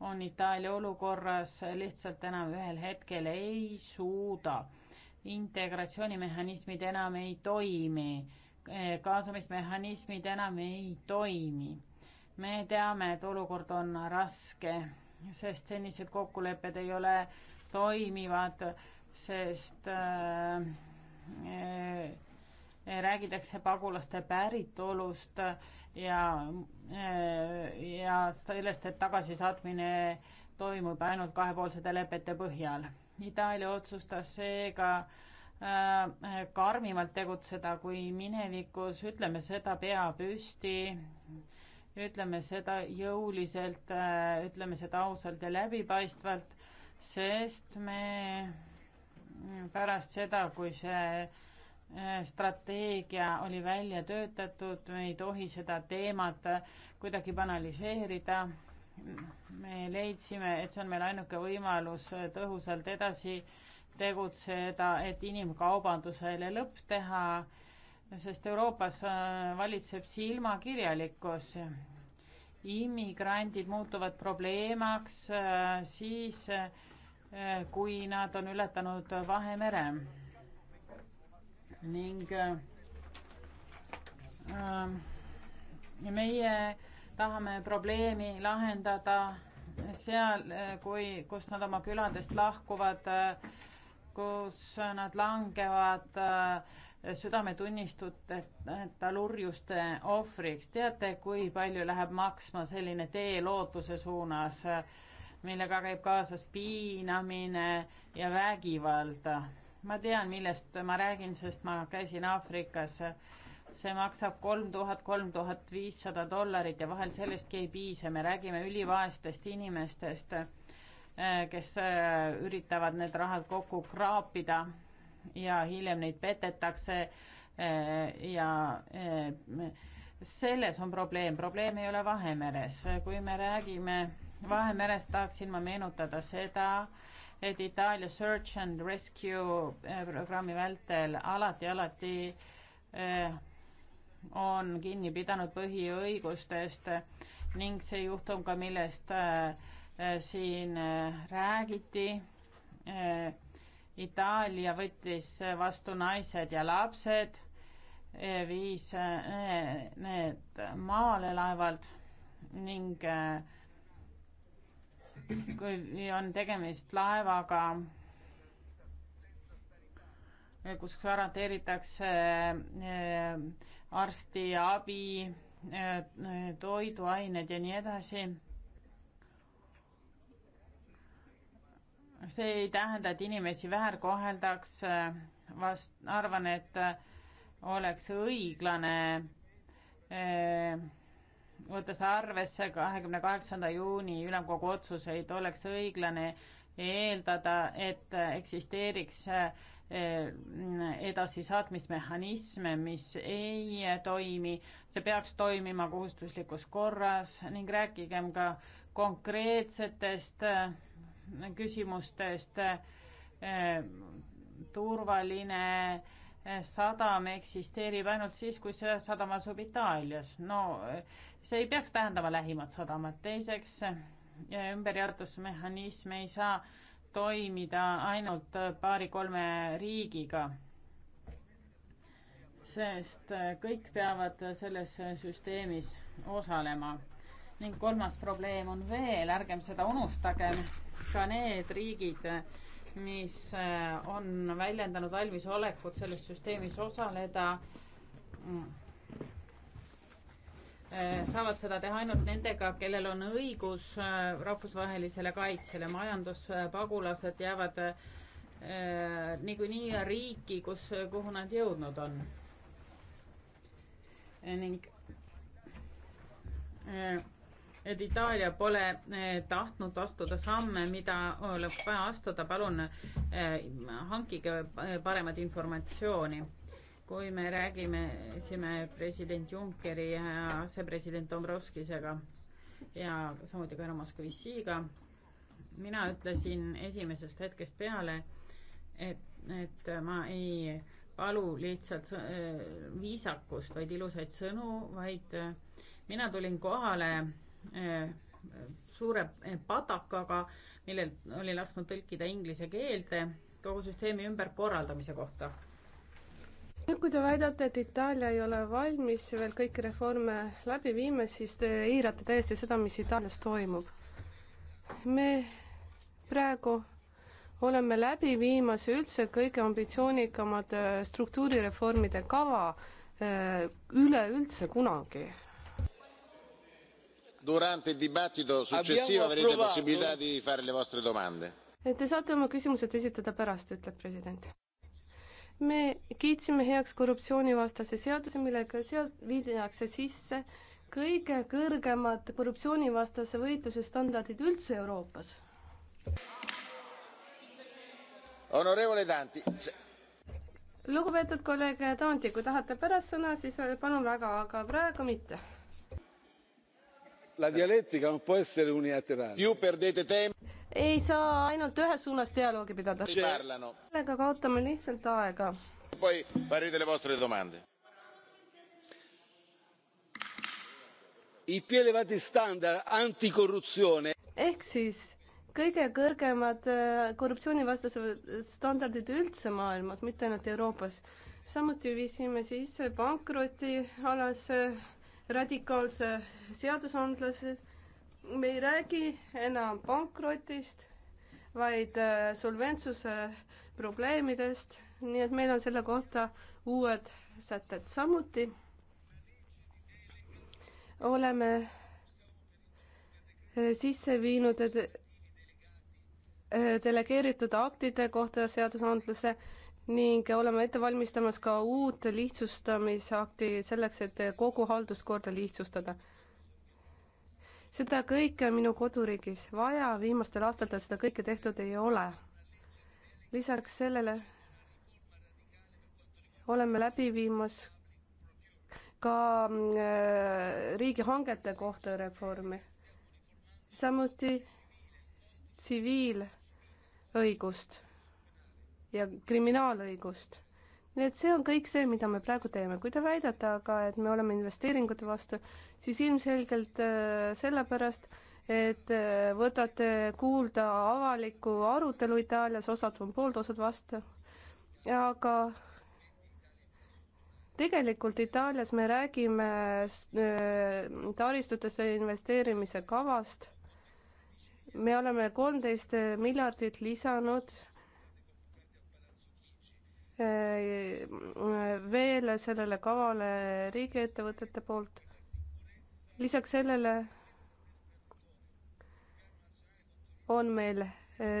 on Itaalia olukorras, lihtsalt enam ühel hetkel ei suuda. integratsioonimehhanismid enam ei toimi, äh, kaasamismehhanismid enam ei toimi. me teame, et olukord on raske, sest senised kokkulepped ei ole toimivad, sest äh, äh, räägitakse pagulaste päritolust ja, ja sellest, et tagasisaatmine toimub ainult kahepoolsete lepete põhjal. Itaalia otsustas seega äh, karmimalt tegutseda kui minevikus, ütleme seda pea püsti, ütleme seda jõuliselt äh,, ütleme seda ausalt ja läbipaistvalt, sest me pärast seda, kui see äh, Äh, strateegia oli välja töötatud, me ei tohi seda teemat kuidagi banaliseerida. me leidsime, et see on meil ainuke võimalus tõhusalt edasi tegutseda, et inimkaubandusele lõpp teha, sest Euroopas äh, valitseb silmakirjalikkus. immigrandid muutuvad probleemaks äh, siis, kui nad on ületanud Vahemere ning äh, ähm, meie tahame probleemi lahendada seal, äh, kui, kust nad oma küladest lahkuvad, äh, kus nad langevad südametunnistuteta lurjuste ohvriks. teate, kui palju läheb maksma selline tee lootuse suunas, millega käib kaasas piinamine ja vägivalda? ma tean, millest ma räägin, sest ma käisin Aafrikas. see maksab kolm tuhat, kolm tuhat viissada dollarit ja vahel sellestki ei piisa, me räägime ülivaestest inimestest, kes äh, üritavad need rahad kokku kraapida ja hiljem neid petetakse äh, ja äh, selles on probleem, probleem ei ole Vahemeres, kui me räägime Vahemerest, tahaksin ma meenutada seda, et Itaalia search and rescue eh, programmi vältel alati, alati eh, on kinni pidanud põhiõigustest ning see juhtum ka, millest eh, siin räägiti. Itaalia võttis vastu naised ja lapsed, viis need maale laevalt ning äh, kui on tegemist laevaga, kus garanteeritakse eh, arstiabi, eh, toiduained ja nii edasi. see ei tähenda, et inimesi väärkoheldaks, vast arvan, et oleks õiglane eh, võttes arvesse kahekümne kaheksanda juuni ülemkogu otsuseid, oleks õiglane eeldada, et eksisteeriks eh, edasisaatmismehhanisme, mis ei toimi, see peaks toimima kohustuslikus korras ning rääkigem ka konkreetsetest eh, küsimustest, eh, turvaline äh, sadam eksisteerib ainult siis, kui see sadam asub Itaalias. no see ei peaks tähendama lähimat sadamat. teiseks, ümberjaotusmehhanism ei saa toimida ainult paari-kolme riigiga, sest kõik peavad selles süsteemis osalema. ning kolmas probleem on veel, ärgem seda unustagem, ka need riigid, mis äh, on väljendanud valmisolekut selles süsteemis osaleda, mm. äh, saavad seda teha ainult nendega, kellel on õigus äh, rahvusvahelisele kaitsele. majanduspagulased jäävad niikuinii riiki, kus, kuhu nad jõudnud on. ning et Itaalia pole eh, tahtnud astuda samme, mida oleks vaja astuda, palun eh, hankige eh, paremat informatsiooni. kui me räägime, siin president Junckeri ja asepresident Dombrovskisega ja samuti ka härra Moskvissiga, mina ütlesin esimesest hetkest peale, et, et ma ei palu lihtsalt viisakust, vaid ilusaid sõnu, vaid mina tulin kohale suure padakaga, millel oli lasknud tõlkida inglise keelde kogu süsteemi ümberkorraldamise kohta. nüüd, kui te väidate, et Itaalia ei ole valmis veel kõiki reforme läbi viima, siis te eirate täiesti seda, mis Itaalias toimub. me praegu oleme läbi viimas üldse kõige ambitsioonikamad äh, struktuurireformide kava äh, üleüldse kunagi durante il dibattito successivo avrete possibilità di fare le vostre domande. Eh, te saate oma küsimused esitada pärast, ütleb president. me kiitsime heaks korruptsioonivastase seaduse, millega sealt viidakse sisse kõige kõrgemad korruptsioonivastase võitluse standardid üldse Euroopas. Honorevole Tanti. lugupeetud kolleeg Tanti, kui tahate pärast sõna, siis palun väga, aga praegu mitte La dialettica non può essere unilaterale. Più perdete tempo. ei saa ainult ühes suunas dialoogi pidada. sellega kaotame lihtsalt aega. poi farete le vostre domande. I più elevati standard anticorruzione. ehk siis kõige kõrgemad äh, korruptsioonivastased standardid üldse maailmas, mitte ainult Euroopas. samuti viisime sisse pankrotialase radikaalse seadusandlase. me ei räägi enam pankrotist, vaid äh, solventsuse probleemidest, nii et meil on selle kohta uued sätted samuti. oleme äh, sisse viinud äh, delegeeritud aktide kohta seadusandluse ning oleme ette valmistamas ka uut lihtsustamisakti selleks, et kogu halduskorda lihtsustada. seda kõike on minu koduriigis vaja, viimastel aastatel seda kõike tehtud ei ole. lisaks sellele oleme läbi viimas ka äh, riigihangete kohta reformi, samuti tsiviilõigust ja kriminaalõigust. nii et see on kõik see, mida me praegu teeme. kui te väidate aga, et me oleme investeeringute vastu, siis ilmselgelt äh, sellepärast, et äh, võtate kuulda avalikku arutelu Itaalias, osad on poolt, osad vastu. aga tegelikult Itaalias me räägime äh, taristutesse investeerimise kavast. me oleme kolmteist miljardit lisanud veel sellele kavale riigiettevõtete poolt. lisaks sellele on meil eh,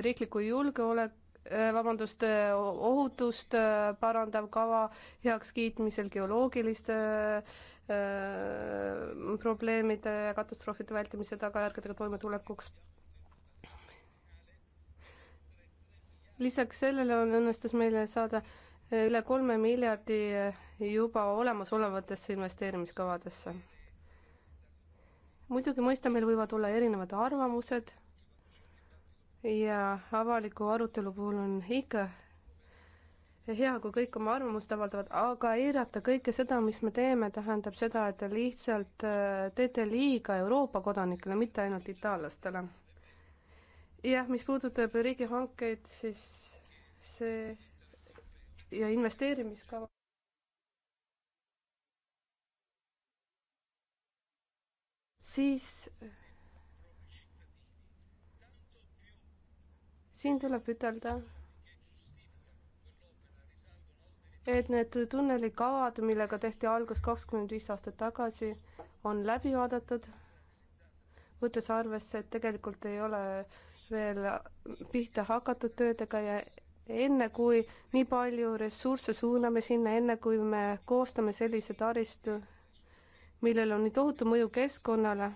riikliku julgeolek, eh, vabandust, eh, ohutust parandav kava heakskiitmisel geoloogiliste öö, probleemide ja katastroofide vältimise tagajärgedega toimetulekuks. lisaks sellele on, õnnestus meile saada üle kolme miljardi juba olemasolevatesse investeerimiskavadesse. muidugi mõista, meil võivad olla erinevad arvamused ja avaliku arutelu puhul on ikka hea, kui kõik oma arvamust avaldavad, aga eirata kõike seda, mis me teeme, tähendab seda, et te lihtsalt äh, teete liiga Euroopa kodanikele, mitte ainult itaallastele. jah, mis puudutab riigihankeid, siis see ja investeerimiskava. siis siin tuleb ütelda, et need tunnelikavad, millega tehti algus kakskümmend viis aastat tagasi, on läbi vaadatud, võttes arvesse, et tegelikult ei ole veel pihta hakatud töödega ja enne kui nii palju ressursse suuname sinna, enne kui me koostame sellise taristu, millel on nii tohutu mõju keskkonnale,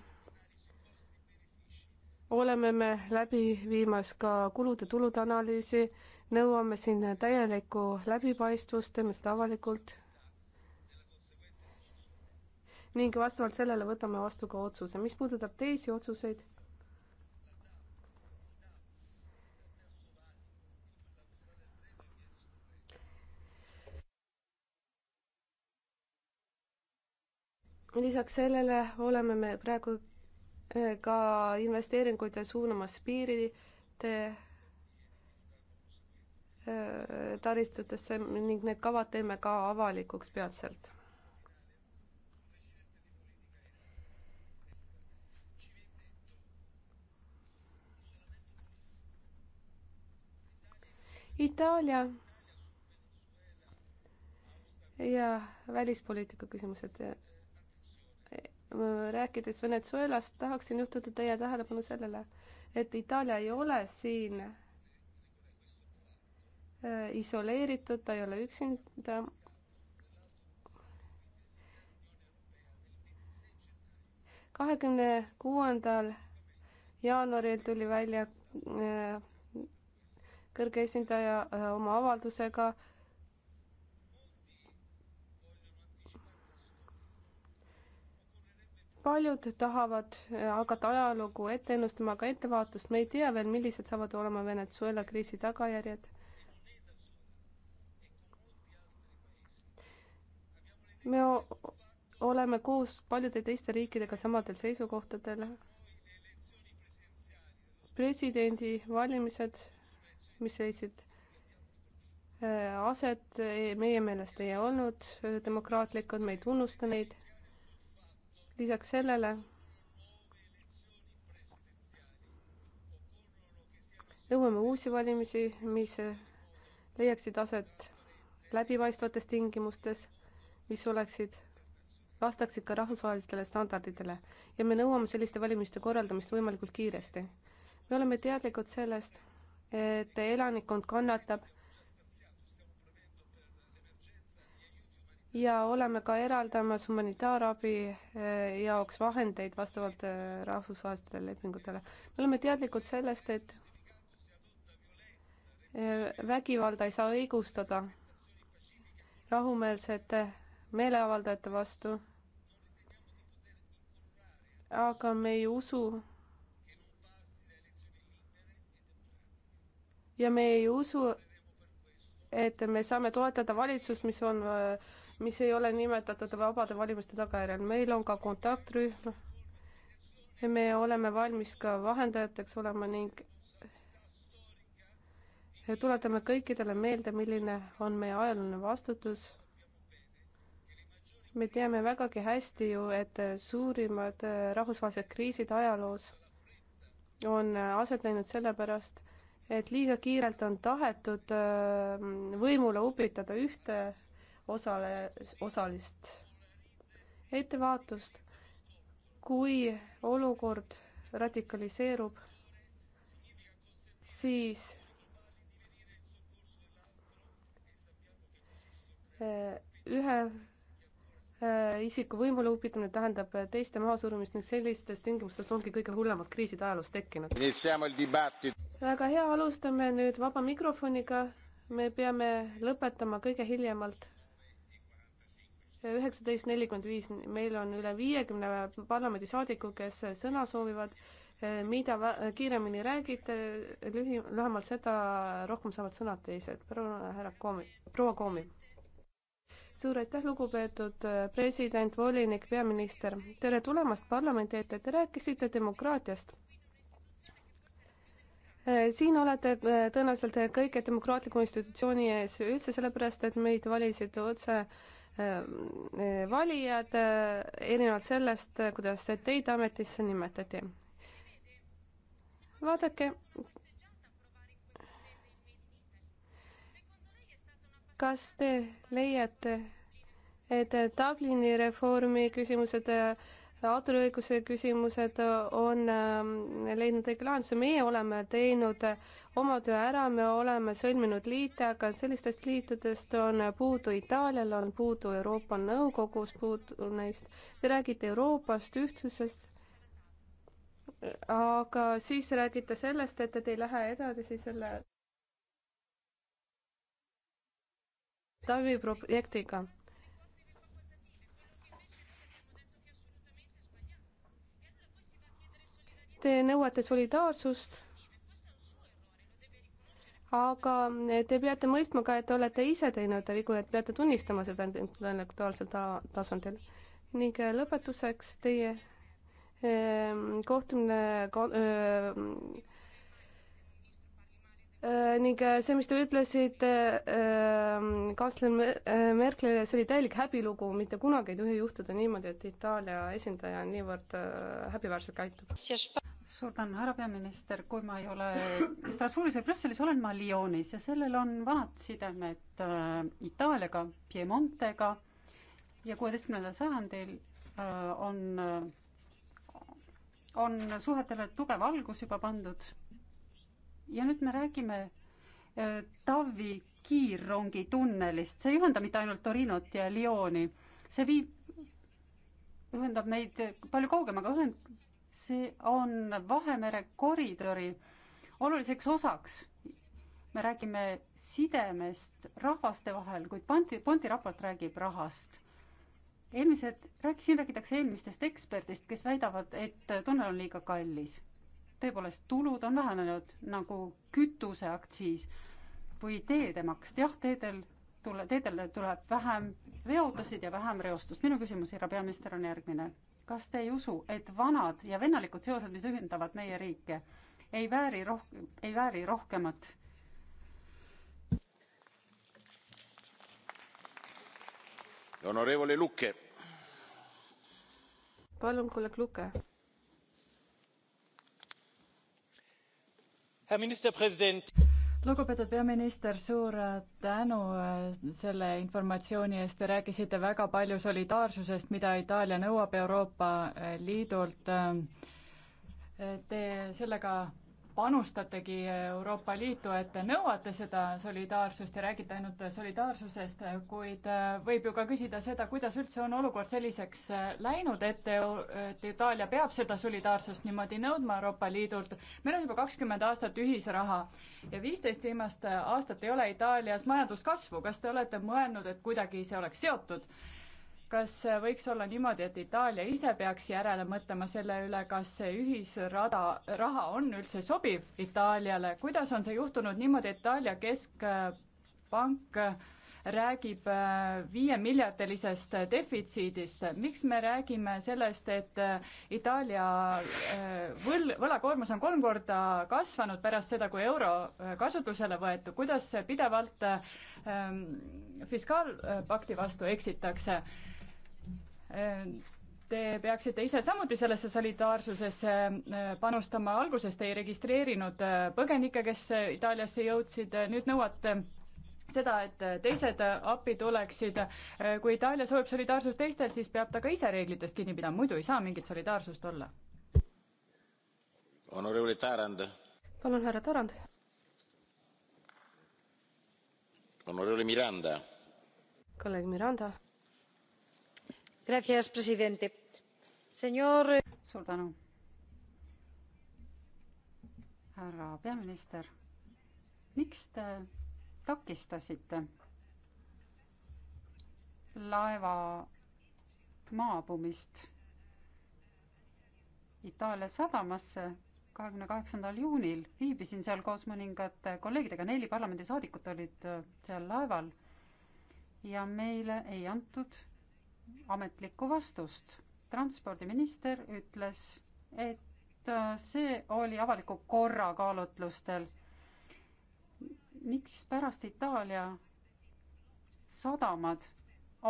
oleme me läbi viimas ka kulude-tulude analüüsi, nõuame siin täielikku läbipaistvust, teeme seda avalikult ning vastavalt sellele võtame vastu ka otsuse. mis puudutab teisi otsuseid lisaks sellele oleme me praegu äh, ka investeeringuid suunamas piiride äh, taristutesse ning need kavad teeme ka avalikuks peatselt. Itaalia ja välispoliitika küsimused rääkides Venezuelast, tahaksin juhtuda teie tähelepanu sellele, et Itaalia ei ole siin äh, isoleeritud, ta ei ole üksinda. kahekümne kuuendal jaanuaril tuli välja äh, kõrge esindaja äh, oma avaldusega paljud tahavad äh, hakata ajalugu ette ennustama, aga ettevaatust me ei tea veel, millised saavad olema Venezuela kriisi tagajärjed. me oleme koos paljude teiste riikidega samadel seisukohtadel. presidendivalimised, mis leidsid äh, aset, e-, meie meelest ei olnud äh, demokraatlikud, me ei tunnusta neid lisaks sellele nõuame uusi valimisi, mis leiaksid aset läbipaistvates tingimustes, mis oleksid, vastaksid ka rahvusvahelistele standarditele ja me nõuame selliste valimiste korraldamist võimalikult kiiresti. me oleme teadlikud sellest, et elanikkond kannatab ja oleme ka eraldamas humanitaarabi eh, jaoks vahendeid vastavalt eh, rahvusvahelistele lepingutele. me oleme teadlikud sellest, et eh, vägivalda ei saa õigustada rahumeelsete meeleavaldajate vastu. aga me ei usu. ja me ei usu, et me saame toetada valitsust, mis on äh, mis ei ole nimetatud vabade valimiste tagajärjel. meil on ka kontaktrühm. me oleme valmis ka vahendajateks olema ning tuletame kõikidele meelde, milline on meie ajalooline vastutus. me teame vägagi hästi ju, et suurimad rahvusvahelised kriisid ajaloos on aset leidnud sellepärast, et liiga kiirelt on tahetud võimule upitada ühte osale, osalist ettevaatust. kui olukord radikaliseerub, siis eh, ühe eh, isiku võimule upitamine tähendab eh, teiste mahasurumist ning sellistest tingimustest ongi kõige hullemad kriisid ajaloos tekkinud. väga hea, alustame nüüd vaba mikrofoniga. me peame lõpetama kõige hiljemalt üheksateist nelikümmend viis, meil on üle viiekümne parlamendisaadiku, kes sõna soovivad. mida kiiremini räägite, lühi-, lühemalt seda rohkem saavad sõna teised. proua härra Koomi, proua Koomi. suur aitäh, lugupeetud president, volinik, peaminister. tere tulemast parlamendi ette, te rääkisite demokraatiast siin olete äh, tõenäoliselt kõige demokraatliku institutsiooni ees üldse sellepärast, et meid valisid otse äh, Äh, äh, valijad, äh, erinevalt sellest, kuidas teid ametisse nimetati. vaadake, kas te leiate, et Dublini reformi küsimused äh, autoriõiguse küsimused on ähm, leidnud õige lahenduse, meie oleme teinud oma töö ära, me oleme sõlminud liite, aga sellistest liitudest on puudu Itaalial, on puudu Euroopa Nõukogus, puudu neist. Te räägite Euroopast, ühtsusest, aga siis räägite sellest, et te ei lähe edasi selle Tavi projektiga Te nõuate solidaarsust, aga te peate mõistma ka, et te olete ise teinud vigu ja peate tunnistama seda intellektuaalsel ta-, tasandil. ning lõpetuseks teie eh, kohtumine ka, öö, eh, Äh, ning äh, see, mis te ütlesite äh, kantsler Merkelile, see oli täielik häbilugu, mitte kunagi ei tohi juhtuda niimoodi, et Itaalia esindaja niivõrd häbiväärselt käitub. suur tänu, härra peaminister, kui ma ei ole Strasbourgis või Brüsselis, olen ma Lyonis ja sellel on vanad sidemed Itaaliaga, Piemontega ja kuueteistkümnendal sajandil on, on suhetele tugev algus juba pandud ja nüüd me räägime äh, Tavi kiirrongitunnelist, see ei ühenda mitte ainult Torinot ja Lyoni, see viib, ühendab neid palju kaugemaga, ühend-, see on Vahemere koridori oluliseks osaks. me räägime sidemest rahvaste vahel, kuid Ponti, Ponti raport räägib rahast. eelmised, rääk-, siin räägitakse eelmistest ekspertist, kes väidavad, et tunnel on liiga kallis tõepoolest tulud on vähenenud, nagu kütuseaktsiis või teedemaks, jah, teedel tule, teedele tuleb vähem veoautosid ja vähem reostust. minu küsimus, härra peaminister, on järgmine. kas te ei usu, et vanad ja vennalikud seosed, mis ühendavad meie riike, ei vääri roh-, ei vääri rohkemat palun kolleeg luke! lugupeetud peaminister, suur äh, tänu äh, selle informatsiooni eest, te rääkisite väga palju solidaarsusest, mida Itaalia nõuab Euroopa äh, Liidult. Te sellega panustategi Euroopa Liitu, et te nõuate seda solidaarsust ja räägite ainult solidaarsusest, kuid äh, võib ju ka küsida seda, kuidas üldse on olukord selliseks äh, läinud, et, et Itaalia peab seda solidaarsust niimoodi nõudma Euroopa Liidult. meil on juba kakskümmend aastat ühisraha ja viisteist viimast äh, aastat ei ole Itaalias majanduskasvu. kas te olete mõelnud, et kuidagi see oleks seotud? kas võiks olla niimoodi, et Itaalia ise peaks järele mõtlema selle üle, kas see ühisrada, raha on üldse sobiv Itaaliale, kuidas on see juhtunud niimoodi, et Itaalia keskpank räägib äh, viiemiljardilisest defitsiidist, miks me räägime sellest, et äh, Itaalia äh, võl-, võlakoormus on kolm korda kasvanud pärast seda, kui euro kasutusele võetud, kuidas pidevalt ähm, fiskaalpakti vastu eksitakse? Te peaksite ise samuti sellesse solidaarsusesse äh, panustama, alguses te ei registreerinud äh, põgenikke, kes äh, Itaaliasse jõudsid, nüüd nõuate seda, et teised appi tuleksid. kui Itaalia soovib solidaarsust teistelt, siis peab ta ka ise reeglitest kinni pidama, muidu ei saa mingit solidaarsust olla. palun, härra Tarand. kolleeg Miranda Senyor... Eh, suur tänu. härra peaminister, miks te takistasite laeva maabumist Itaalia sadamasse kahekümne kaheksandal juunil, viibisin seal koos mõningate kolleegidega, neli parlamendisaadikut olid äh, seal laeval ja meile ei antud ametlikku vastust. transpordiminister ütles, et äh, see oli avaliku korra kaalutlustel. mikspärast Itaalia sadamad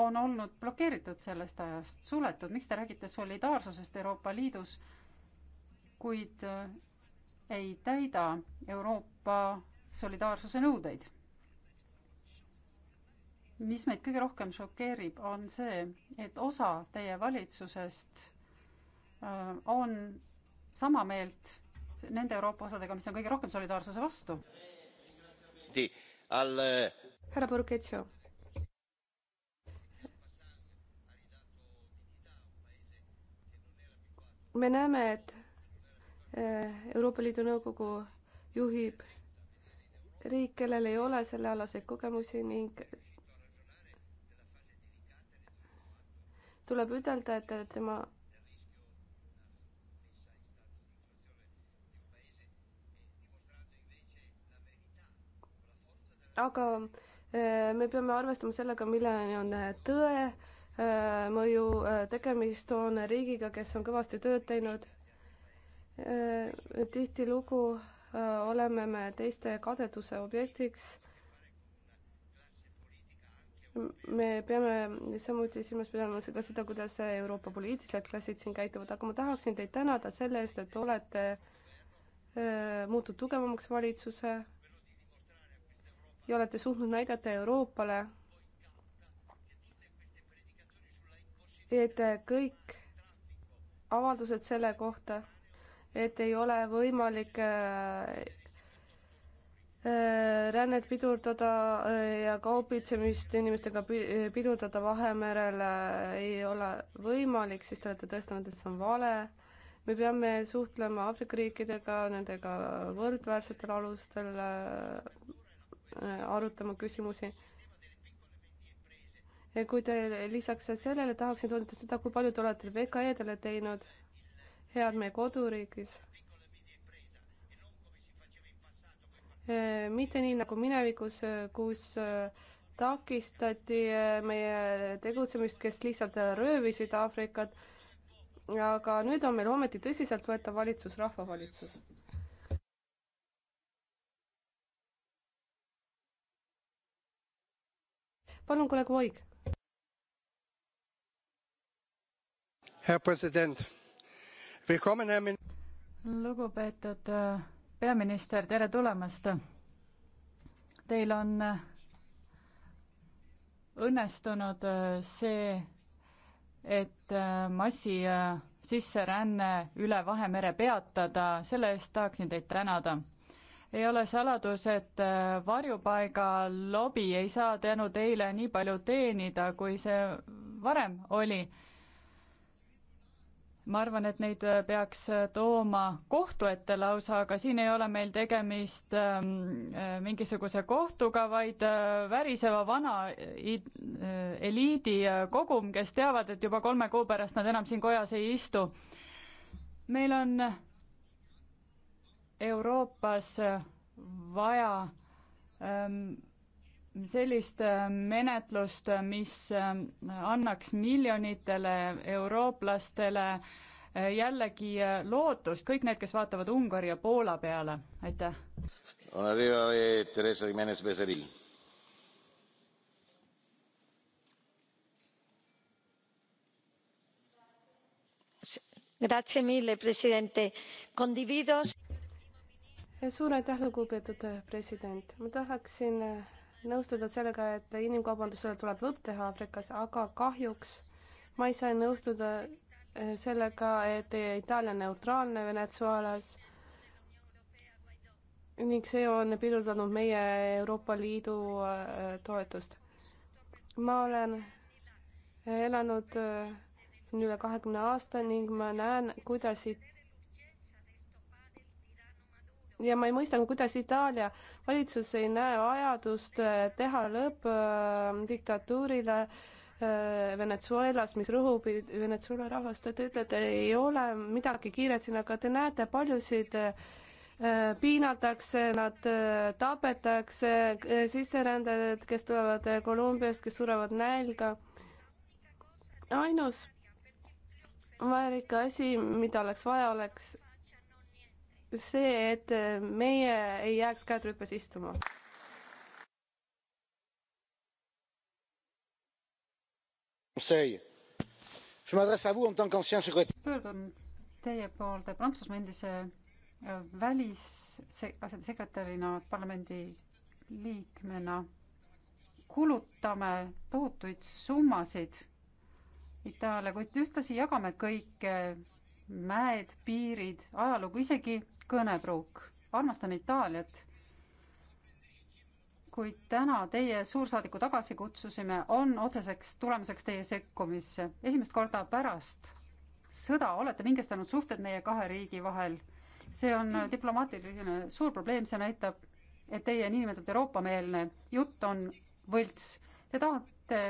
on olnud blokeeritud sellest ajast, suletud, miks te räägite solidaarsusest Euroopa Liidus, kuid äh, ei täida Euroopa solidaarsuse nõudeid? mis meid kõige rohkem šokeerib, on see, et osa teie valitsusest äh, on sama meelt nende Euroopa osadega, mis on kõige rohkem solidaarsuse vastu. Äh, härra Borghezio. me näeme, et äh, Euroopa Liidu Nõukogu juhib riik, kellel ei ole sellealaseid kogemusi ning tuleb ütelda, et tema aga äh, me peame arvestama sellega, milline on äh, tõe äh, mõju, tegemist on riigiga, kes on kõvasti tööd teinud. tihtilugu oleme me teiste kadeduse objektiks me peame samuti silmas pidama ka seda, kuidas Euroopa poliitilised klassid siin käituvad, aga ma tahaksin teid tänada selle eest, et olete muutunud tugevamaks valitsuse ja olete suutnud näidata Euroopale, et kõik avaldused selle kohta, et ei ole võimalik rännet pidurdada äh, ja kaubitsemist inimestega pidurdada Vahemerel äh, ei ole võimalik, siis te olete tõestanud, et see on vale. me peame suhtlema Aafrika riikidega, nendega võrdväärsetel alustel, äh, arutama küsimusi. kui te lisaks sellele tahaksin tunda seda, kui palju te olete VKE-dele teinud head meie koduriigis Äh, mitte nii nagu minevikus, äh, kus äh, takistati meie tegutsemist, kes lihtsalt röövisid Aafrikat. aga nüüd on meil ometi tõsiseltvõetav valitsus, rahvavalitsus. palun, kolleeg Voig. herr president, willkommen, Herr Min-. lugupeetud peaminister, tere tulemast! Teil on õnnestunud äh, see, et äh, massi äh, sisseränne üle Vahemere peatada, selle eest tahaksin teid tänada. ei ole saladus, et varjupaiga lobi ei saa tänu teile nii palju teenida, kui see varem oli ma arvan, et neid äh, peaks äh, tooma kohtu ette lausa, aga siin ei ole meil tegemist ähm, äh, mingisuguse kohtuga, vaid väriseva vana eliidi kogum, kes teavad, et juba kolme kuu pärast nad enam siin kojas ei istu. meil on Euroopas vaja ähm, sellist äh, menetlust, äh, mis äh, annaks miljonitele eurooplastele jällegi lootust, kõik need, kes vaatavad Ungari ja Poola peale, aitäh. suur aitäh, lugupeetud president, ma tahaksin nõustuda sellega, et inimkaubandusele tuleb lõpp teha Aafrikas, aga kahjuks ma ei saa nõustuda eh, sellega, et Itaalia on neutraalne Venezuelas ning see on pidurdanud meie Euroopa Liidu eh, toetust. ma olen elanud eh, siin üle kahekümne aasta ning ma näen, kuidas siit ja ma ei mõista, kuidas Itaalia valitsus ei näe vajadust äh, teha lõpp äh, diktatuurile äh, Venezuelas, mis rõhub Venezuela rahvast, te ütlete, ei ole midagi kiiret siin, aga te näete paljusid piinatakse, nad tapetakse, sisserändajad, kes tulevad Kolumbiast, kes surevad nälga. ainus vajalik asi, mida oleks vaja, oleks see, et äh, meie ei jääks käed rüpes istuma. pöördun teie poolde Prantsusmaa endise äh, välisasjade sekretärina, parlamendi liikmena. kulutame tohutuid summasid Itaaliale, kuid ühtlasi jagame kõike, mäed, piirid, ajalugu, isegi kõnepruuk. armastan Itaaliat, kuid täna teie suursaadiku tagasi kutsusime, on otseseks tulemuseks teie sekkumisse. esimest korda pärast sõda olete mingestanud suhted meie kahe riigi vahel. see on diplomaatiline suur probleem, see näitab, et teie niinimetatud Euroopa-meelne jutt on võlts. Te tahate,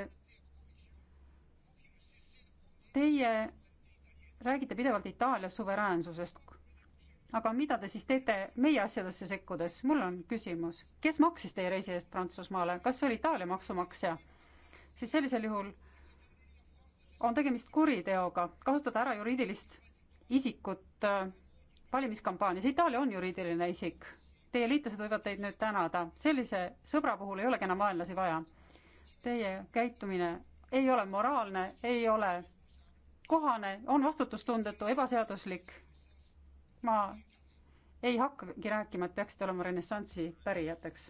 teie räägite pidevalt Itaalia suveräänsusest, aga mida te siis teete meie asjadesse sekkudes? mul on küsimus, kes maksis teie reisi eest Prantsusmaale, kas see oli Itaalia maksumaksja? siis sellisel juhul on tegemist kuriteoga, kasutada ära juriidilist isikut äh, valimiskampaanias, Itaalia on juriidiline isik. Teie liitlased võivad teid nüüd tänada, sellise sõbra puhul ei olegi enam vaenlasi vaja. Teie käitumine ei ole moraalne, ei ole kohane, on vastutustundetu, ebaseaduslik ma ei hakkagi rääkima, et peaksite olema renessansi pärijateks.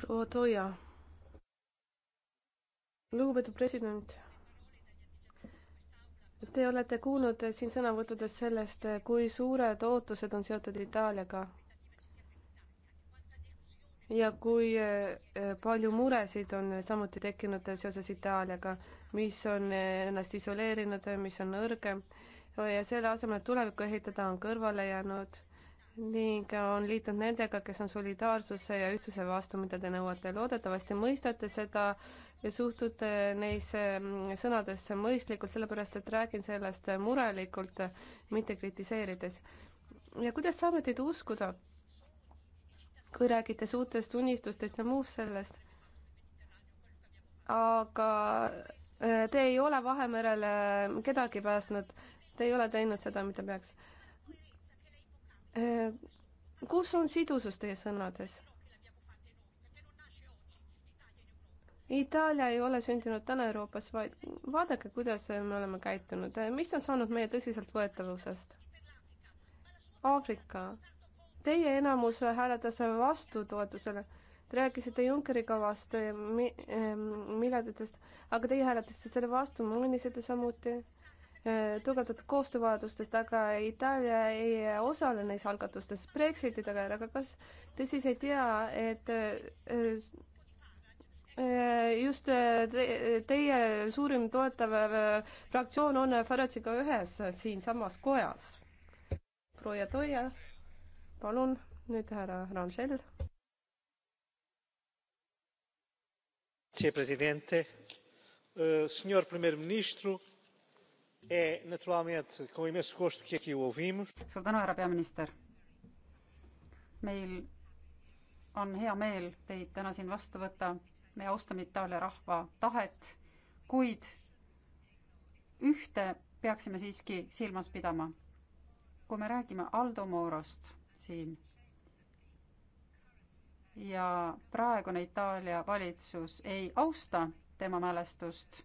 proua Toia. lugupeetud president. Te olete kuulnud siin sõnavõttudes sellest, kui suured ootused on seotud Itaaliaga. ja kui eh, palju muresid on samuti tekkinud seoses Itaaliaga, mis on ennast isoleerinud, mis on nõrgem ja selle asemel, et tulevikku ehitada, on kõrvale jäänud ning on liitunud nendega, kes on solidaarsuse ja ühtsuse vastu, mida te nõuate. loodetavasti mõistate seda ja suhtute neisse mm, sõnadesse mõistlikult, sellepärast et räägin sellest murelikult, mitte kritiseerides. ja kuidas saame teid uskuda, kui räägite suurtest unistustest ja muust sellest, aga äh, te ei ole Vahemerele kedagi päästnud Te ei ole teinud seda, mida peaks. Äh, kus on sidusus teie sõnades? Itaalia ei ole sündinud täna Euroopas, vaid vaadake, kuidas me oleme käitunud, äh, mis on saanud meie tõsiseltvõetavusest. Aafrika, teie enamus hääletas vastu toetusele. Te rääkisite Junckeri kavast äh, mi, miljarditest, aga teie hääletasite selle vastu, mainisite samuti. Äh, tugevdatud koostöövajadustest, aga Itaalia ei osale neis algatustes Brexiti tagajärjel, aga kas te siis ei tea, et äh, äh, just te, teie suurim toetav fraktsioon on Farage'iga ühes siinsamas kojas. proua Toia, palun nüüd härra Rangel. Senhor Primeiro-Ministro, suur tänu, härra peaminister. meil on hea meel teid täna siin vastu võtta. me austame Itaalia rahva tahet, kuid ühte peaksime siiski silmas pidama. kui me räägime Aldo Morost siin ja praegune Itaalia valitsus ei austa tema mälestust,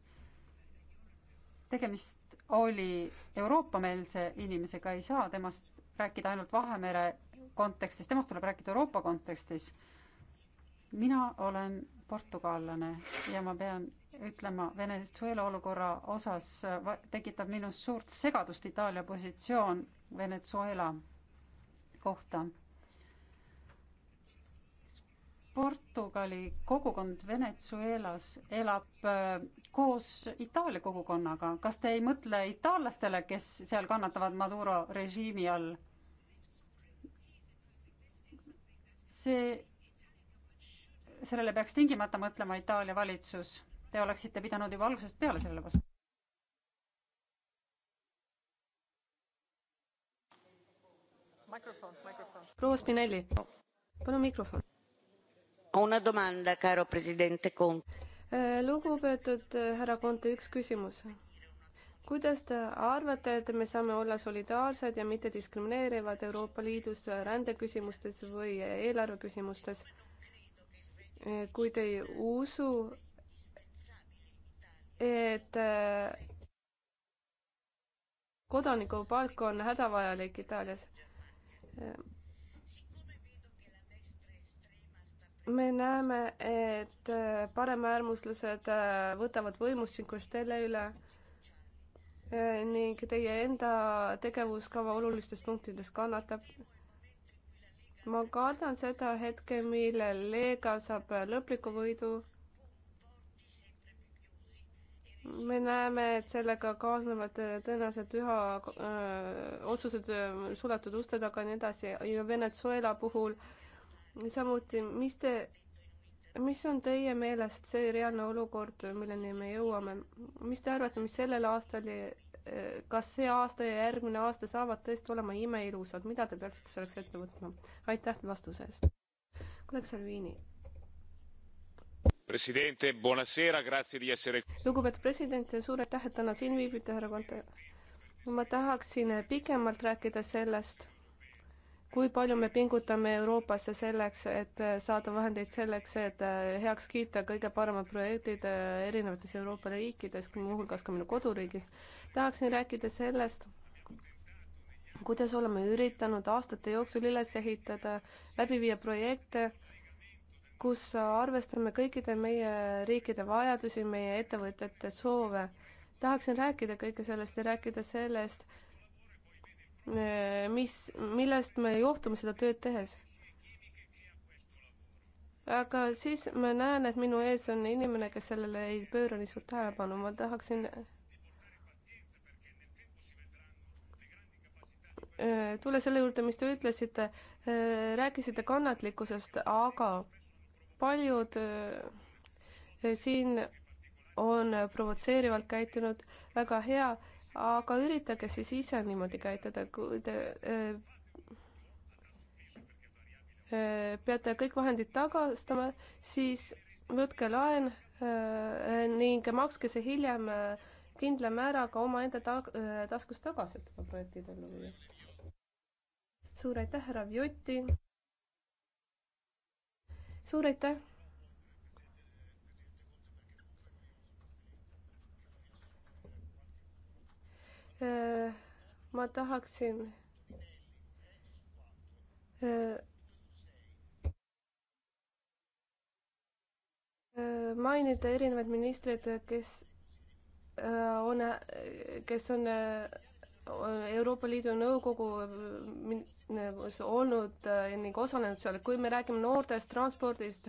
tegemist oli Euroopa-meelse inimesega, ei saa temast rääkida ainult Vahemere kontekstis, temast tuleb rääkida Euroopa kontekstis. mina olen portugallane ja ma pean ütlema, Venezuela olukorra osas tekitab minus suurt segadust Itaalia positsioon Venezuela kohta Portugali kogukond Venezuelas elab äh, koos Itaalia kogukonnaga. kas te ei mõtle itaallastele, kes seal kannatavad Maduro režiimi all? see, sellele peaks tingimata mõtlema Itaalia valitsus. Te oleksite pidanud juba algusest peale sellele vastu. proua Spinelli, palun mikrofon. Ho una domanda, caro presidente Conte. Eh, lugupeetud eh, härra Conte, üks küsimus. kuidas te arvate, et me saame olla solidaarsed ja mitte diskrimineerivad Euroopa Liidus eh, rändeküsimustes või eelarveküsimustes? kui te ei usu, et kodanikupalk on hädavajalik Itaalias me näeme, et äh, paremäärmuslased äh, võtavad võimust Cinquestelle üle äh, ning teie enda tegevuskava olulistes punktides kannatab. ma kardan seda hetke, millel Leega saab lõpliku võidu. me näeme, et sellega kaasnevad tõenäoliselt üha öö, otsused öö, suletud uste taga ja nii edasi ja Venezuela puhul öö, samuti, mis te, mis on teie meelest see reaalne olukord, milleni me jõuame, mis te arvate, mis sellel aastal, eh, kas see aasta ja järgmine aasta saavad tõesti olema imeilusad, mida te peaksite selleks ette võtma? aitäh vastuse eest. kolleeg Salvini. presidente, buonasera, grazie di essere. lugupeetud president, suur aitäh, et täna siin viibite, härra Konte. ma tahaksin pikemalt rääkida sellest kui palju me pingutame Euroopasse selleks, et saada vahendeid selleks, et äh, heaks kiita kõige paremad projektid äh, erinevates Euroopa riikides, muuhulgas ka minu koduriigis, tahaksin rääkida sellest, kuidas oleme üritanud aastate jooksul üles ehitada, läbi viia projekte, kus arvestame kõikide meie riikide vajadusi, meie ettevõtete soove. tahaksin rääkida kõike sellest ja rääkida sellest, Äh, mis, millest me johtume seda tööd tehes. aga siis ma näen, et minu ees on inimene, kes sellele ei pööra nii suurt tähelepanu, ma tahaksin äh, tulla selle juurde, mis te ütlesite, äh, rääkisite kannatlikkusest, aga paljud siin on provotseerivalt käitunud, väga hea aga üritage siis ise niimoodi käituda, kui te äh, äh, peate kõik vahendid tagastama, siis võtke laen äh, ning makske see hiljem kindla määraga omaenda ta-, taskust tagasi, et oma projektid ellu viia. suur aitäh, härra Vjuti! suur aitäh! Äh, ma tahaksin äh, mainida erinevaid ministreid, kes äh, on, kes on Euroopa Liidu Nõukogu olnud ning osalenud seal, kui me räägime noortest, transpordist,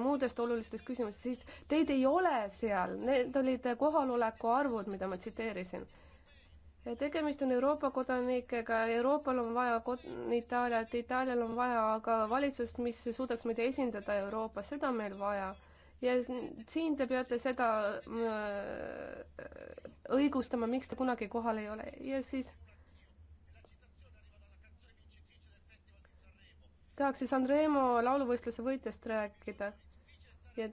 muudest olulistest küsimustest, siis teid ei ole seal, need olid kohaloleku arvud, mida ma tsiteerisin tegemist on Euroopa kodanikega, Euroopal on vaja kod-, Itaaliat, Itaalial on vaja aga valitsust, mis suudaks meid esindada Euroopas, seda on meil vaja. ja siin te peate seda äh, õigustama, miks te kunagi kohal ei ole ja siis tahaks siis Andremo lauluvõistluse võitjast rääkida ja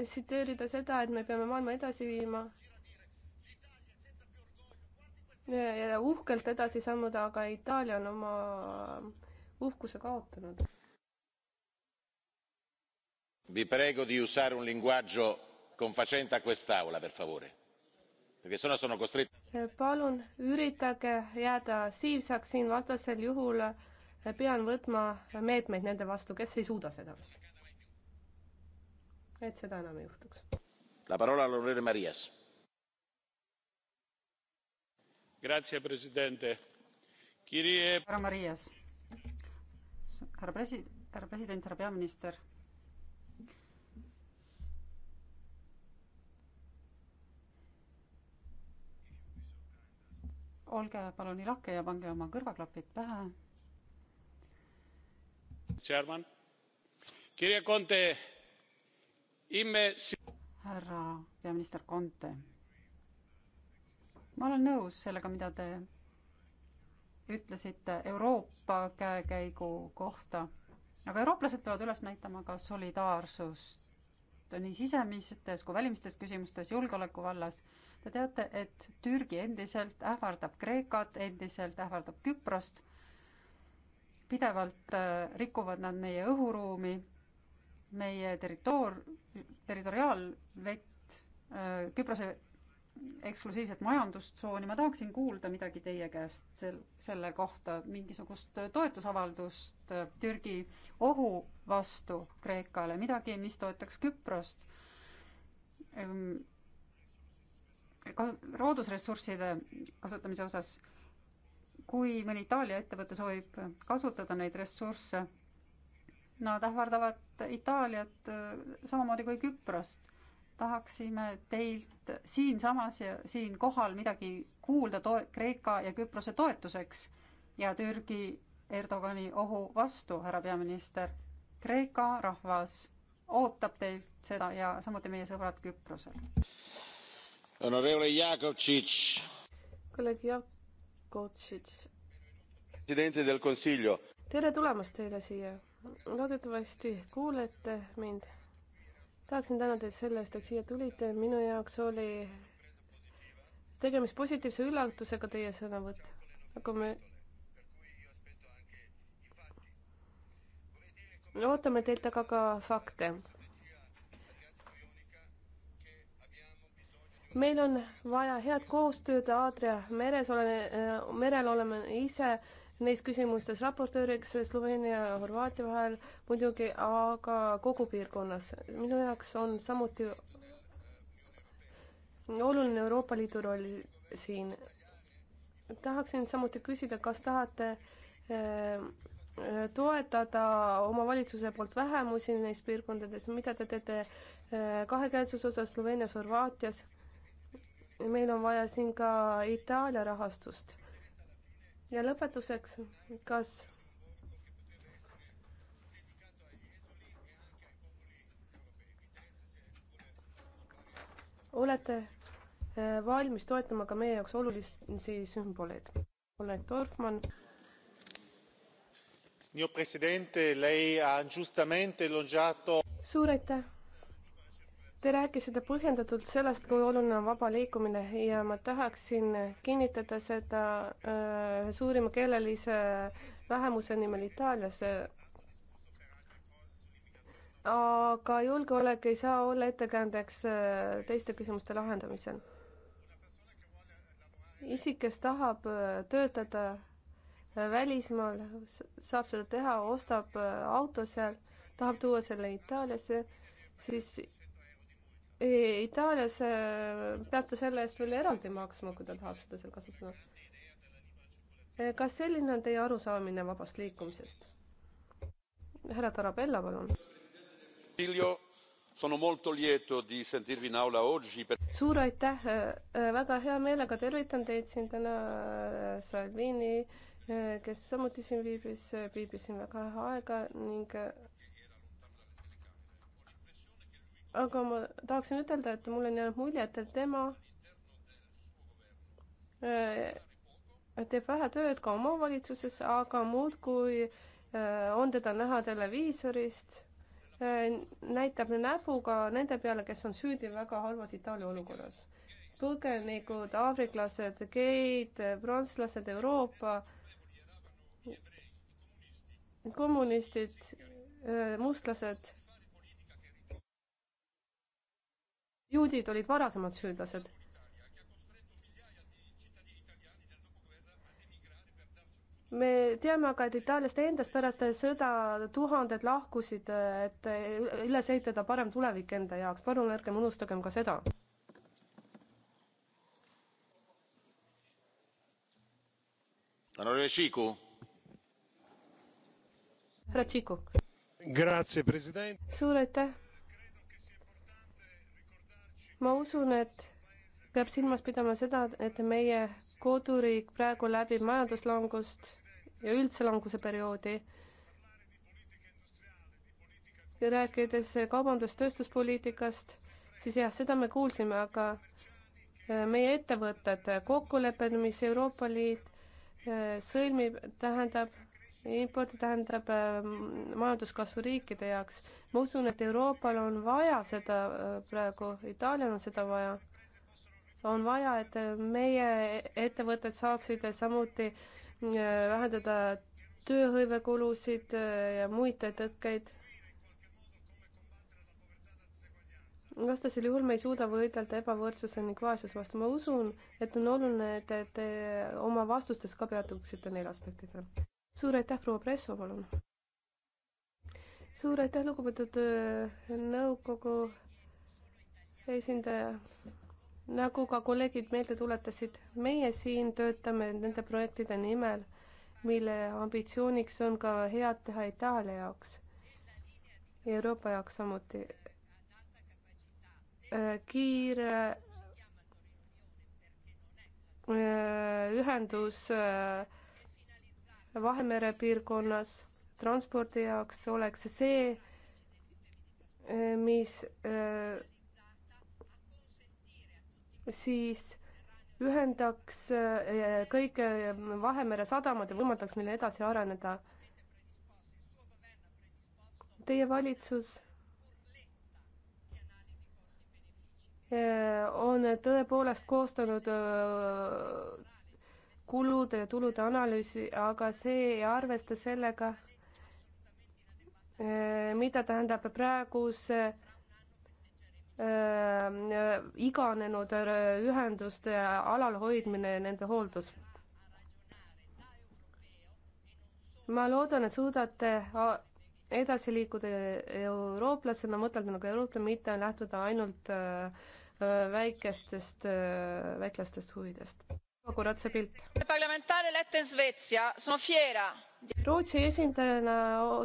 tsiteerida seda, et me peame maailma edasi viima ja uhkelt edasi sammuda, aga Itaalia on oma uhkuse kaotanud. Vi prego di usare un linguaggio confacente a quest'aula, per favore. Perché sennò sono costretto. palun üritage jääda siivsaks siin, vastasel juhul pean võtma meetmeid nende vastu, kes ei suuda seda. et seda enam ei juhtuks. La parola all'onorevole Marias Kirje... härra Marias, härra presi-, härra president, härra peaminister. olge palun nii lahke ja pange oma kõrvaklapid pähe. härra peaminister Conte ma olen nõus sellega, mida te ütlesite Euroopa käekäigu kohta, aga eurooplased peavad üles näitama ka solidaarsust nii sisemistes kui välimistes küsimustes julgeoleku vallas. Te teate, et Türgi endiselt ähvardab Kreekat, endiselt ähvardab Küprost. pidevalt äh, rikuvad nad meie õhuruumi, meie territoor-, territoriaalvett, äh, Küprose eksklusiivset majandustsooni, ma tahaksin kuulda midagi teie käest sel, selle kohta, mingisugust toetusavaldust äh, Türgi ohu vastu Kreekale, midagi, mis toetaks Küprost. Ehm, kas-, loodusressursside kasutamise osas, kui mõni Itaalia ettevõte soovib kasutada neid ressursse, nad ähvardavad Itaaliat äh, samamoodi kui Küprost tahaksime teilt siinsamas ja siinkohal midagi kuulda toe-, Kreeka ja Küprose toetuseks ja Türgi Erdogani ohu vastu, härra peaminister. Kreeka rahvas ootab teilt seda ja samuti meie sõbrad Küprosel. kolleeg Jakovtšits. tere tulemast teile siia. loodetavasti kuulete mind tahaksin tänada teid selle eest, et siia tulite, minu jaoks oli tegemist positiivse üllatusega teie sõnavõtt, aga me ootame teilt aga ka fakte. meil on vaja head koostööd Aadria meres, olen, äh, merel oleme ise äh, neis küsimustes raportööriks Sloveenia ja Horvaatia vahel muidugi, aga kogu piirkonnas. minu jaoks on samuti oluline Euroopa Liidu roll siin. tahaksin samuti küsida, kas tahate äh, toetada omavalitsuse poolt vähemusi neis piirkondades, mida te teete äh, kahekäelsuse osas Sloveenias, Horvaatias? meil on vaja siin ka Itaalia rahastust ja lõpetuseks, kas olete äh, valmis toetama ka meie jaoks olulisi sümboleid. kolleeg Dorfmann. suur aitäh, Te rääkisite põhjendatult sellest, kui oluline on vaba liikumine ja ma tahaksin kinnitada seda äh, ühe suurima keelelise vähemuse nimel Itaalias. aga julgeolek ei saa olla ettekäändeks äh, teiste küsimuste lahendamisel. isik, kes tahab äh, töötada välismaal, saab seda teha, ostab auto seal, tahab tuua selle Itaaliasse, siis Itaalias äh, peab ta selle eest veel eraldi maksma, kui ta tahab seda seal kasutada. Äh, kas selline on teie arusaamine vabast liikumisest? härra Tarabella, palun. suur aitäh, äh, väga hea meelega tervitan teid siin täna, Salvini, kes samuti siin viibis, viibisin väga aega ning aga ma tahaksin ütelda, et mul on jäänud mulje, et tema äh, teeb vähe tööd ka omavalitsuses, aga muudkui äh, on teda näha televiisorist, äh, näitab näpuga nende peale, kes on süüdi väga halvas Itaalia olukorras. põgenikud, aafriklased, geid, prantslased, Euroopa, kommunistid, mustlased juudid olid varasemad süüdlased. me teame aga, et Itaaliast endast pärast sõda tuhanded lahkusid, et üles ehitada parem tulevik enda jaoks, palun ärgem unustagem ka seda. härra Tšiku. suur aitäh ma usun, et peab silmas pidama seda, et meie koduriik praegu läbib majanduslangust ja üldse languse perioodi. rääkides kaubandus-tööstuspoliitikast, siis jah, seda me kuulsime, aga äh, meie ettevõtted, kokkulepped, mis Euroopa Liit äh, sõlmib, tähendab importi tähendab ähm, majanduskasvu riikide jaoks. ma usun, et Euroopal on vaja seda äh, praegu, Itaalial on seda vaja. on vaja, et meie ettevõtted saaksid samuti äh, vähendada tööhõivekulusid äh, ja muid tõkkeid. vastasel juhul me ei suuda võidelda ebavõrdsuse ning vaesuse vastu. ma usun, et on oluline, et te oma vastustes ka peatuksite neil aspektidel suur aitäh, proua Presso, palun. suur aitäh, lugupeetud äh, nõukogu esindaja. nagu ka kolleegid meelde tuletasid, meie siin töötame nende projektide nimel, mille ambitsiooniks on ka head teha Itaalia jaoks ja Euroopa jaoks samuti. Äh, kiire äh, ühendus äh, Vahemere piirkonnas transpordi jaoks oleks see, eh, mis eh, siis ühendaks eh, kõik Vahemere sadamad ja võimaldaks neil edasi areneda. Teie valitsus on tõepoolest koostanud kulude ja tulude analüüsi, aga see ei arvesta sellega, eh, mida tähendab praeguse äh, iganenud ühenduste alalhoidmine ja nende hooldus. ma loodan, et suudate edasi liikuda eurooplasena, mõtelda nagu eurooplane, mitte lähtuda ainult äh, väikestest äh,, väiklastest huvidest kuratse pilt. Rootsi esindajana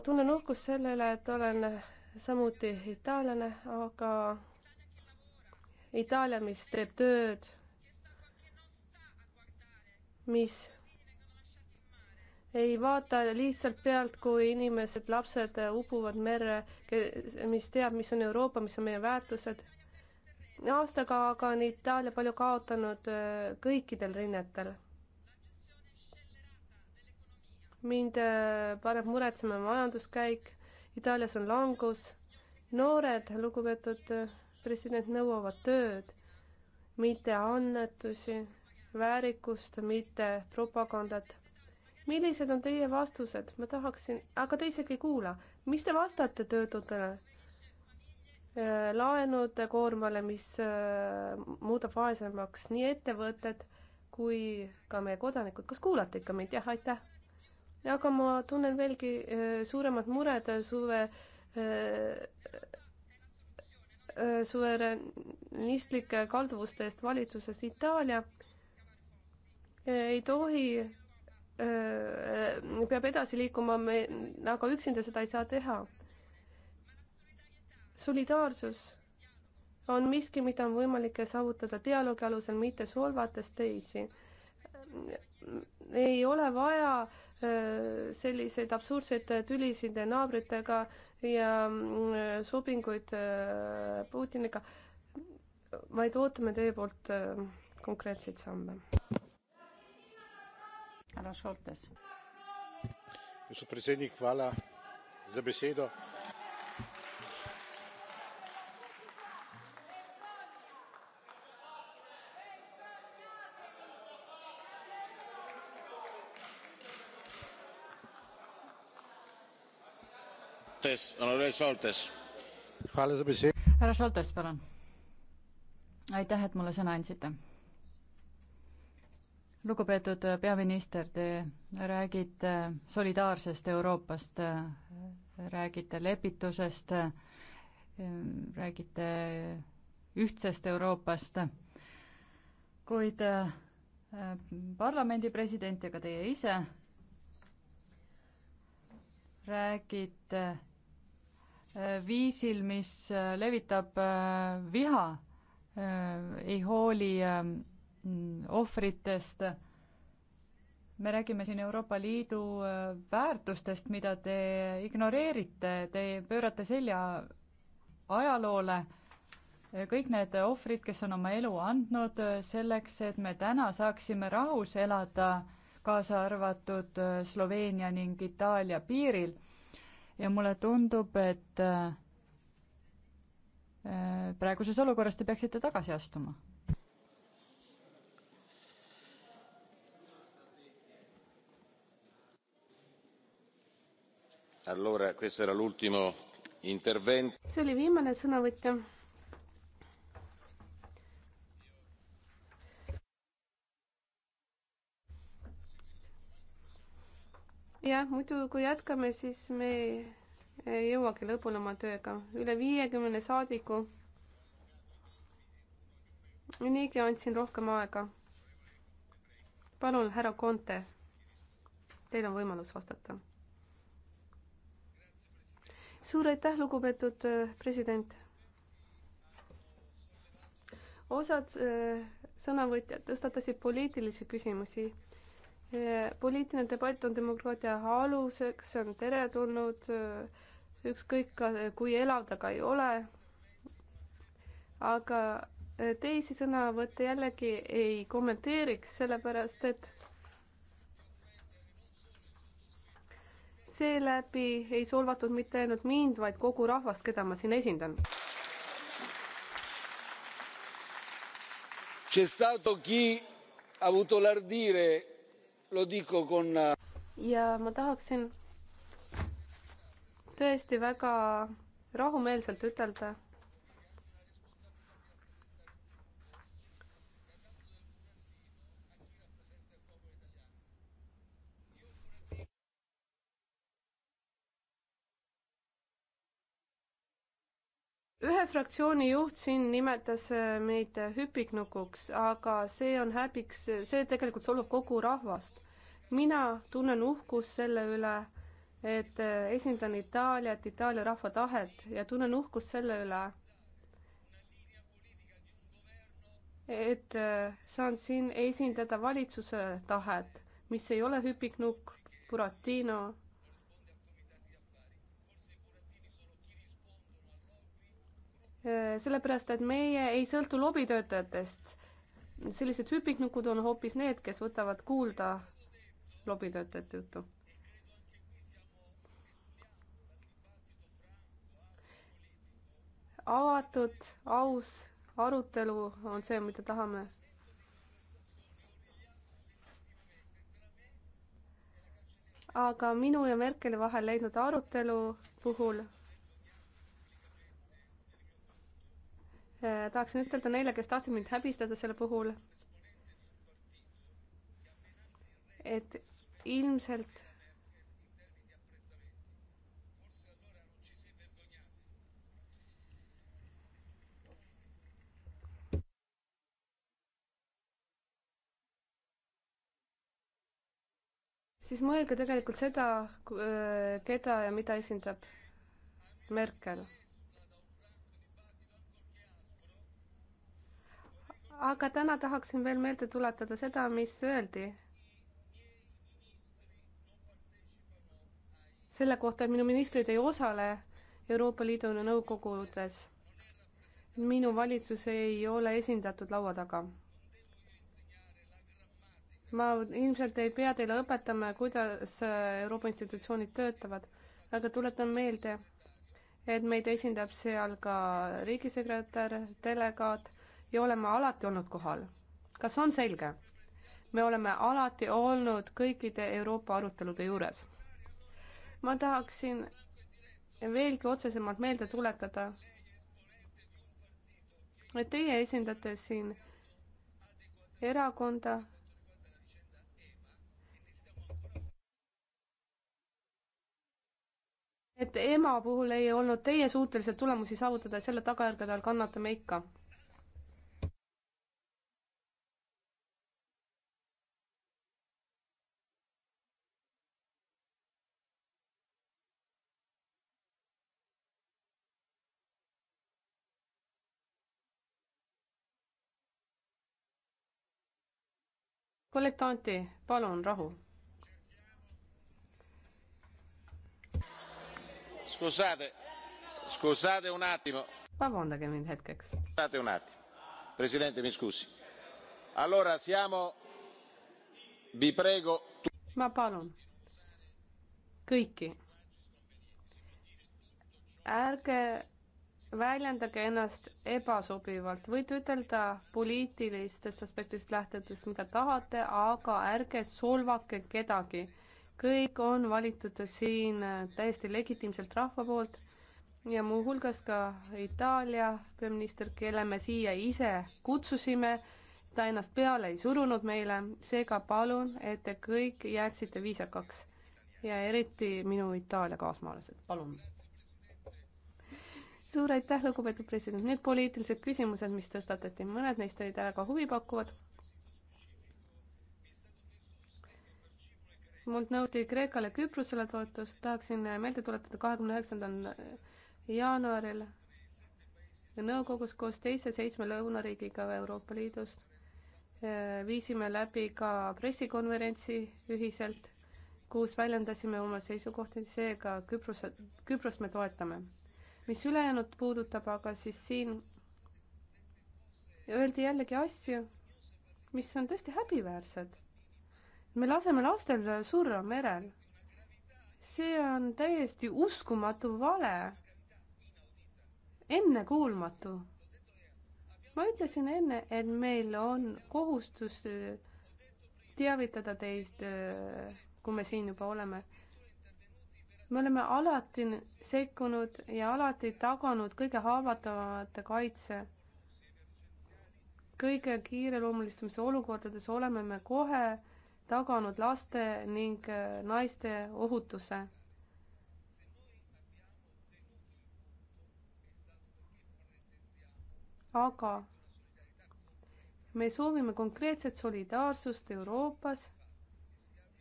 tunnen uhkust sellele, et olen samuti itaallane, aga Itaalia, mis teeb tööd, mis ei vaata lihtsalt pealt, kui inimesed, lapsed upuvad merre, mis teab, mis on Euroopa, mis on meie väärtused aastaga aga on Itaalia palju kaotanud äh, kõikidel rinnetel. mind äh, paneb muretsema majanduskäik, Itaalias on langus, noored, lugupeetud äh, president, nõuavad tööd, mitte annetusi, väärikust, mitte propagandat millised on teie vastused, ma tahaksin, aga te isegi ei kuula, mis te vastate töötutele? Äh, laenude koormale, mis äh, muudab vaesemaks nii ettevõtted kui ka meie kodanikud. kas kuulate ikka mind? jah, aitäh. aga ma tunnen veelgi äh, suuremat mured suve suveränistlike kalduvuste eest valitsuses Itaalia ei tohi, peab edasi liikuma, me, aga üksinda seda ei saa teha solidaarsus on miski, mida on võimalik saavutada dialoogi alusel, mitte solvates teisi. ei ole vaja äh, selliseid absurdseid tülisid naabritega ja äh, sobinguid äh, Putiniga, vaid ootame teie poolt konkreetseid samme. härra Šoltes. Gospod predsednik, hvala za besedo. Šoltes, härra Šoltes. härra Šoltes, palun. aitäh, et mulle sõna andsite. lugupeetud peaminister, te räägite solidaarsest Euroopast, räägite lepitusest, räägite ühtsest Euroopast, kuid äh, parlamendi president ja ka teie ise räägite viisil, mis äh, levitab äh, viha, äh, ei hooli ähm, ohvritest. me räägime siin Euroopa Liidu väärtustest, mida te ignoreerite, te pöörate selja ajaloole. kõik need ohvrid, kes on oma elu andnud selleks, et me täna saaksime rahus elada, kaasa arvatud Sloveenia ning Itaalia piiril ja mulle tundub, et äh, äh, praeguses olukorras te peaksite tagasi astuma. see oli viimane sõnavõtja jah, muidu kui jätkame, siis me ei jõuagi lõpuni oma tööga. üle viiekümne saadiku. niigi andsin rohkem aega. palun, härra Conte, teil on võimalus vastata suur aitäh, lugupeetud äh, president. osad äh, sõnavõtjad tõstatasid poliitilisi küsimusi poliitiline debatt on demokraatia aluseks, see on teretulnud, ükskõik kui elav ta ka ei ole. aga eh, teisi sõnavõtte jällegi ei kommenteeriks, sellepärast et seeläbi ei solvatud mitte ainult mind, vaid kogu rahvast, keda ma siin esindan. C'è stato chi ha avuto l'ardire Eh, ja ma tahaksin tõesti väga rahumeelselt ütelda ühe fraktsiooni juht siin nimetas äh, meid äh, hüpiknukuks, aga see on häbiks, see tegelikult solvab kogu rahvast. mina tunnen uhkust selle üle, et äh, esindan Itaaliat, Itaalia rahva tahet ja tunnen uhkust selle üle, et saan siin esindada valitsuse tahet, mis ei ole hüpiknukk, Buratino Äh, sellepärast, et meie ei sõltu lobitöötajatest. sellised hüpiknukud on hoopis need, kes võtavad kuulda lobitöötajate juttu. avatud, aus arutelu on see, mida tahame. aga minu ja Merkeli vahel leidnud arutelu puhul Äh, tahaksin ütelda neile, kes tahtsid mind häbistada selle puhul, et ilmselt siis mõelge tegelikult seda, äh, keda ja mida esindab Merkel aga täna tahaksin veel meelde tuletada seda, mis öeldi. selle kohta, et minu ministrid ei osale Euroopa Liidu nõukogudes. minu valitsus ei ole esindatud laua taga. ma ilmselt ei pea teile õpetama, kuidas Euroopa institutsioonid töötavad, aga tuletan meelde, et meid esindab seal ka riigisekretär, delegaat ja oleme alati olnud kohal. kas on selge? me oleme alati olnud kõikide Euroopa arutelude juures. ma tahaksin veelgi otsesemalt meelde tuletada, et teie esindate siin erakonda, et ema puhul ei olnud teie suutelised tulemusi saavutada, selle tagajärgedel kannatame ikka kolleeg Tanti, palun rahu. Scusate, scusate un attimo. vabandage mind hetkeks. Scusate un attimo, president, mi scusi. Allora siamo, vi prego. ma palun kõiki. ärge väljendage ennast ebasobivalt, võite ütelda poliitilistest aspektist lähtudes, mida tahate, aga ärge solvake kedagi. kõik on valitud siin täiesti legitiimselt rahva poolt ja muuhulgas ka Itaalia peaminister, kelle me siia ise kutsusime, ta ennast peale ei surunud meile, seega palun, et te kõik jääksite viisakaks ja eriti minu Itaalia kaasmaalased, palun suur aitäh, lugupeetud president, need poliitilised küsimused, mis tõstatati, mõned neist olid väga huvipakkuvad. mult nõuti Kreekale, Küprosele toetust, tahaksin meelde tuletada kahekümne üheksandal jaanuaril nõukogus koos teise seitsme lõunariigiga Euroopa Liidust eh, viisime läbi ka pressikonverentsi ühiselt, kus väljendasime oma seisukohti, seega Küprose, Küprost me toetame mis ülejäänut puudutab, aga siis siin öeldi jällegi asju, mis on tõesti häbiväärsed. me laseme lastel surra merel. see on täiesti uskumatu vale. ennekuulmatu. ma ütlesin enne, et meil on kohustus teavitada teist, kui me siin juba oleme me oleme alati sekkunud ja alati taganud kõige haavatavamate kaitse. kõige kiireloomulistumise olukordades oleme me kohe taganud laste ning äh, naiste ohutuse. aga me soovime konkreetset solidaarsust Euroopas,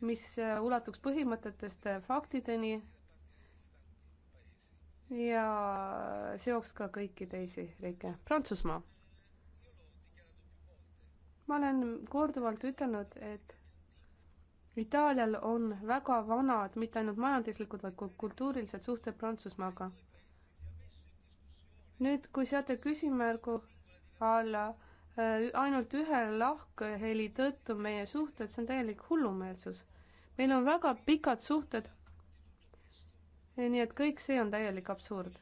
mis äh, ulatuks põhimõtetest äh, faktideni ja seoks ka kõiki teisi riike. Prantsusmaa. ma olen korduvalt ütelnud, et Itaalial on väga vanad, mitte ainult majanduslikud, vaid ka kultuurilised suhted Prantsusmaaga. nüüd, kui seate küsimärgu alla äh, ainult ühe lahkheli tõttu meie suhted, see on täielik hullumeelsus. meil on väga pikad suhted nii et kõik see on täielik absurd.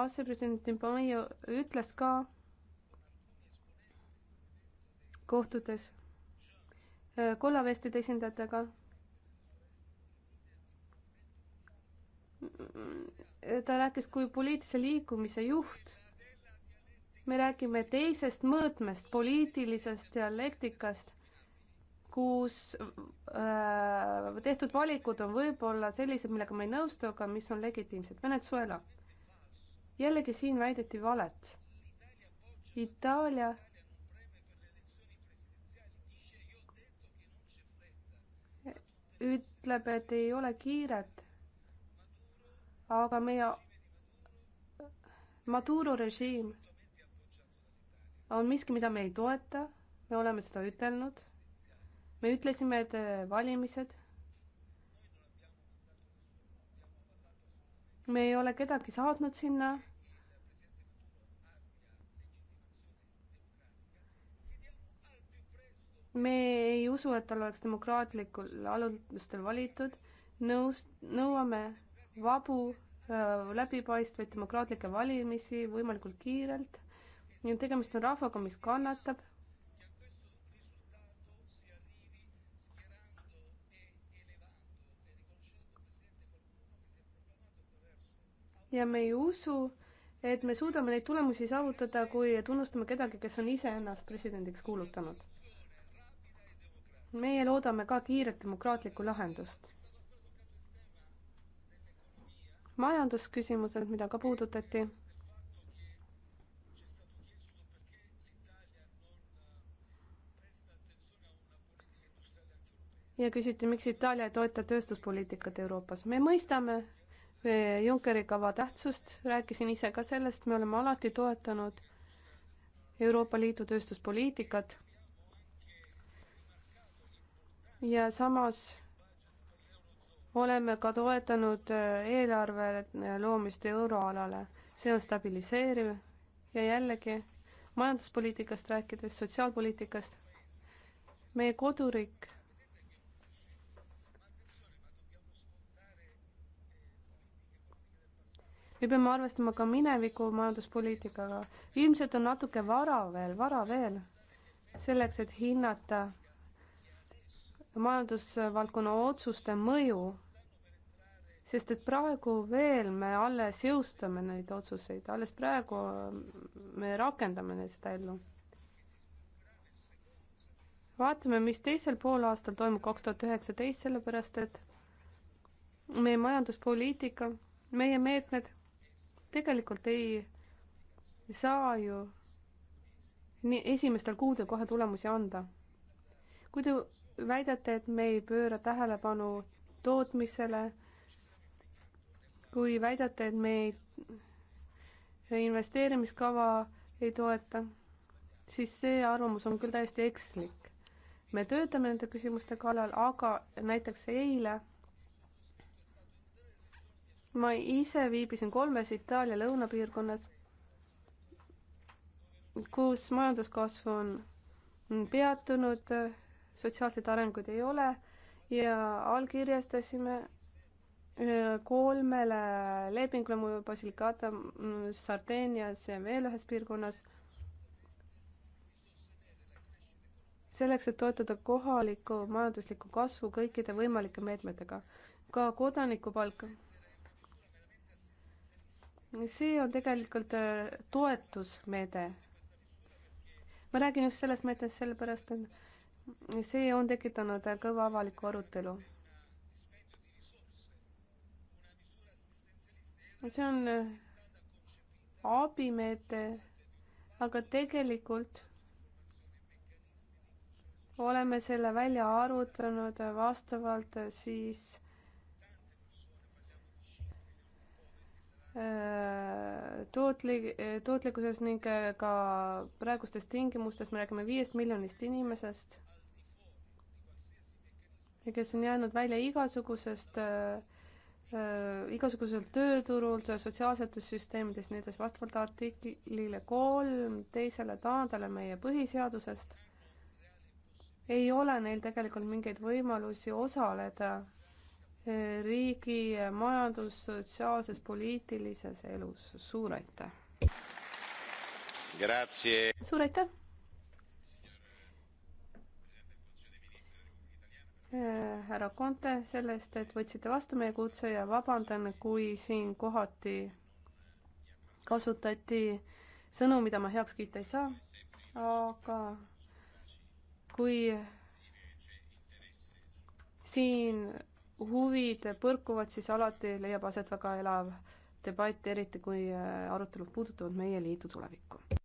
asepresident Timbaio ütles ka kohtudes äh, kollavestide esindajatega. ta rääkis kui poliitilise liikumise juht. me räägime teisest mõõtmest, poliitilisest dialektikast kus äh, tehtud valikud on võib-olla sellised, millega ma ei nõustu, aga mis on legitiimsed. Venezuela. jällegi siin väideti valet. Itaalia. ütleb, et ei ole kiiret. aga meie Maduro režiim on miski, mida me ei toeta. me oleme seda ütelnud me ütlesime, et äh, valimised. me ei ole kedagi saatnud sinna. me ei usu, et tal oleks demokraatlikul alustel valitud, nõus, nõuame vabu, äh, läbipaistvaid demokraatlikke valimisi võimalikult kiirelt. nii et tegemist on rahvaga, mis kannatab ja me ei usu, et me suudame neid tulemusi saavutada, kui tunnustame kedagi, kes on iseennast presidendiks kuulutanud. meie loodame ka kiiret demokraatlikku lahendust. majandusküsimused, mida ka puudutati. ja küsiti, miks Itaalia ei toeta tööstuspoliitikat Euroopas. me mõistame, Junckeri kava tähtsust, rääkisin ise ka sellest, me oleme alati toetanud Euroopa Liidu tööstuspoliitikat. ja samas oleme ka toetanud äh, eelarve äh, loomist euroalale, see on stabiliseeriv ja jällegi majanduspoliitikast rääkides, sotsiaalpoliitikast, meie koduriik me peame arvestama ka mineviku majanduspoliitikaga. ilmselt on natuke vara veel, vara veel selleks, et hinnata majandusvaldkonna otsuste mõju, sest et praegu veel me alles jõustame neid otsuseid, alles praegu äh, me rakendame neid seda ellu. vaatame, mis teisel poolaastal toimub kaks tuhat üheksateist, sellepärast et meie majanduspoliitika, meie meetmed tegelikult ei saa ju nii esimestel kuudel kohe tulemusi anda. kui te väidate, et me ei pööra tähelepanu tootmisele, kui väidate, et me ei investeerimiskava ei toeta, siis see arvamus on küll täiesti ekslik. me töötame nende küsimuste kallal, aga näiteks eile ma ise viibisin kolmes Itaalia lõunapiirkonnas, kus majanduskasv on peatunud, sotsiaalseid arenguid ei ole ja allkirjastasime äh, kolmele lepingule, mu Basilicata, mm, Sardeenias ja veel ühes piirkonnas selleks, et toetada kohalikku majanduslikku kasvu kõikide võimalike meetmetega, ka kodanikupalk see on tegelikult äh, toetusmeede. ma räägin just sellest meetmest sellepärast, et see on tekitanud äh, kõva avaliku arutelu. see on äh, abimeede, aga tegelikult oleme selle välja arutanud vastavalt siis Äh, tootli-, tootlikkuses ning äh, ka praegustes tingimustes, me räägime viiest miljonist inimesest, kes on jäänud välja igasugusest äh, äh igasuguselt tööturult, sotsiaalsetes süsteemides, nii edasi, vastavalt artiklile kolm, teisele taandele meie põhiseadusest, ei ole neil tegelikult mingeid võimalusi osaleda riigi majandus, sotsiaalses, poliitilises elus. suur aitäh! suur aitäh! Äh, härra Conte selle eest, et võtsite vastu meie kutse ja vabandan, kui siin kohati kasutati sõnu, mida ma heaks kiita ei saa, aga kui siin huvid põrkuvad, siis alati leiab aset väga elav debatt, eriti kui äh, arutelud puudutavad meie liidu tulevikku.